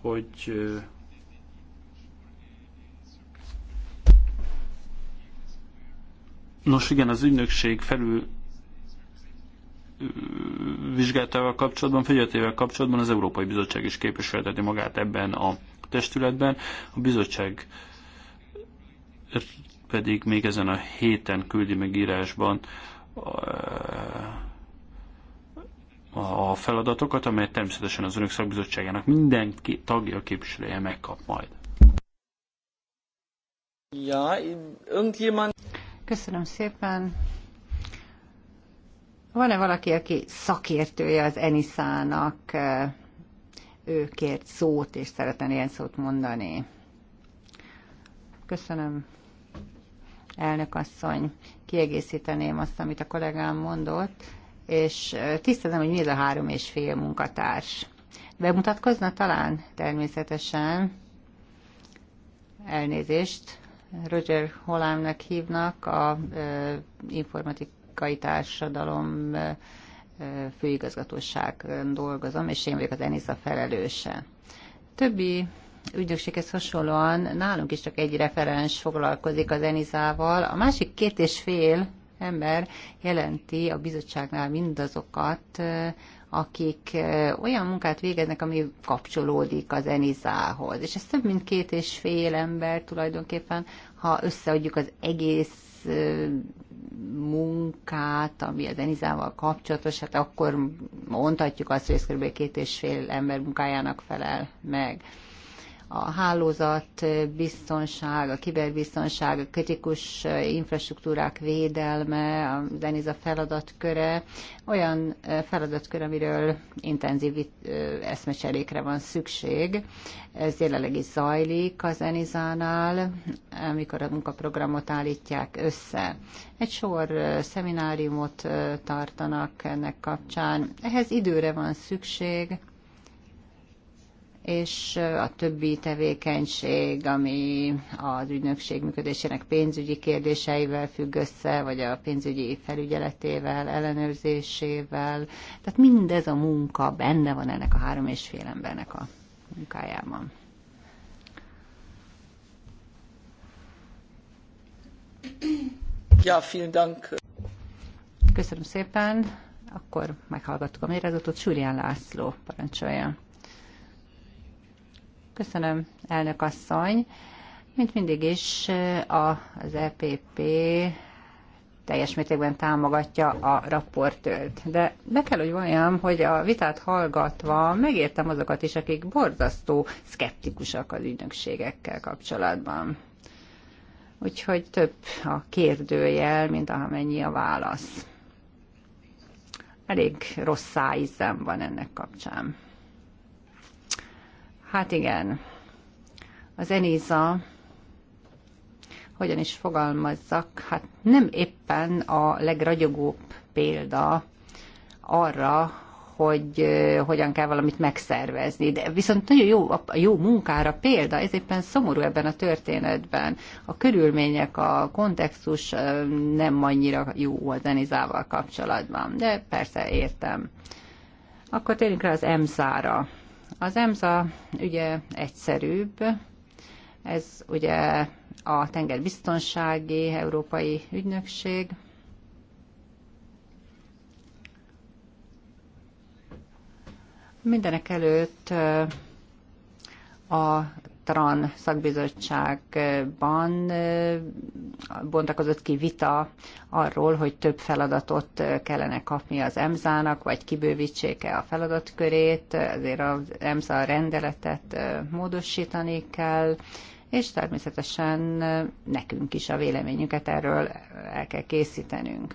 hogy Nos igen, az ügynökség felül vizsgáltával kapcsolatban, felületével kapcsolatban az Európai Bizottság is képviselteti magát ebben a testületben. A bizottság pedig még ezen a héten küldi meg írásban a feladatokat, amelyet természetesen az önök szakbizottságának minden tagja képviselője megkap majd. Ja, irgendjemand... Köszönöm szépen. Van-e valaki, aki szakértője az Enisának? Ő kért szót, és szeretne ilyen szót mondani. Köszönöm, elnök asszony. Kiegészíteném azt, amit a kollégám mondott és tisztázom, hogy mi ez a három és fél munkatárs. Bemutatkozna talán? Természetesen. Elnézést. Roger Holámnak hívnak, a e, informatikai társadalom e, főigazgatóságon dolgozom, és én vagyok az ENISZA felelőse. Többi ügynökséghez hasonlóan nálunk is csak egy referens foglalkozik az ENISZ-ával, a másik két és fél ember jelenti a bizottságnál mindazokat, akik olyan munkát végeznek, ami kapcsolódik az Enizához. És ez több mint két és fél ember tulajdonképpen, ha összeadjuk az egész munkát, ami az Enizával kapcsolatos, hát akkor mondhatjuk azt, hogy ez kb. két és fél ember munkájának felel meg a hálózat biztonság, a kiberbiztonság, a kritikus infrastruktúrák védelme, a Deniza feladatköre, olyan eh, feladatkör, amiről intenzív eh, eszmecserékre van szükség. Ez jelenleg is zajlik az Enizánál, amikor a munkaprogramot állítják össze. Egy sor eh, szemináriumot tartanak ennek kapcsán. Ehhez időre van szükség, és a többi tevékenység, ami az ügynökség működésének pénzügyi kérdéseivel függ össze, vagy a pénzügyi felügyeletével, ellenőrzésével. Tehát mindez a munka benne van ennek a három és fél embernek a munkájában. Ja, vielen Dank. Köszönöm szépen. Akkor meghallgattuk a mérezatot. Súrián László parancsolja. Köszönöm, elnök asszony. Mint mindig is eh, az EPP teljes mértékben támogatja a raportőrt. De be kell, hogy valljam, hogy a vitát hallgatva megértem azokat is, akik borzasztó szkeptikusak az ügynökségekkel kapcsolatban. Úgyhogy több a kérdőjel, mint amennyi a válasz. Elég rossz szájízem van ennek kapcsán. Hát igen, az Eniza, hogyan is fogalmazzak, hát nem éppen a legragyogóbb példa arra, hogy hogyan kell valamit megszervezni. De viszont nagyon jó, a jó munkára példa, ez éppen szomorú ebben a történetben. A körülmények, a kontextus nem annyira jó a zenizával kapcsolatban, de persze értem. Akkor térjünk rá az EMSZ-ra. Az EMSA ugye egyszerűbb, ez ugye a tengerbiztonsági európai ügynökség, Mindenek előtt a TRAN szakbizottságban bontakozott ki vita arról, hogy több feladatot kellene kapni az EMSZ-nak, vagy kibővítsék-e a feladatkörét, ezért az EMSZA rendeletet módosítani kell, és természetesen nekünk is a véleményünket erről el kell készítenünk.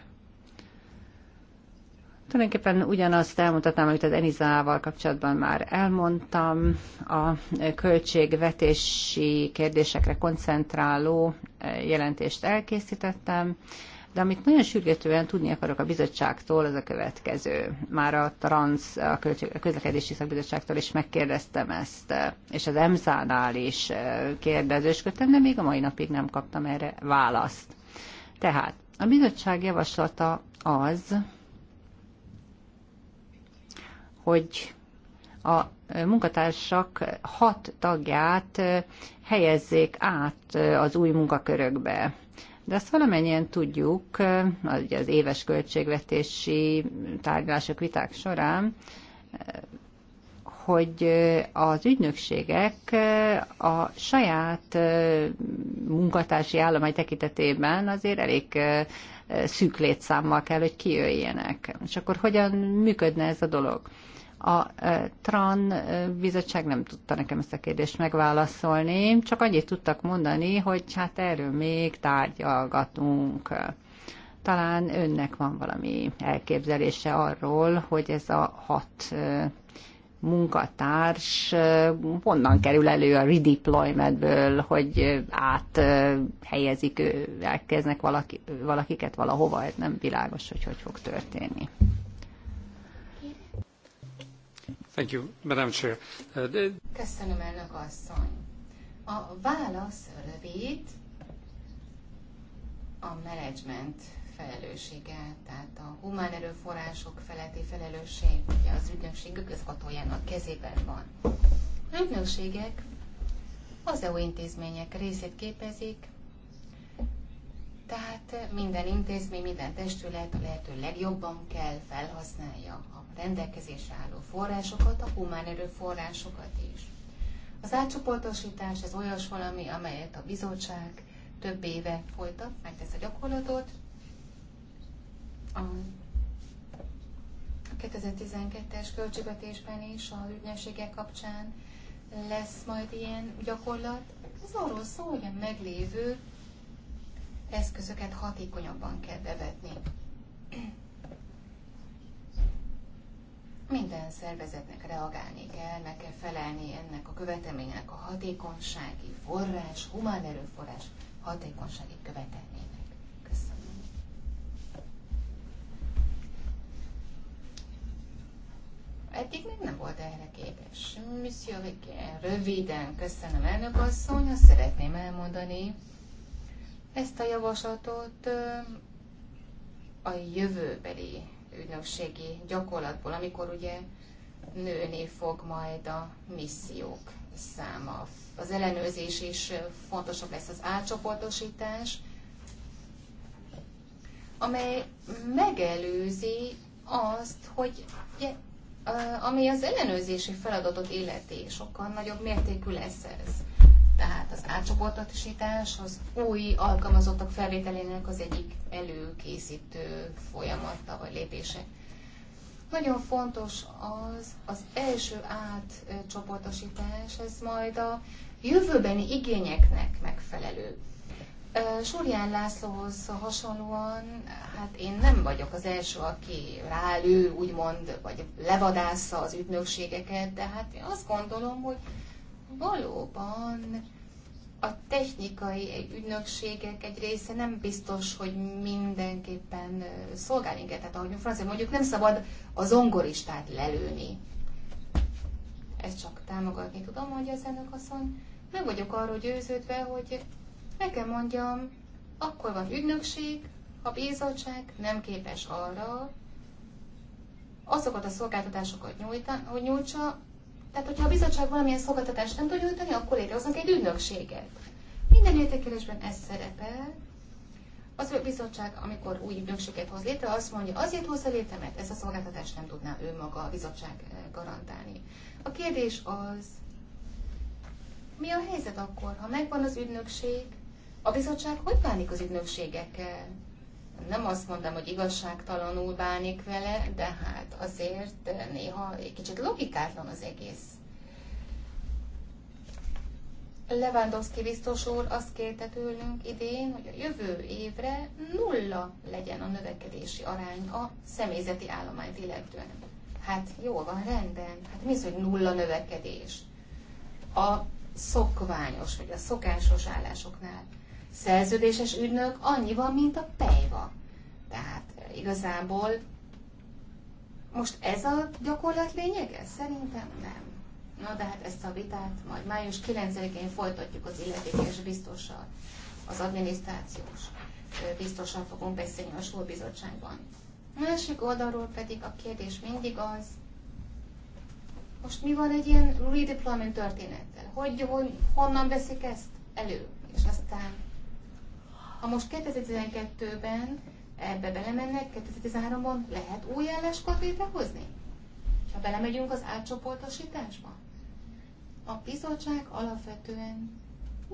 Tulajdonképpen ugyanazt elmondhatnám, amit az Enizával kapcsolatban már elmondtam, a költségvetési kérdésekre koncentráló eh, jelentést elkészítettem, de amit nagyon sürgetően tudni akarok a bizottságtól, az a következő. Már a TRANS, a, közlekedési szakbizottságtól is megkérdeztem ezt, eh, és az EMSZ-nál is eh, kérdezősködtem, de még a mai napig nem kaptam erre választ. Tehát a bizottság javaslata az, hogy a munkatársak hat tagját helyezzék át az új munkakörökbe. De ezt valamennyien tudjuk, ugye az éves költségvetési tárgyalások, viták során, hogy az ügynökségek a saját munkatársi állomány tekintetében azért elég szűk létszámmal kell, hogy kijöjjenek. És akkor hogyan működne ez a dolog? A e, TRAN e, bizottság nem tudta nekem ezt a kérdést megválaszolni, csak annyit tudtak mondani, hogy hát erről még tárgyalgatunk. Talán önnek van valami elképzelése arról, hogy ez a hat e, munkatárs honnan kerül elő a redeploymentből, hogy áthelyezik, elkeznek valaki, valakiket valahova, ez nem világos, hogy hogy fog történni. Thank you, Madam Chair. Uh, Köszönöm, elnök asszony. A válasz rövid, a menedzsment felelőssége, tehát a humán erőforrások feletti felelősség, ugye az ügynökség igazgatójának kezében van. A ügynökségek az EU intézmények részét képezik, tehát eh, minden intézmény, minden testület a lehető legjobban kell felhasználja a rendelkezésre álló forrásokat, a humán erőforrásokat is. Az átcsoportosítás ez olyas valami, amelyet a bizottság több éve folytat, megtesz a gyakorlatot. A 2012-es költségvetésben is a ügynökségek kapcsán lesz majd ilyen gyakorlat. Ez arról szól, hogy a meglévő eszközöket hatékonyabban kell bevetni. Minden szervezetnek reagálni kell, meg kell felelni ennek a követelménynek a hatékonysági forrás, humán erőforrás hatékonysági követelménynek. Köszönöm. Eddig még nem volt erre képes. Monsieur röviden köszönöm elnök asszony, azt szeretném elmondani, ezt a javaslatot a jövőbeli ügynökségi gyakorlatból, amikor ugye nőni fog majd a missziók száma. Az ellenőrzés is fontosabb lesz az átcsoportosítás, amely megelőzi azt, hogy ami az ellenőrzési feladatot illeti, sokkal nagyobb mértékű lesz ez. Tehát az átcsoportosítás az új alkalmazottak felvételének az egyik előkészítő folyamata vagy lépése. Nagyon fontos az, az első átcsoportosítás, ez majd a jövőbeni igényeknek megfelelő. Súrján Lászlóhoz hasonlóan, hát én nem vagyok az első, aki rálő, úgymond, vagy levadásza az ügynökségeket, de hát én azt gondolom, hogy valóban a technikai ügynökségek egy része nem biztos, hogy mindenképpen szolgál minket. Tehát ahogy francia mondjuk nem szabad a zongoristát lelőni. Ezt csak támogatni tudom, hogy az elnök asszony. Meg vagyok arról győződve, hogy meg kell mondjam, akkor van ügynökség, ha bizottság nem képes arra, azokat a szolgáltatásokat hogy nyújtsa, tehát, hogyha a bizottság valamilyen szolgáltatást nem tud nyújtani, akkor létrehoznak egy ügynökséget. Minden értékelésben ez szerepel. Az a bizottság, amikor új ügynökséget hoz létre, azt mondja, azért hozza létre, mert ezt a szolgáltatást nem tudná ő maga a bizottság garantálni. A kérdés az, mi a helyzet akkor, ha megvan az ügynökség, a bizottság hogy bánik az ügynökségekkel? nem azt mondom, hogy igazságtalanul bánik vele, de hát azért eh, néha egy kicsit logikátlan az egész. Lewandowski biztos úr azt kérte tőlünk idén, hogy a jövő évre nulla legyen a növekedési arány a személyzeti állományt illetően. Hát jó van, rendben. Hát mi az, hogy nulla növekedés? A szokványos, vagy a szokásos állásoknál szerződéses ügynök van, mint a pejva. Tehát e, igazából most ez a gyakorlat lényege? Szerintem nem. Na de hát ezt a vitát majd május 9-én folytatjuk az illetékes biztossal, az adminisztrációs e, biztossal fogunk beszélni a sorbizottságban. Másik oldalról pedig a kérdés mindig az, most mi van egy ilyen redeployment történettel? Hogy, hogy honnan veszik ezt elő? És aztán ha most 2012-ben ebbe belemennek, 2013-ban lehet új álláskat létrehozni? Ha belemegyünk az átcsoportosításba? A bizottság alapvetően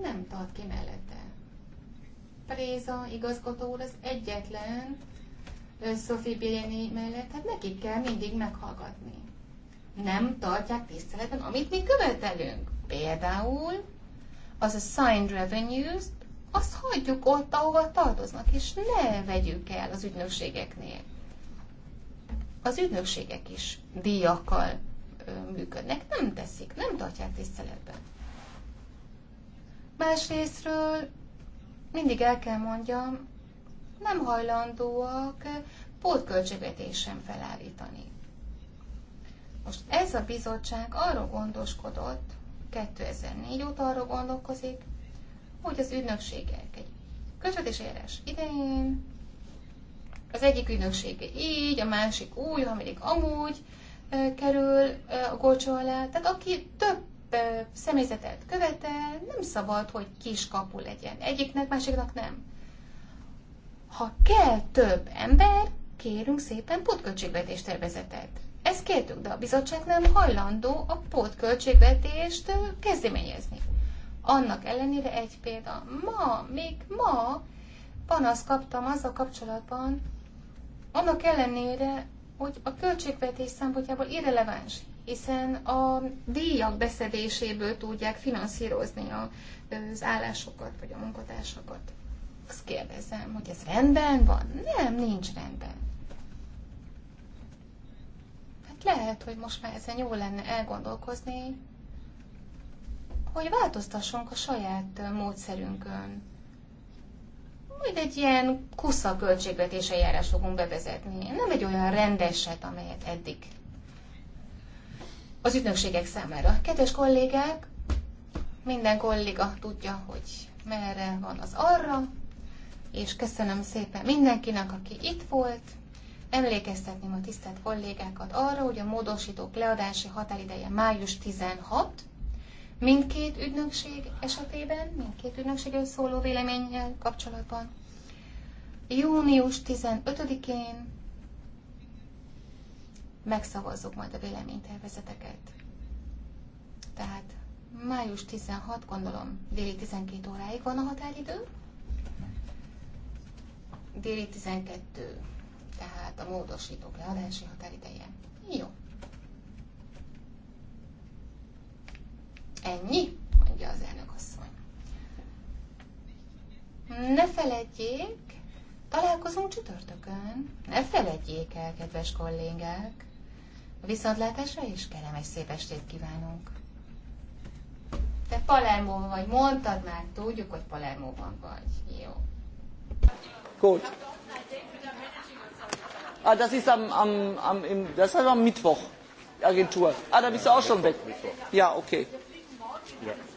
nem tart ki mellette. Préza igazgató úr az egyetlen Sophie Béni mellett, hát nekik kell mindig meghallgatni. Nem tartják tiszteletben, amit mi követelünk. Például az a signed revenues azt hagyjuk ott, ahova tartoznak, és ne vegyük el az ügynökségeknél. Az ügynökségek is díjakkal működnek, nem teszik, nem tartják tiszteletben. Másrésztről mindig el kell mondjam, nem hajlandóak pótköltségvetésen sem felállítani. Most ez a bizottság arról gondoskodott, 2004 óta arról gondolkozik, hogy az ügynökségek egy közvetés eljárás idején, az egyik ügynökség így, a másik úgy, a harmadik amúgy e, kerül e, a golcsó alá. Tehát aki több e, személyzetet követel, nem szabad, hogy kis kapu legyen. Egyiknek, másiknak nem. Ha kell több ember, kérünk szépen pótköltségvetés tervezetet. Ezt kértük, de a bizottság nem hajlandó a pótköltségvetést kezdeményezni. Annak ellenére egy példa. Ma, még ma panaszt kaptam azzal kapcsolatban, annak ellenére, hogy a költségvetés szempontjából irreleváns, hiszen a díjak beszedéséből tudják finanszírozni az állásokat vagy a munkatársakat. Azt kérdezem, hogy ez rendben van? Nem, nincs rendben. Hát lehet, hogy most már ezen jó lenne elgondolkozni, hogy változtassunk a saját módszerünkön. Majd egy ilyen kusza költségvetés eljárás fogunk bevezetni. Nem egy olyan rendeset, amelyet eddig az ügynökségek számára. Kedves kollégák, minden kolléga tudja, hogy merre van az arra, és köszönöm szépen mindenkinek, aki itt volt. Emlékeztetném a tisztelt kollégákat arra, hogy a módosítók leadási határideje május 16, mindkét ügynökség esetében, mindkét ügynökségről szóló véleménnyel kapcsolatban. Június 15-én megszavazzuk majd a véleménytervezeteket. Tehát május 16, gondolom, déli 12 óráig van a határidő. Déli 12, tehát a módosítók leadási határideje. Jó, ennyi? mondja az elnök asszony. Ne feledjék, találkozunk csütörtökön. Ne feledjék el, kedves kollégák. A viszontlátásra és kellemes szép estét kívánunk. Te Palermóban vagy, mondtad már, tudjuk, hogy Palermóban vagy. Jó. Gut. Ah, das ist am, am, am, das ist am Mittwoch, Agentur. Ah, da bist du auch schon weg. Ja, okay. Ja.